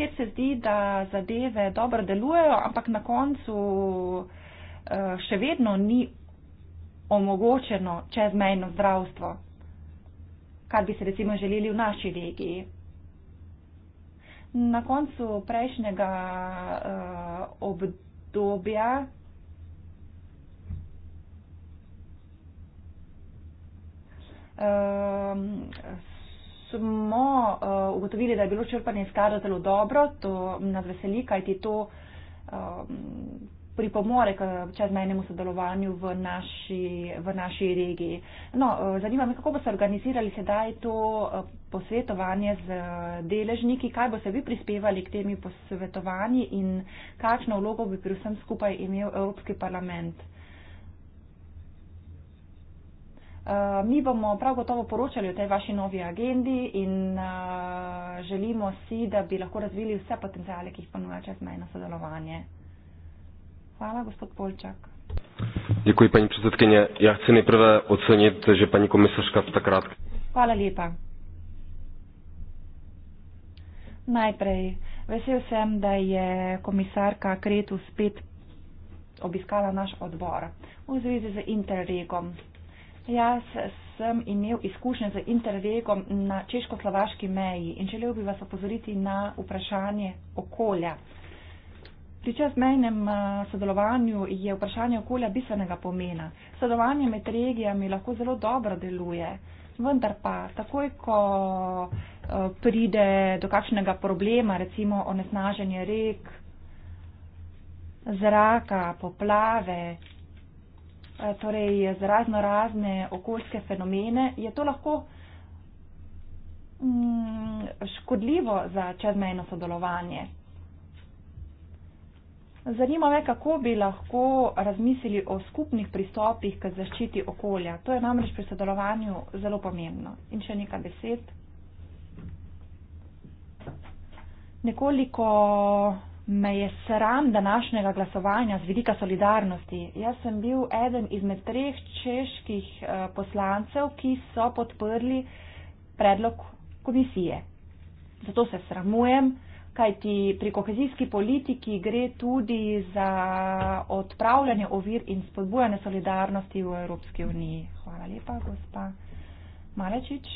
kjer se zdi, da zadeve dobro delujejo, ampak na koncu uh, Eh, še vedno ni omogočeno čezmejno zdravstvo, kar bi se recimo želeli v naši regiji. Na koncu prejšnjega uh, obdobja um, smo uh, ugotovili, da je bilo črpanje izkazalo zelo dobro, to nas veseli, kajti to um, pripomore k čezmejnemu sodelovanju v naši, v naši regiji. No, e, zanima me, kako boste organizirali sedaj to e, posvetovanje z e, deležniki, kaj boste vi prispevali k temi posvetovanji in kakšno vlogo bi pri vsem skupaj imel Evropski parlament. Mi bomo prav gotovo poročali o tej vaši novi agendi in želimo si, da bi lahko razvili vse potencijale, ki jih ponuja čezmejno sodelovanje. Hvala, gospod Polčak. Děkuji, paní předsedkyně. Já chci nejprve ocenit, že paní komisařka v tak krátké. Hvala lepa. Najprej, vesel sem, da je komisarka Kretu spet obiskala naš odbor v zvezi z Interregom. Jaz sem imel izkušnje z Interregom na češko-slovaški meji in želel bi vas opozoriti na vprašanje okolja. Pri čezmejnem eh, sodelovanju je vprašanje okolja bistvenega pomena. Sodelovanje med regijami lahko zelo dobro deluje, vendar pa takoj, ko eh, pride do kakšnega problema, recimo onesnaženje rek, zraka, poplave, eh, torej za razno razne okoljske fenomene, je to lahko mm, škodljivo za čezmejno sodelovanje. Zanima me, kako bi lahko razmislili o skupnih pristopih k zaščiti okolja. To je namreč pri sodelovanju zelo pomembno. In še nekaj besed. Nekoliko me je sram današnjega glasovanja z vidika solidarnosti. Jaz sem bil eden izmed treh čeških eh, poslancev, ki so podprli predlog komisije. Zato se sramujem kajti pri kohezijski politiki gre tudi za odpravljanje ovir in spodbujanje solidarnosti v Evropski uniji. Hvala lepa, gospa Malečič.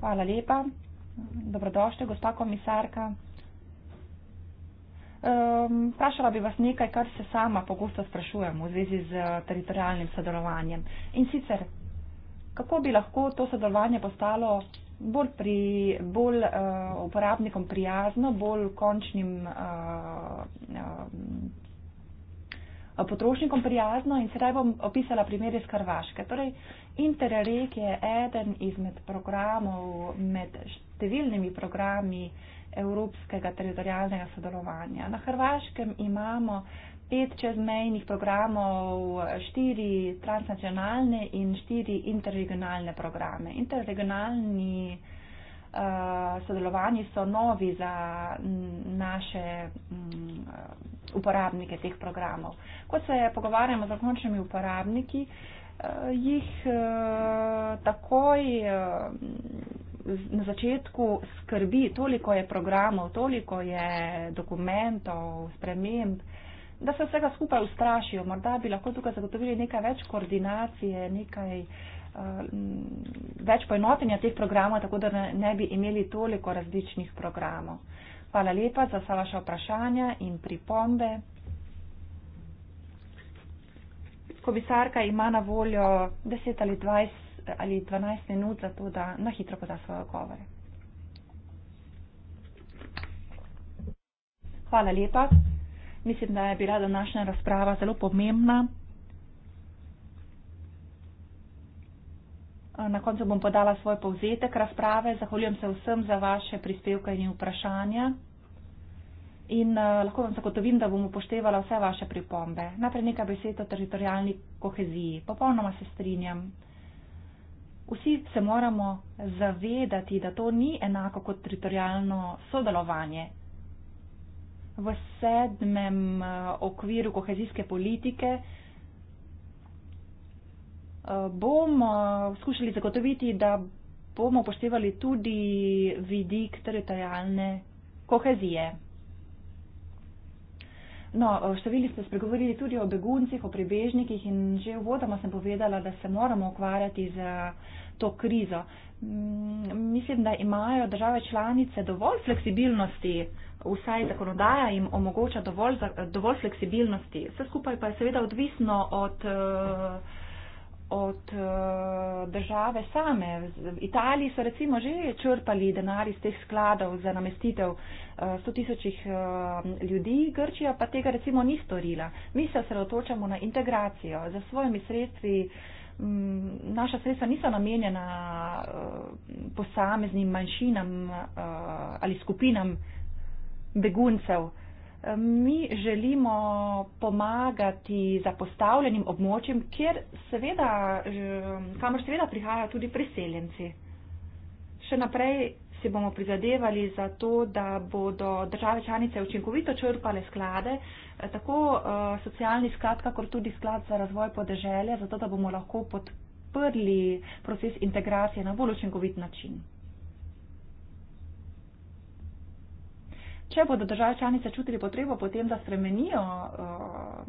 Hvala lepa. Dobrodošli, gospa komisarka. Um, ehm, prašala bi vas nekaj, kar se sama pogosto sprašujem v zvezi z teritorijalnim sodelovanjem. In sicer, kako bi lahko to sodelovanje postalo bolj, pri, bolj uh, uporabnikom prijazno, bolj končnim uh, uh, potrošnikom prijazno in sedaj bom opisala primer iz Karvaške. Torej, Interreg je eden izmed programov med številnimi programi evropskega teritorijalnega sodelovanja. Na Hrvaškem imamo pet čezmejnih programov, štiri transnacionalne in štiri interregionalne programe. Interregionalni uh, eh, sodelovanji so novi za naše um, uporabnike teh programov. Ko se pogovarjamo z končnimi uporabniki, uh, jih uh, takoj uh, na začetku skrbi, toliko je programov, toliko je dokumentov, sprememb, uh, da se vsega skupaj ustrašijo. Morda bi lahko tukaj zagotovili nekaj več koordinacije, nekaj eh, več poenotenja teh programov, tako da ne bi imeli toliko različnih programov. Hvala lepa za vsa vaša vprašanja in pripombe. Komisarka ima na voljo 10 ali 20 ali 12 minut za to, da na hitro poda svoje govore. Hvala lepa. Mislim, da je bila današnja razprava zelo pomembna. Na koncu bom podala svoj povzetek razprave. Zahvaljujem se vsem za vaše prispevke in vprašanja. In uh, lahko vam zagotovim, da bom upoštevala vse vaše pripombe. Najprej nekaj besed o teritorijalni koheziji. Popolnoma se strinjam. Vsi se moramo zavedati, da to ni enako kot teritorijalno sodelovanje v sedmem eh, okviru kohezijske politike eh, bomo skušali zagotoviti, da bomo upoštevali tudi vidik teritorijalne kohezije. No, eh, številni ste spregovorili tudi o beguncih, o prebežnikih in že v vodama sem povedala, da se moramo ukvarjati z to krizo. Mm, mislim, da imajo države članice dovolj fleksibilnosti, vsaj zakonodaja jim omogoča dovolj, dovolj fleksibilnosti. Vse skupaj pa je seveda odvisno od, eh, od eh, države same. V Italiji so recimo že črpali denar iz teh skladov za namestitev 100 eh, tisočih ljudi, Grčija pa tega recimo ni storila. Mi se osredotočamo na integracijo. Za svojimi sredstvi mm, naša sredstva niso namenjena posameznim manjšinam ali skupinam, beguncev. Mi želimo pomagati zapostavljenim območjem, kjer seveda, kamor seveda prihajajo tudi priseljenci. Še naprej si bomo prizadevali za to, da bodo države članice učinkovito črpale sklade, eh, tako eh, socialni sklad, kakor tudi sklad za razvoj podeželja, zato da bomo lahko podprli proces integracije na bolj učinkovit način. Če bodo države članice čutili potrebo potem, da spremenijo eh,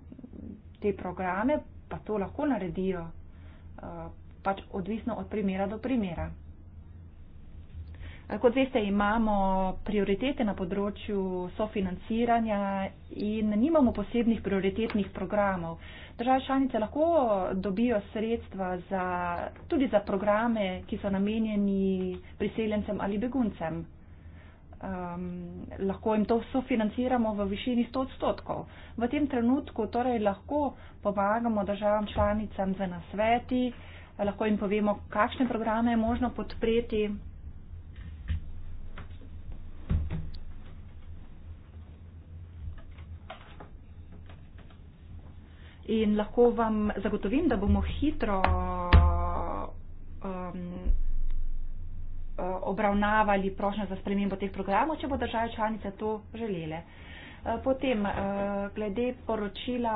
te programe, pa to lahko naredijo, eh, pač odvisno od primera do primera. Eh, kot veste, imamo prioritete na področju sofinanciranja in nimamo posebnih prioritetnih programov. Države članice lahko dobijo sredstva za, tudi za programe, ki so namenjeni priseljencem ali beguncem um, lahko jim to sofinanciramo v višini 100 odstotkov. V tem trenutku torej lahko pomagamo državam članicam za nasveti, lahko jim povemo, kakšne programe je možno podpreti. In lahko vam zagotovim, da bomo hitro um, Eh, obravnavali prošnjo za spremembo teh programov, če bo države članice to želele. Eh, potem, eh, glede poročila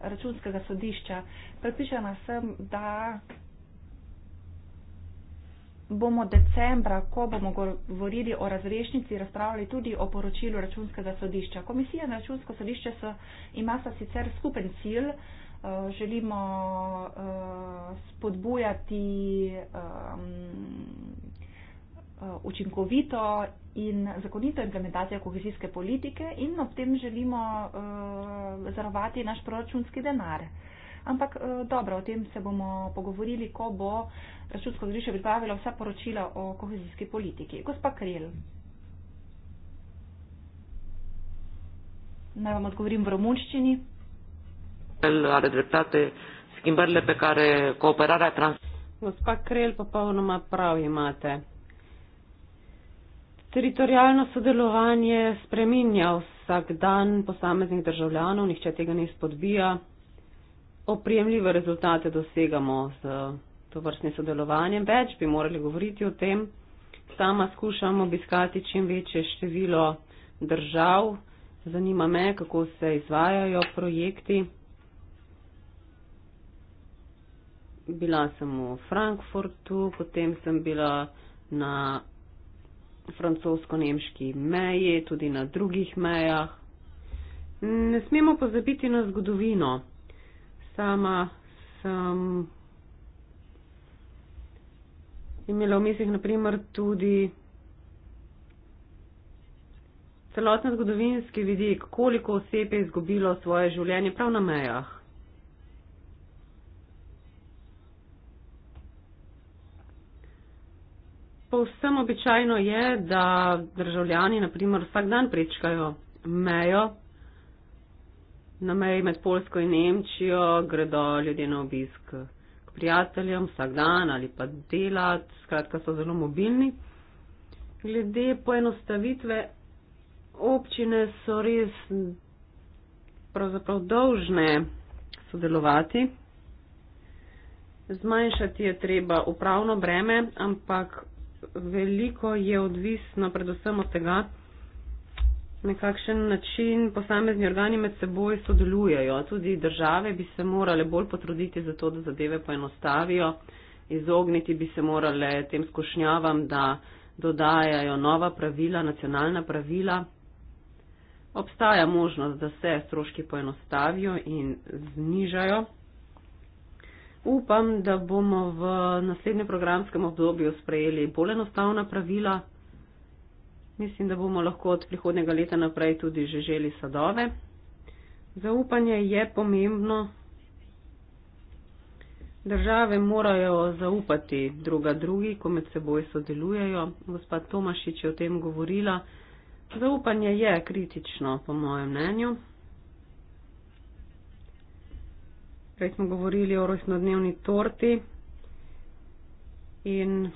računskega sodišča, prepričana sem, da bomo decembra, ko bomo govorili o razrešnici, razpravljali tudi o poročilu računskega sodišča. Komisija na računsko sodišče so, ima sa sicer skupen cilj, želimo spodbujati ehm, Eh, učinkovito in zakonito implementacijo kohezijske politike in ob tem želimo uh, eh, zarovati naš proračunski denar. Ampak uh, dobro, o tem se bomo pogovorili, ko bo računsko zrišče pripravilo vsa poročila o kohezijski politiki. Gospa Kril. Naj vam odgovorim v romunščini. Gospa Krel, popolnoma prav imate. Teritorijalno sodelovanje spreminja vsak dan posameznih državljanov, nihče tega ne izpodbija. Oprijemljive rezultate dosegamo z to vrstnim sodelovanjem, več bi morali govoriti o tem. Sama skušam obiskati čim večje število držav, zanima me, kako se izvajajo projekti. Bila sem v Frankfurtu, potem sem bila na francosko-nemški meji, tudi na drugih mejah. Ne smemo pozabiti na zgodovino. Sama sem imela v mislih naprimer tudi celotno zgodovinski vidik, koliko oseb je izgubilo svoje življenje prav na mejah. povsem običajno je, da državljani naprimer vsak dan prečkajo mejo, na meji med Polsko in Nemčijo gredo ljudje na obisk k prijateljem vsak dan ali pa delat, skratka so zelo mobilni. Glede poenostavitve občine so res pravzaprav dolžne sodelovati. Zmanjšati je treba upravno breme, ampak veliko je odvisno predvsem od tega, na kakšen način posamezni organi med seboj sodelujejo. Tudi države bi se morale bolj potruditi za to, da zadeve poenostavijo, izogniti bi se morale tem skušnjavam, da dodajajo nova pravila, nacionalna pravila. Obstaja možnost, da se stroški poenostavijo in znižajo upam, da bomo v naslednjem programskem obdobju sprejeli bolj enostavna pravila. Mislim, da bomo lahko od prihodnega leta naprej tudi že želi sadove. Zaupanje je pomembno. Države morajo zaupati druga drugi, ko med seboj sodelujejo. Gospa Tomašič je o tem govorila. Zaupanje je kritično, po mojem mnenju. prej smo govorili o rojstnodnevni torti in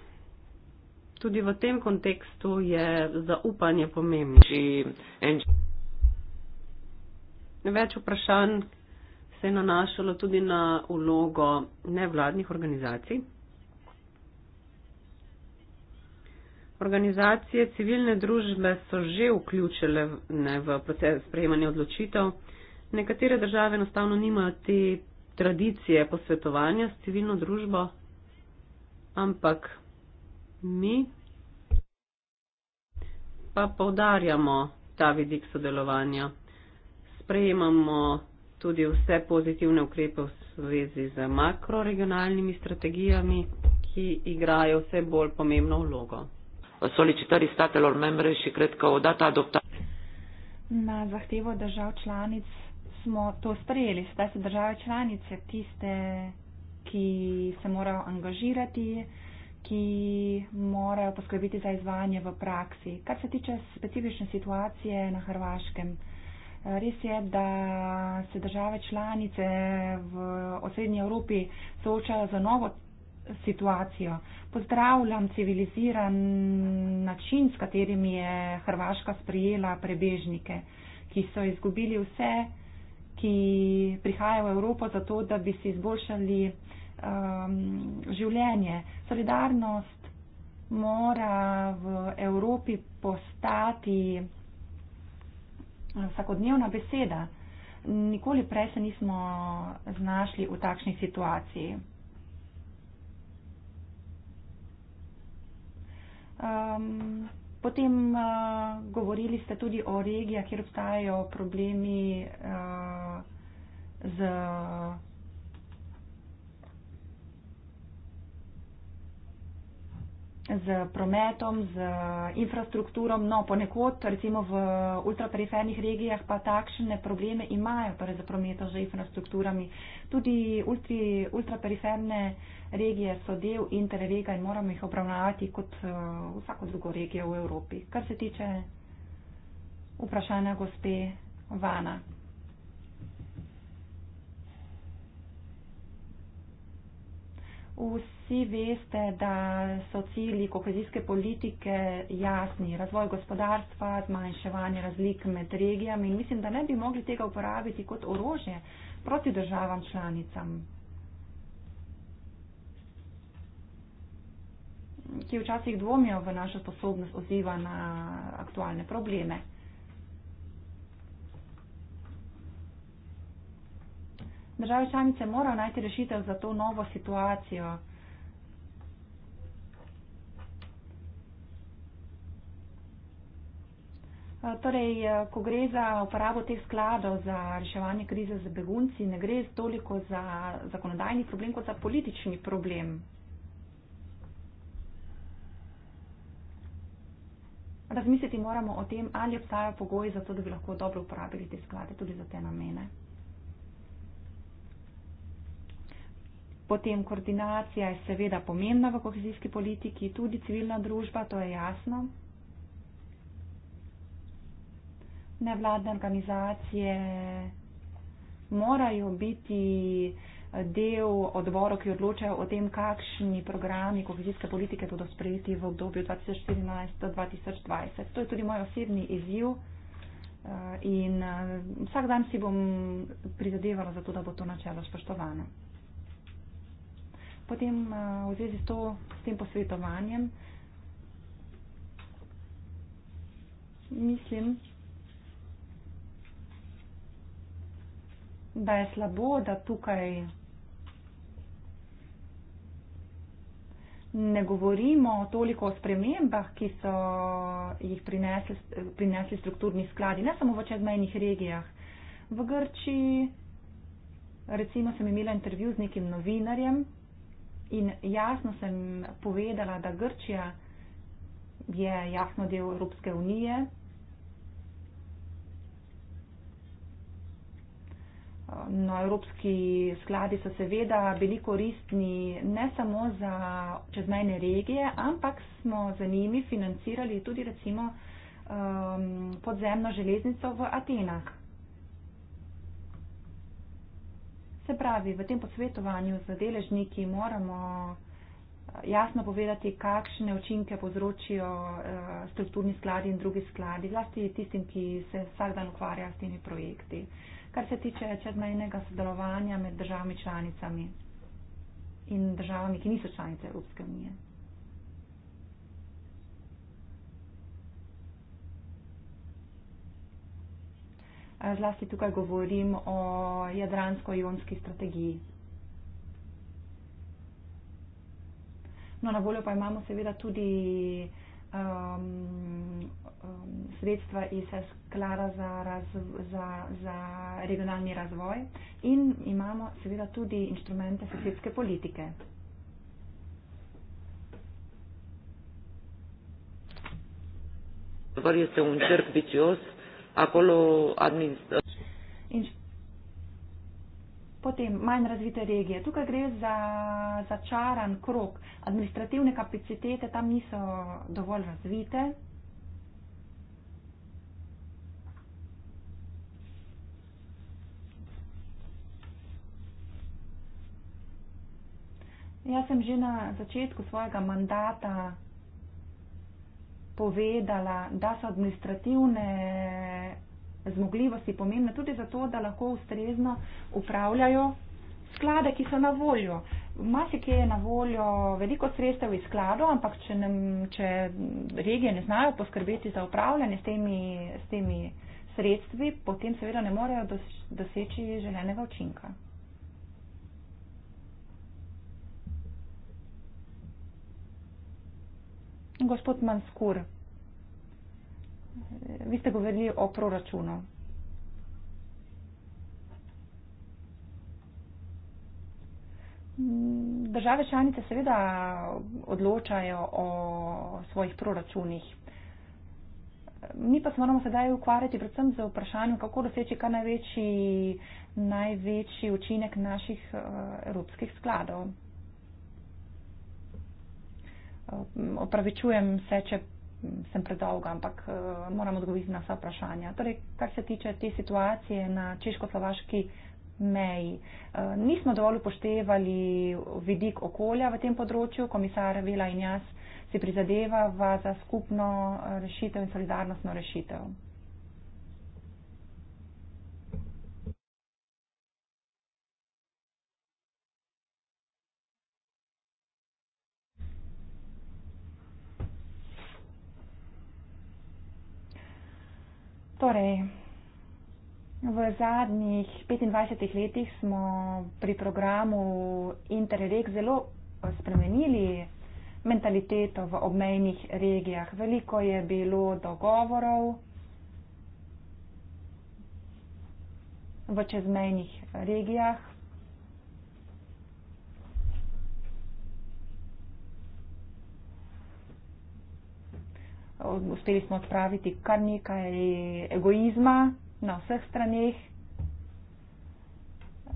tudi v tem kontekstu je zaupanje pomembnejše. Več vprašanj se je nanašalo tudi na ulogo nevladnih organizacij. Organizacije civilne družbe so že vključile ne, v proces sprejemanja odločitev. Nekatere države enostavno nimajo te tradicije posvetovanja s civilno družbo, ampak mi pa povdarjamo ta vidik sodelovanja. Sprejemamo tudi vse pozitivne ukrepe v zvezi z makroregionalnimi strategijami, ki igrajo vse bolj pomembno vlogo. Na zahtevo držav članic smo to sprejeli, zdaj so države članice tiste, ki se morajo angažirati, ki morajo poskrbiti za izvajanje v praksi. Kar se tiče specifične situacije na Hrvaškem, res je, da se države članice v osrednji Evropi soočajo z novo situacijo. Pozdravljam civiliziran način, s katerim je Hrvaška sprijela prebežnike, ki so izgubili vse ki prihajajo v Evropo zato, da bi si izboljšali um, življenje. Solidarnost mora v Evropi postati eh, vsakodnevna beseda. Nikoli prej se nismo znašli v takšni situaciji. Um, Potem uh, govorili ste tudi o regijah, kjer obstajajo problemi uh, z. Uh, z prometom, z infrastrukturo, no ponekod, recimo v ultraperifernih regijah, pa takšne probleme imajo, torej za prometom, z infrastrukturami. Tudi ultri, ultraperiferne regije so del interrega in moramo jih obravnavati kot uh, vsako drugo regijo v Evropi. Kar se tiče vprašanja gospe Vana. Vsi veste, da so cilji kohezijske politike jasni. Razvoj gospodarstva, zmanjševanje razlik med regijami in mislim, da ne bi mogli tega uporabiti kot orožje proti državam članicam, ki včasih dvomijo v našo sposobnost oziva na aktualne probleme. države članice morajo najti rešitev za to novo situacijo. Eh, torej, eh, ko gre za uporabo teh skladov za reševanje krize za begunci, ne gre toliko za zakonodajni problem, kot za politični problem. Razmisliti moramo o tem, ali obstajajo pogoji za to, da bi lahko dobro uporabili te sklade tudi za te namene. Potem koordinacija je seveda pomembna v kohezijski politiki, tudi civilna družba, to je jasno. Nevladne organizacije morajo biti del odborov, ki odločajo o tem, kakšni programi kohezijske politike bodo sprejeti v obdobju 2014-2020. To je tudi moj osebni izziv eh, in eh, vsak dan si bom prizadevala za to, da bo to načelo spoštovano potem eh, v zvezi s, to, s tem posvetovanjem mislim, da je slabo, da tukaj ne govorimo toliko o spremembah, ki so jih prinesli, prinesli strukturni skladi, ne samo v čezmejnih regijah. V Grči recimo sem imela intervju z nekim novinarjem, In jasno sem povedala, da Grčija je jasno del Evropske unije. No, evropski skladi so seveda bili koristni ne samo za čezmejne regije, ampak smo za njimi financirali tudi recimo um, podzemno železnico v Atenah. Se pravi, v tem posvetovanju z deležniki moramo eh, jasno povedati, kakšne učinke povzročijo eh, strukturni skladi in drugi skladi, zlasti tistim, ki se vsak dan ukvarjajo s temi projekti. Kar se tiče čezmejnega sodelovanja med državami članicami in državami, ki niso članice Evropske unije. Eh, zlasti tukaj govorim o jadransko-jonski strategiji. No, na voljo pa imamo seveda tudi um, um, sredstva iz sklada za, za, za regionalni razvoj in imamo seveda tudi inštrumente sosedske politike. Zdaj, acolo administrat. Potem, manj razvite regije. Tukaj gre za začaran krok. Administrativne kapacitete tam niso dovolj razvite. Jaz sem že na začetku svojega mandata povedala, da so administrativne zmogljivosti pomembne tudi zato, da lahko ustrezno upravljajo sklade, ki so na voljo. Masi, ki je na voljo veliko sredstev iz skladov, ampak če, ne, če regije ne znajo poskrbeti za upravljanje s temi, s temi sredstvi, potem seveda ne morejo doseči želenega učinka. Gospod Manskur, vi ste govorili o proračunu. Države članice seveda odločajo o svojih proračunih. Mi pa se moramo sedaj ukvarjati predvsem z vprašanjem, kako doseči kar največji, največji učinek naših eh, evropskih skladov. Eh, opravičujem se, če sem predolga, ampak eh, moram odgovoriti na vsa vprašanja. Torej, kar se tiče te situacije na češko-slovaški meji, eh, nismo dovolj upoštevali vidik okolja v tem področju, komisar Vela in jaz si prizadevava za skupno rešitev in solidarnostno rešitev. Torej, v zadnjih 25 letih smo pri programu Interreg zelo spremenili mentaliteto v obmejnih regijah. Veliko je bilo dogovorov v čezmejnih regijah, uspeli smo odpraviti kar nekaj egoizma na vseh straneh.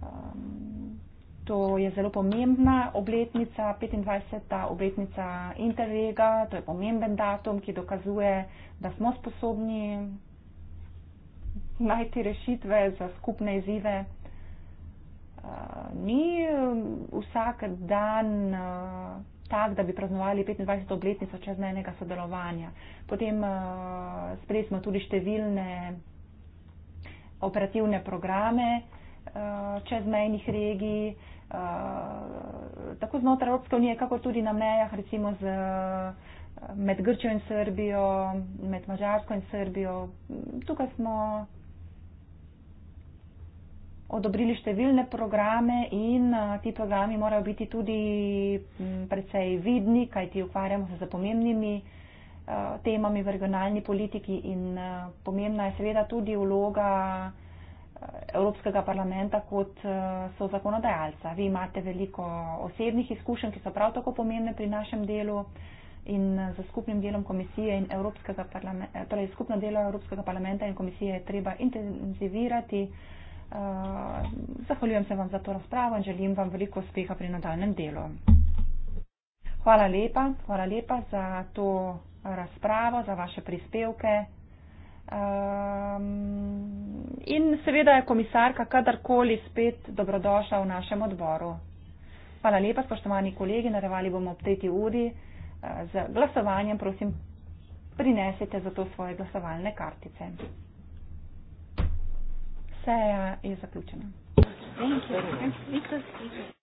Um, to je zelo pomembna obletnica, 25. obletnica Interrega, to je pomemben datum, ki dokazuje, da smo sposobni najti rešitve za skupne izzive. Uh, ni um, vsak dan uh, tak, da bi praznovali 25. obletnico čezmejnega sodelovanja. Potem uh, sprejeli smo tudi številne operativne programe uh, čezmejnih regij, uh, tako znotraj Evropske unije, kako tudi na mejah, recimo z, uh, med Grčjo in Srbijo, med Mačarsko in Srbijo. Tukaj smo odobrili številne programe in eh, ti programi morajo biti tudi mm, precej vidni, kajti ukvarjamo se z pomembnimi eh, temami v regionalni politiki in eh, pomembna je seveda tudi vloga Evropskega parlamenta kot so zakonodajalca. Vi imate veliko osebnih izkušenj, ki so prav tako pomembne pri našem delu in z skupnim delom komisije in Evropskega parlamenta, torej skupno delo Evropskega parlamenta in komisije je treba intenzivirati. Eh, zahvaljujem se vam za to razpravo in želim vam veliko uspeha pri nadaljem delu. Hvala lepa, hvala lepa za to razpravo, za vaše prispevke. Eh, in seveda je komisarka kadarkoli spet dobrodošla v našem odboru. Hvala lepa, spoštovani kolegi, narevali bomo ob tretji uri eh, z glasovanjem, prosim, prinesite za to svoje glasovalne kartice seja je zaključena. Thank you. Thank you.